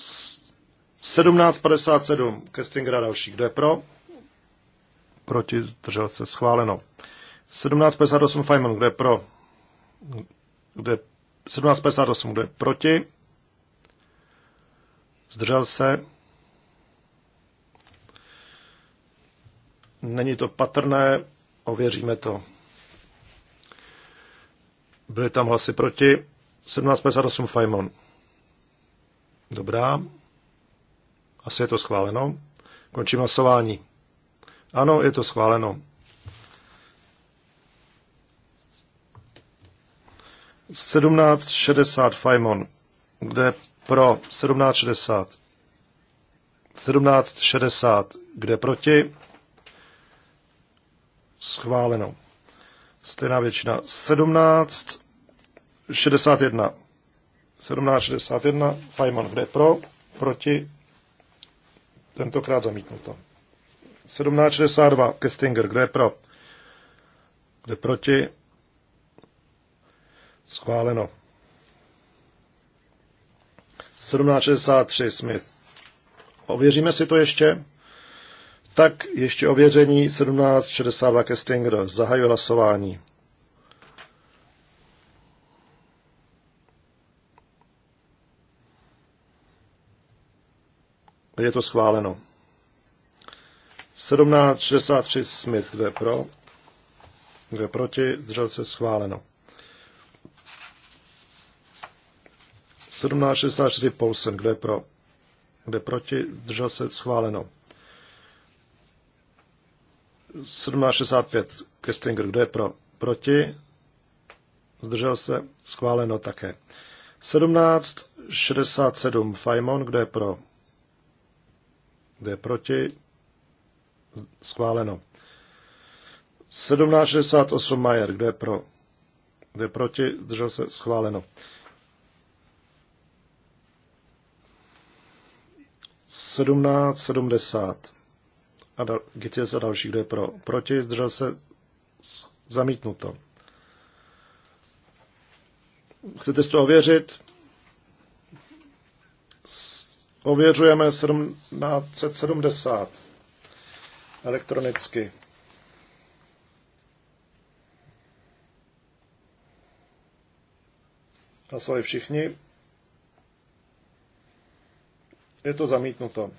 1757 Kestinger a další. Kdo je pro? Proti, zdržel se, schváleno. 1758 Feynman, kdo je pro? Kdo je 1758, kdo je proti? Zdržel se. Není to patrné, ověříme to. Byly tam hlasy proti. 1758 Feynman. Dobrá. Asi je to schváleno. Končím hlasování. Ano, je to schváleno. Sedmnáct šedesát Fajmon. Kde pro? Sedmnáct šedesát. Sedmnáct šedesát. Kde proti? Schváleno. Stejná většina. Sedmnáct šedesát jedna. 1761, Feynman, kde pro, proti, tentokrát zamítnuto. 1762, Kestinger, kde pro, kde proti, schváleno. 1763, Smith. Ověříme si to ještě? Tak ještě ověření 1762 Kestinger. Zahajuje hlasování. je to schváleno. 1763 Smith, kdo je pro, kdo je proti, zdržel se schváleno. 1764 Poulsen, kdo je pro, kdo je proti, zdržel se schváleno. 1765 Kestinger, kdo je pro, proti, zdržel se schváleno také. 1767 Fajmon, kdo je pro, kdo je proti? Schváleno. 1768 Majer. Kdo je pro? Kdo je proti? Držel se? Schváleno. 1770 a dal, GTS a další, kdo je pro. Proti? Zdržel se? Zamítnuto. Chcete si to ověřit? Ověřujeme 1770 elektronicky. Hlasovali všichni. Je to zamítnuto.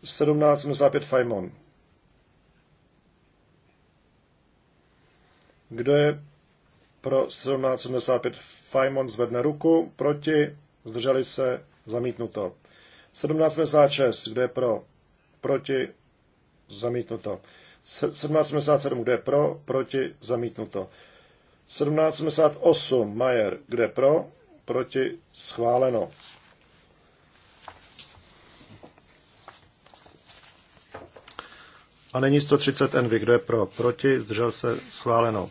1775 Fajmon. Kdo je pro 1775 Fajmon zvedne ruku, proti zdrželi se, zamítnuto. 1776, kdo je pro, proti, zamítnuto. 1777, kdo je pro, proti, zamítnuto. 1778, Majer, kde pro, proti, schváleno. A není 130 Envy, kdo je pro, proti, zdržel se, schváleno.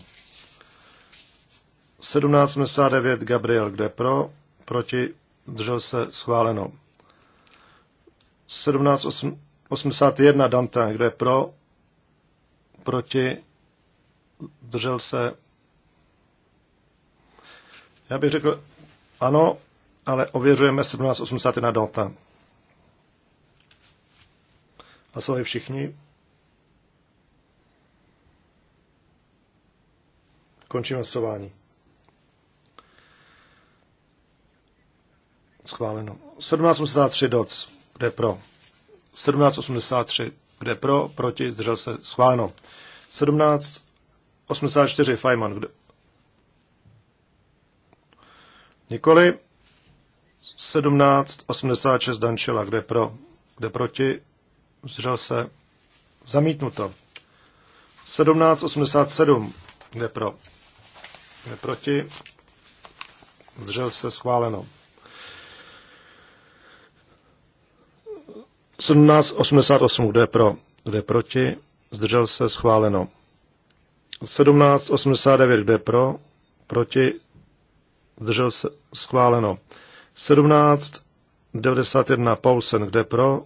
1779 Gabriel, kde pro, proti, držel se, schváleno. 1781 Dante, kdo je pro, proti, držel se. Já bych řekl ano, ale ověřujeme 1781 Dante. jsou všichni. Končíme hlasování. Schváleno. 1783 doc. Kde pro? 1783. Kde pro? Proti? Zdržel se? Schváleno. 1784 Feynman. Kde? Nikoli. 1786 Dančela. Kde pro? Kde proti? Zdržel se? Zamítnuto. 1787. Kde pro? Kde proti? Zdržel se? Schváleno. 1788, kdo je pro, kdo je proti, zdržel se, schváleno. 1789, kdo je pro, proti, zdržel se, schváleno. 1791, Paulsen, kdo je pro,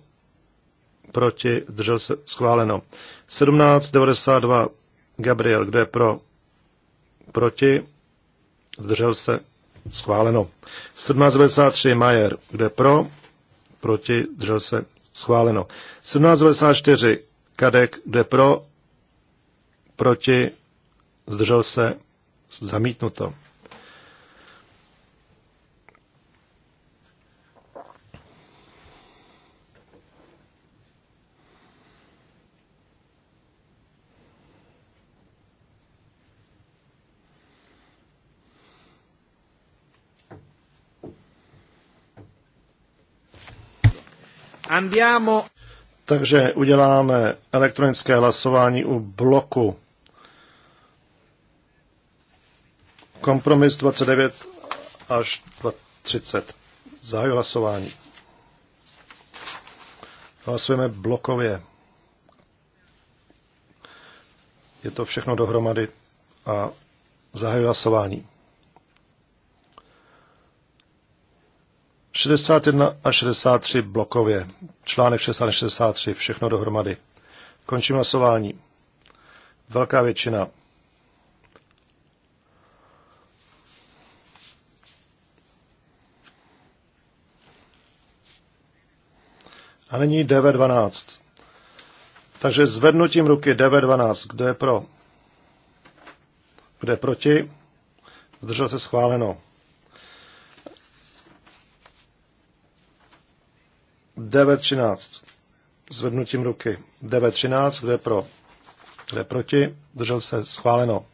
proti, zdržel se, schváleno. 1792, Gabriel, kdo je pro, proti, zdržel se, schváleno. 1793, Majer, kdo je pro, proti, zdržel se, schváleno. 1794 Kadek jde pro, proti, zdržel se, zamítnuto. Andiamo. Takže uděláme elektronické hlasování u bloku. Kompromis 29 až 30. Zahajuji hlasování. Hlasujeme blokově. Je to všechno dohromady a zahajuji hlasování. 61 a 63 blokově. Článek 61 a 63, všechno dohromady. Končím hlasování. Velká většina. A nyní DV12. Takže zvednutím ruky DV12. Kdo je pro? Kdo je proti? Zdržel se schváleno. 9.13. Zvednutím ruky. 9.13. Kdo je pro? Kdo je proti? Držel se. Schváleno.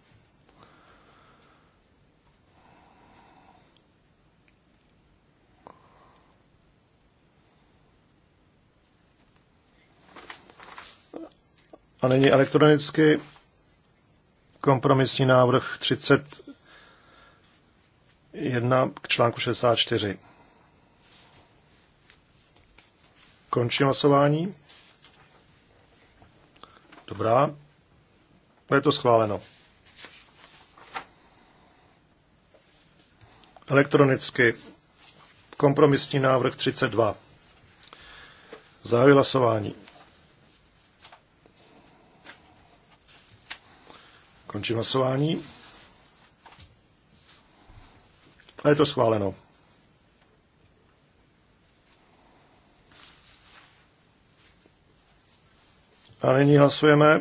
A nyní elektronicky kompromisní návrh 31 k článku 64. Končím hlasování. Dobrá. Je to schváleno. Elektronicky kompromisní návrh 32. Zahajuji hlasování. Končím hlasování. A je to schváleno. A nyní hlasujeme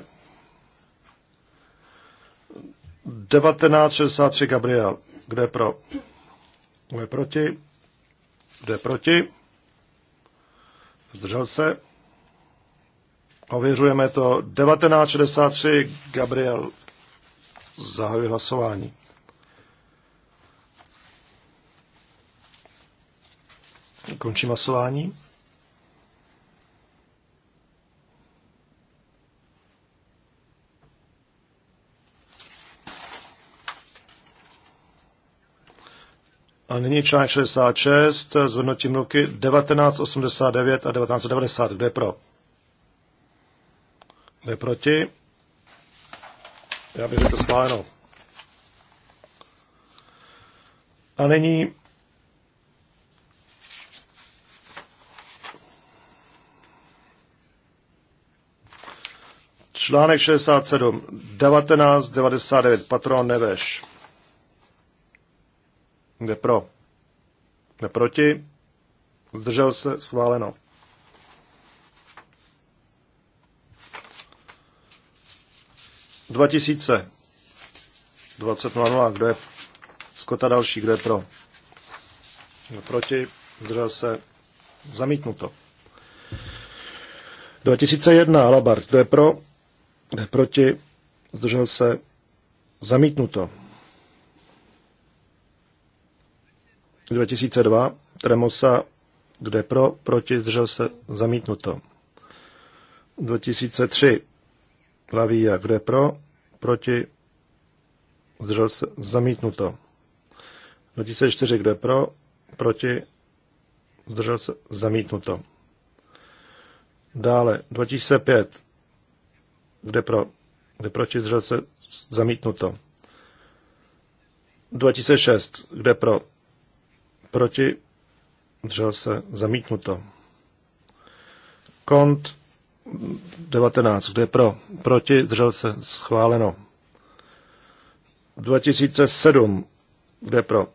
1963 Gabriel. Kde pro? Kde proti? Kde proti? Zdržel se? Ověřujeme to. 1963 Gabriel. Zahajuji hlasování. Končím hlasování. A nyní článek 66, zhodnotím ruky 1989 a 1990. Kdo je pro? Kdo je proti? Já bych to schváleno. A nyní článek 67, 1999, patron Neveš. Kde pro? Kde proti? Zdržel se? Schváleno. Dva tisíce. Kdo je Skota další? Kdo je pro? Kdo proti? Zdržel se? Zamítnuto. 2001. Alabart. Kdo je pro? Kdo je proti? Zdržel se? Zamítnuto. 2002, Tremosa, kde pro, proti, zdržel se, zamítnuto. 2003, Lavia, kde pro, proti, zdržel se, zamítnuto. 2004, kde pro, proti, zdržel se, zamítnuto. Dále 2005, kde, pro, kde proti, zdržel se, zamítnuto. 2006, kde pro, proti, držel se, zamítnuto. Kont 19, kde je pro, proti, držel se, schváleno. 2007, kde je pro,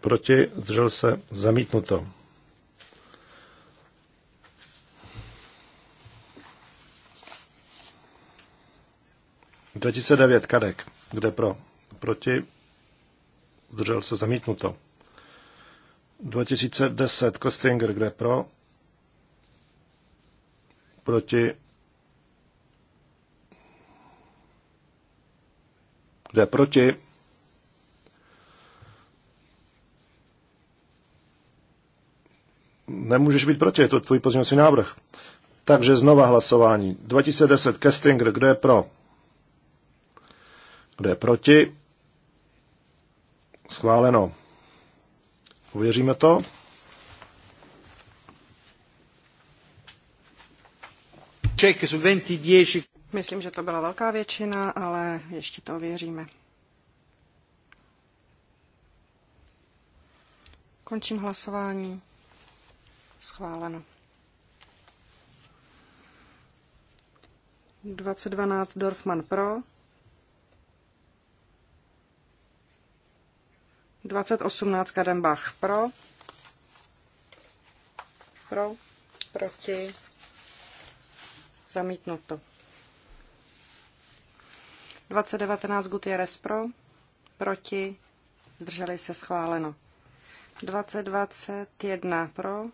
proti, držel se, zamítnuto. Dvacet 2009, kadek, kde pro, proti, zdržel se zamítnuto. 2010 Kostinger, kde pro? Proti? Kde proti? Nemůžeš být proti, je to tvůj pozměňovací návrh. Takže znova hlasování. 2010 Kestinger, kdo je pro? Kdo je proti? Schváleno. Uvěříme to. 2010. Myslím, že to byla velká většina, ale ještě to věříme. Končím hlasování. Schváleno. 2012 Dorfman pro. 2018 Kadenbach pro. Pro. Proti. Zamítnuto. 2019 Gutierrez pro. Proti. Zdrželi se schváleno. 2021 pro.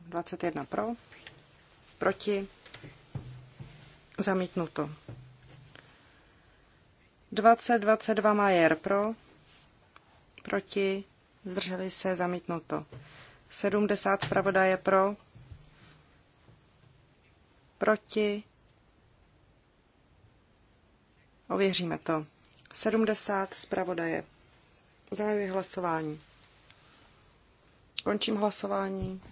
21 pro. Proti. Zamítnuto. 2022 Majer pro proti, zdrželi se, zamítnuto. 70 zpravodaje pro, proti, ověříme to. 70 zpravodaje. Zahajuji hlasování. Končím hlasování.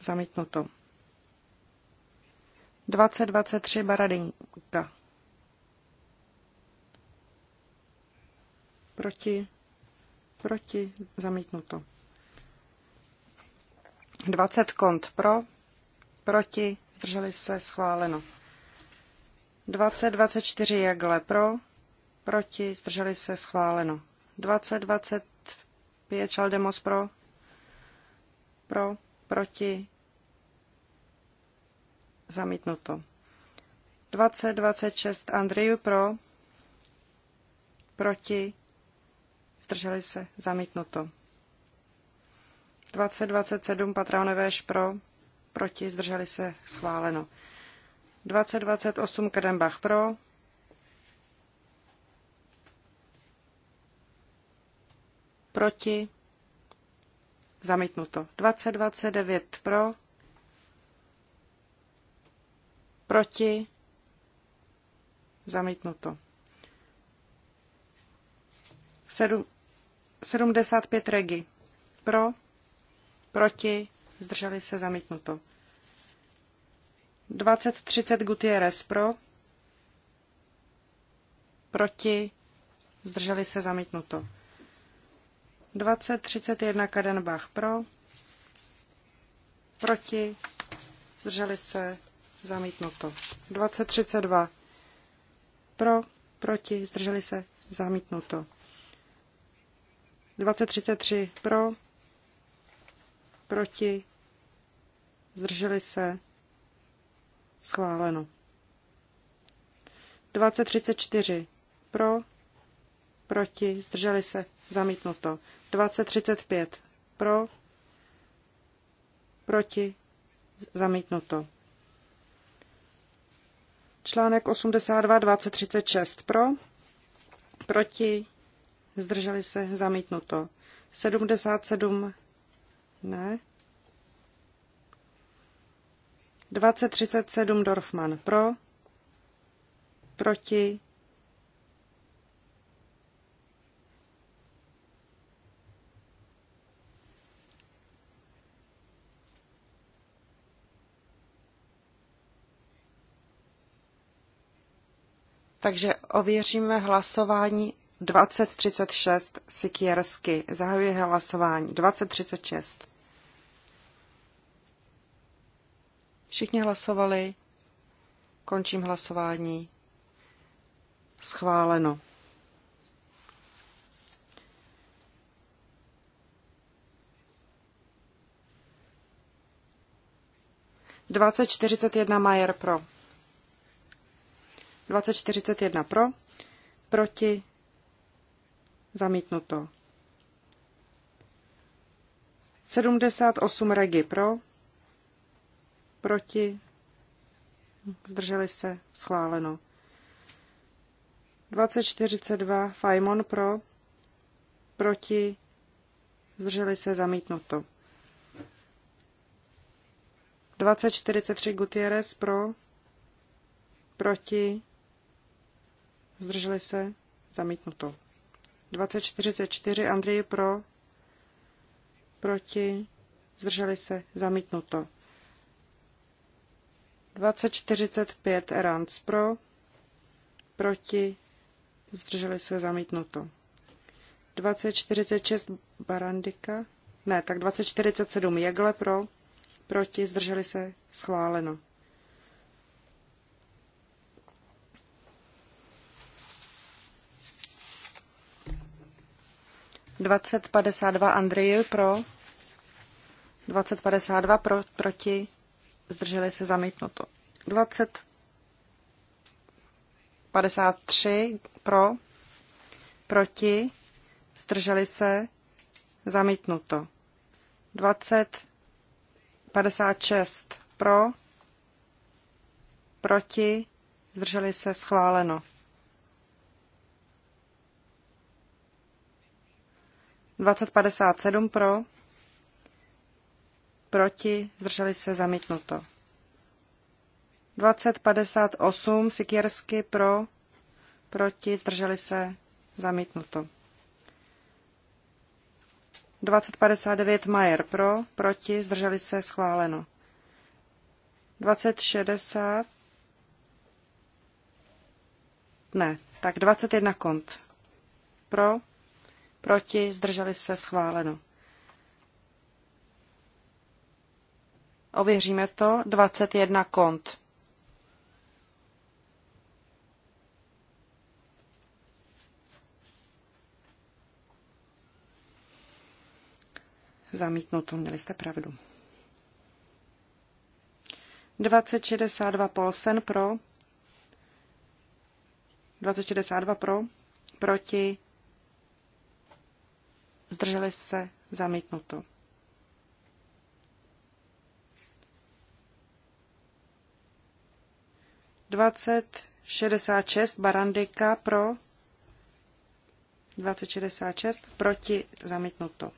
Zamítnuto. 2023 Baradinka. proti, proti, zamítnuto. 20 kont pro, proti, zdrželi se, schváleno. 20, 24 jagle pro, proti, zdrželi se, schváleno. 20, 25 čaldemos pro, pro, proti, zamítnuto. 20, 26 Andreju pro, proti, zdrželi se, zamítnuto. 2027 patronové pro, proti, zdrželi se, schváleno. 2028 Kedembach pro, proti, zamítnuto. 2029 pro, proti, zamítnuto. Sedm, 75 regi. Pro, proti, zdrželi se zamítnuto. 2030 Gutierrez pro, proti, zdrželi se zamítnuto. 2031 Kadenbach pro, proti, zdrželi se zamítnuto. 2032 pro, proti, zdrželi se zamítnuto. 2033 pro, proti, zdrželi se, schváleno. 2034 pro, proti, zdrželi se, zamítnuto. 2035 pro, proti, zamítnuto. Článek 82 2036 pro, proti, zdrželi se, zamítnuto. 77, ne. 2037 Dorfman pro, proti, Takže ověříme hlasování 2036 Sikiersky. Zahajuji hlasování. 2036. Všichni hlasovali. Končím hlasování. Schváleno. Dvacet čtyřicet jedna Majer pro. Dvacet čtyřicet jedna pro. Proti. Zamítnuto. 78 regi pro, proti, zdrželi se, schváleno. 2042 Fajmon pro, proti, zdrželi se, zamítnuto. 2043 Gutierrez pro, proti, zdrželi se, zamítnuto. 2044 Andrej pro, proti, zdrželi se, zamítnuto. 2045 Erans pro, proti, zdrželi se, zamítnuto. 2046 Barandika, ne, tak 2047 Jegle pro, proti, zdrželi se, schváleno. 2052 Andrejů pro, 2052 pro, proti, zdrželi se zamítnuto. 2053 pro, proti, zdrželi se zamítnuto. 2056 pro, proti, zdrželi se schváleno. 2057 pro, proti, zdrželi se zamítnuto. 2058 Sikiersky pro, proti, zdrželi se zamítnuto. 2059 Majer pro, proti, zdrželi se schváleno. 2060 ne, tak 21 kont pro, proti, zdrželi se, schváleno. Ověříme to. 21 kont. Zamítnuto, měli jste pravdu. 2062 Polsen pro. 2062 pro. Proti zdrželi se, zamítnuto. Dvacet šedesát šest barandika pro, dvacet šedesát šest proti, zamítnuto.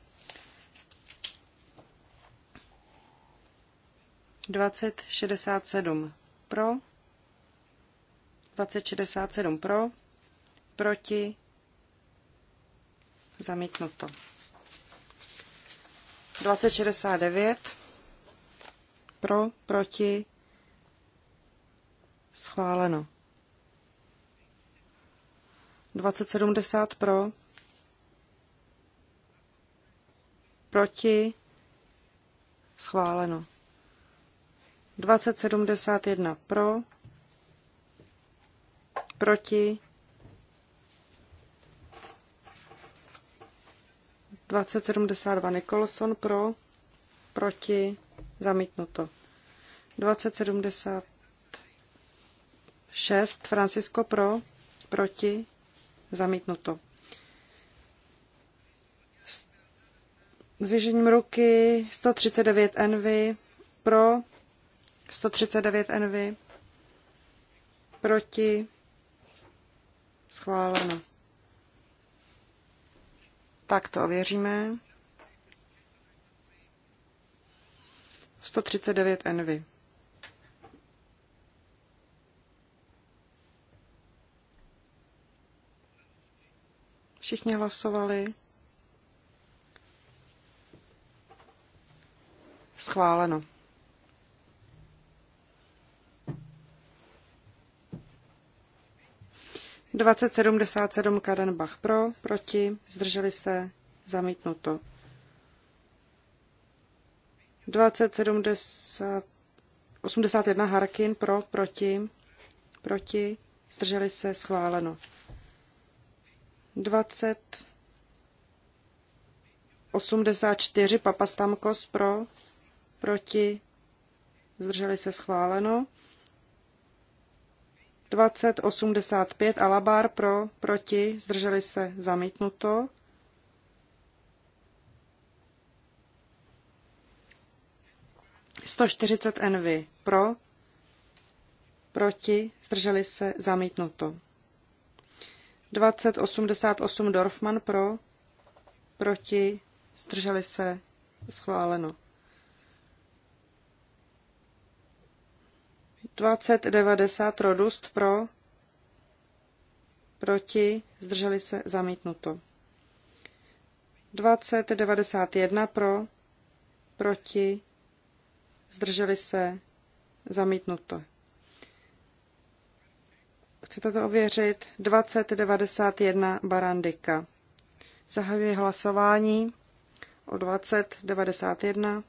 sedm pro, sedm pro, proti, Zamítnuto. 2069 pro, proti, schváleno. 2070 pro, proti, schváleno. 2071 pro, proti, 2072 Nicholson pro, proti, zamítnuto. 2076 Francisco pro, proti, zamítnuto. S vyžením ruky 139 Envy pro, 139 Envy proti, schváleno. Tak to ověříme. 139 envy. Všichni hlasovali. Schváleno. 2077 Kadenbach pro, proti, zdrželi se, zamítnuto. 2081 Harkin pro, proti, proti, zdrželi se, schváleno. 2084 Papastamkos pro, proti, zdrželi se, schváleno. 2085 Alabar pro, proti, zdrželi se zamítnuto. Sto čtyřicet envy pro, proti, zdrželi se zamítnuto. 2088 Dorfman pro, proti, zdrželi se schváleno. 2090 Rodust pro, proti, zdrželi se, zamítnuto. 2091 pro, proti, zdrželi se, zamítnuto. Chcete to ověřit? 2091 Barandika. Zahajuji hlasování o 2091.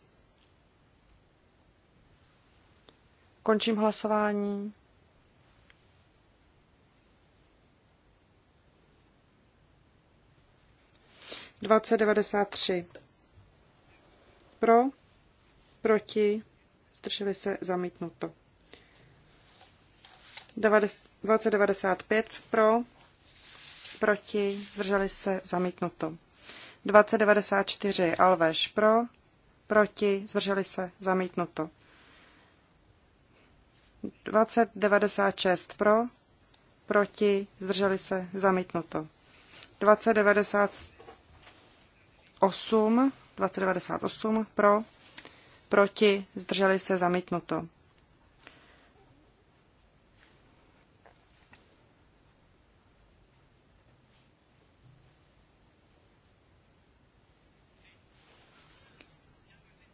Končím hlasování. Dvacet devadesát tři. Pro, proti, zdrželi se, zamítnuto. 2095 pro, proti, zdrželi se, zamítnuto. 2094 Alveš pro, proti, zdrželi se, zamítnuto. 2096 pro, proti, zdrželi se, zamítnuto. 2098, 2098 pro, proti, zdrželi se, zamítnuto.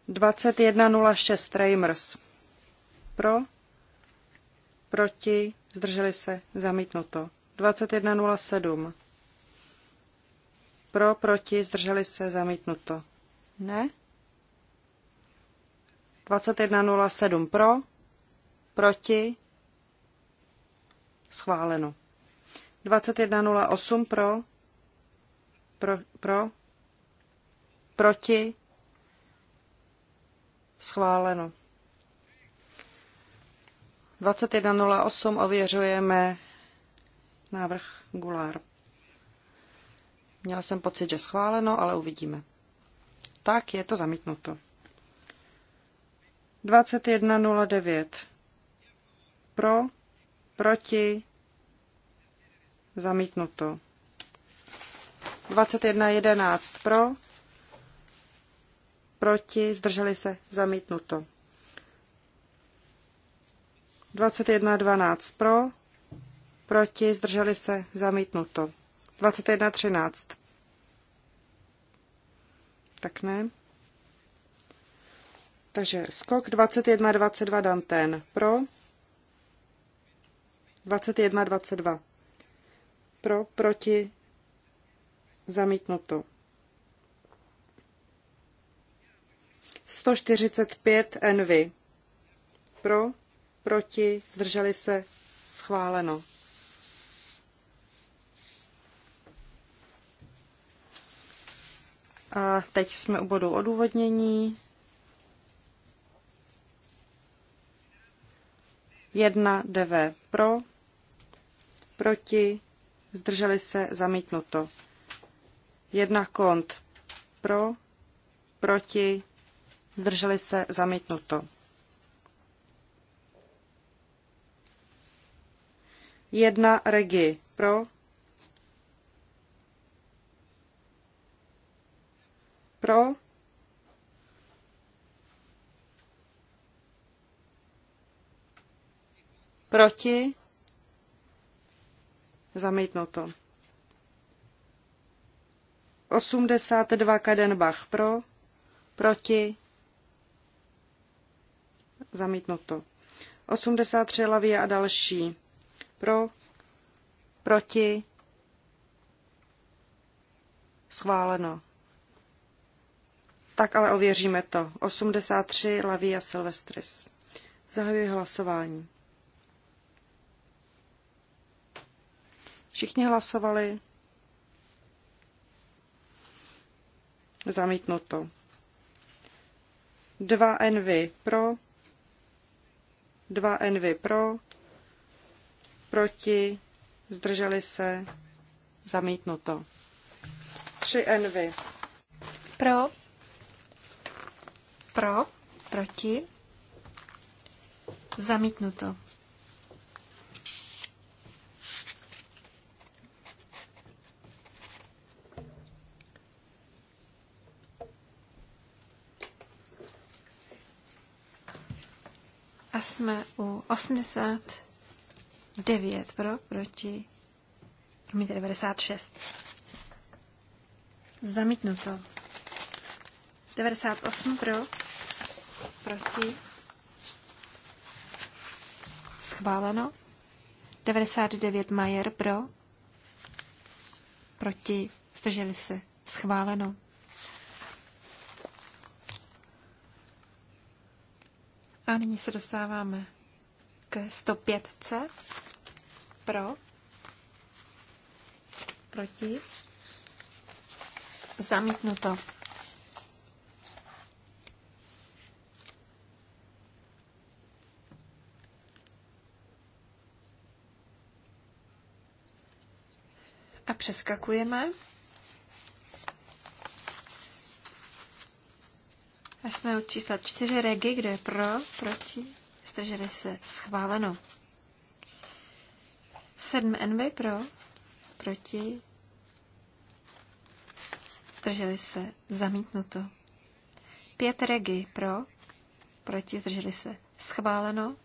Dvacet jedna nula šest Reimers. Pro, proti, zdrželi se, zamítnuto. 2107. Pro, proti, zdrželi se, zamítnuto. Ne? 2107 pro, proti, schváleno. 2108 pro, pro, pro, proti, schváleno. 2108 ověřujeme návrh Gulár. Měla jsem pocit, že schváleno, ale uvidíme. Tak je to zamítnuto. 21.09. Pro, proti, zamítnuto. 21.11. Pro, proti, zdrželi se, zamítnuto. 21.12 pro, proti, zdrželi se, zamítnuto. 21.13. Tak ne. Takže skok 21.22 Danten pro, 21.22 pro, proti, zamítnuto. 145 envy pro, proti, zdrželi se, schváleno. A teď jsme u bodu odůvodnění. Jedna DV pro, proti, zdrželi se, zamítnuto. Jedna kont pro, proti, zdrželi se, zamítnuto. jedna regi pro, pro, proti, zamítnuto. 82 Kadenbach pro, proti, zamítnuto. 83 Lavie a další pro, proti, schváleno. Tak ale ověříme to. 83 a Silvestris. Zahajuji hlasování. Všichni hlasovali. Zamítnuto. 2 NV pro. 2 NV pro proti, zdrželi se, zamítnuto. 3 envy. Pro, pro, proti, zamítnuto. A jsme u 80 9 pro, proti, promiňte, 96. Zamítnuto. 98 pro, proti, schváleno. 99 Majer pro, proti, zdrželi se, schváleno. A nyní se dostáváme k 105C. Pro. Proti. Zamítnuto. A přeskakujeme. Až jsme u čísla 4 regi, kde je pro, proti, zdrželi se, schváleno. 7 NV pro, proti, zdrželi se, zamítnuto. 5 Regi pro, proti, zdrželi se, schváleno.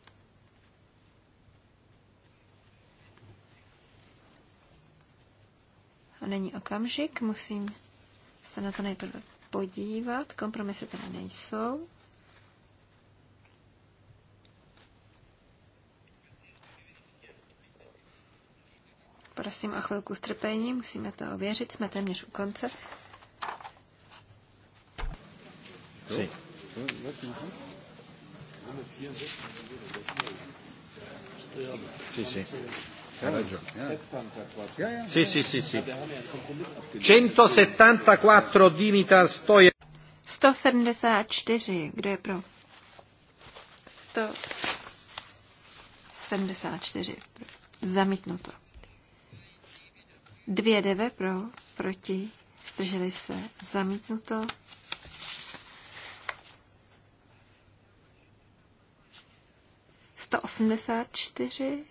A není okamžik, musím se na to nejprve podívat. Kompromisy tady nejsou. Prosím o chvilku strpení, musíme to ověřit, jsme téměř u konce. Sí. Sì, sì. sí, Sì, sì, sì, sì. 174 174, kdo je pro? 174. Zamítnuto. Dvě deve pro, proti, zdrželi se, zamítnuto. Sto osmdesát čtyři,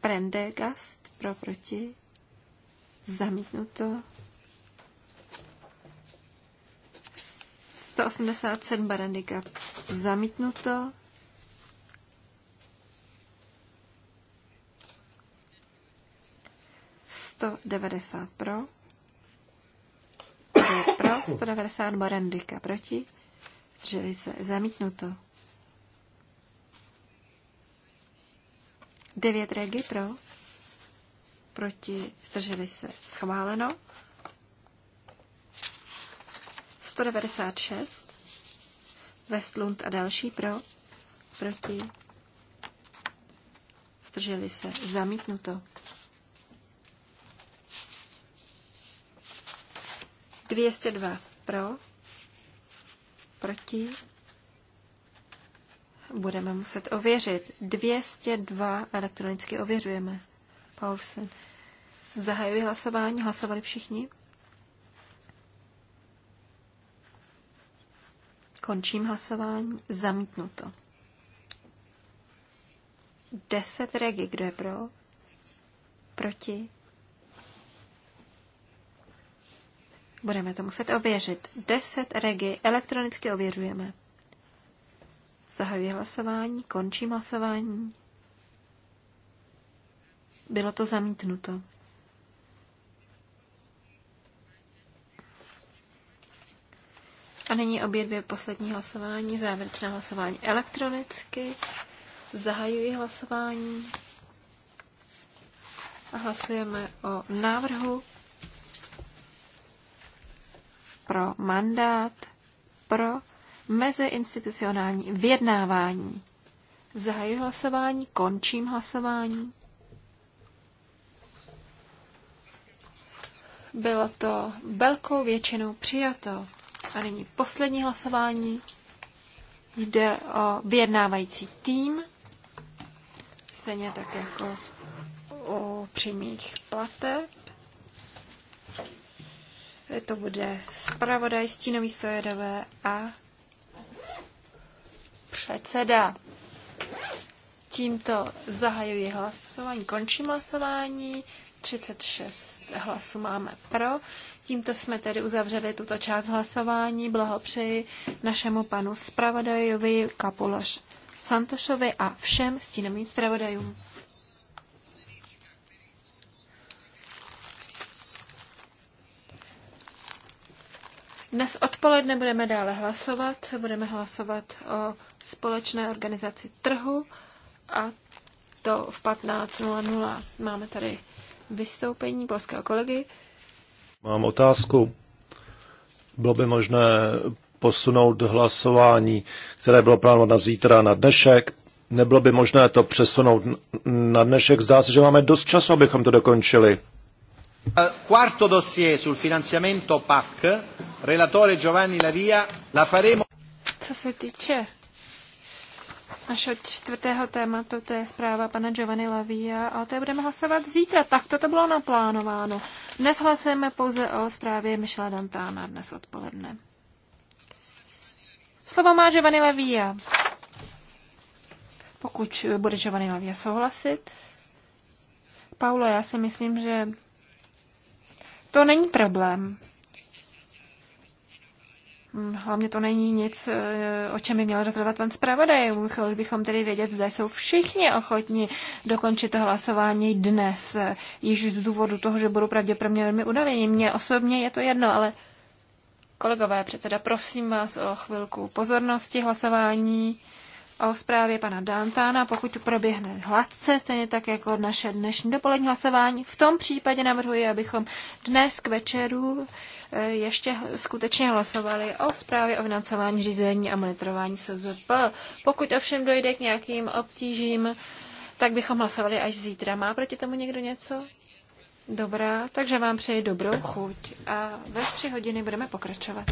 Prendegast pro, proti, zamítnuto. 187 Barandika zamítnuto. 190 pro, je pro, 190 Barandika proti, zdrželi se, zamítnuto. 9 regi pro, proti, zdrželi se, schváleno. 196 Westlund a další pro, proti, zdrželi se, zamítnuto. 202 pro, proti, budeme muset ověřit. 202 elektronicky ověřujeme. Paulsen. Zahajuji hlasování. Hlasovali všichni? Končím hlasování. Zamítnuto. 10 regi. Kdo je pro? Proti? Budeme to muset ověřit. 10 regi elektronicky ověřujeme. Zahajuji hlasování, končím hlasování. Bylo to zamítnuto. A nyní obě dvě poslední hlasování, závěrečné hlasování elektronicky. Zahajuji hlasování a hlasujeme o návrhu pro mandát pro meziinstitucionální vyjednávání. Zahajuji hlasování, končím hlasování. Bylo to velkou většinou přijato. A nyní poslední hlasování. Jde o vyjednávající tým, stejně tak jako o přímých plateb. To bude zpravodaj, stínový stojedové a předseda. Tímto zahajuji hlasování, končím hlasování. 36 hlasů máme pro. Tímto jsme tedy uzavřeli tuto část hlasování. Blahopřeji našemu panu zpravodajovi Kapulaš Santošovi a všem stínovým zpravodajům. Dnes odpoledne budeme dále hlasovat. Budeme hlasovat o společné organizaci trhu a to v 15.00. Máme tady vystoupení polského kolegy. Mám otázku. Bylo by možné posunout hlasování, které bylo plánováno na zítra, na dnešek? Nebylo by možné to přesunout na dnešek? Zdá se, že máme dost času, abychom to dokončili. Eh, quarto dossier sul finanziamento PAC, relatore Giovanni Lavia, la faremo... Co se týče našeho čtvrtého tématu, to je zpráva pana Giovanni Lavia a o té budeme hlasovat zítra. Tak to bylo naplánováno. Dnes hlasujeme pouze o zprávě Michela Dantána dnes odpoledne. Slovo má Giovanni Lavia. Pokud bude Giovanni Lavia souhlasit. Paulo, já si myslím, že to není problém. Hm, hlavně to není nic, eh, o čem by měl rozhodovat pan zpravodaj. Chtěli bychom tedy vědět, zda jsou všichni ochotni dokončit to hlasování dnes, eh, již z důvodu toho, že budou pravděpodobně velmi udavení. Mně osobně je to jedno, ale kolegové předseda, prosím vás o chvilku pozornosti hlasování o zprávě pana Dantána, pokud proběhne hladce, stejně tak jako naše dnešní dopolední hlasování. V tom případě navrhuji, abychom dnes k večeru eh, ještě skutečně hlasovali o zprávě o financování řízení a monitorování SZP. Pokud ovšem dojde k nějakým obtížím, tak bychom hlasovali až zítra. Má proti tomu někdo něco? Dobrá, takže vám přeji dobrou chuť a ve tři hodiny budeme pokračovat.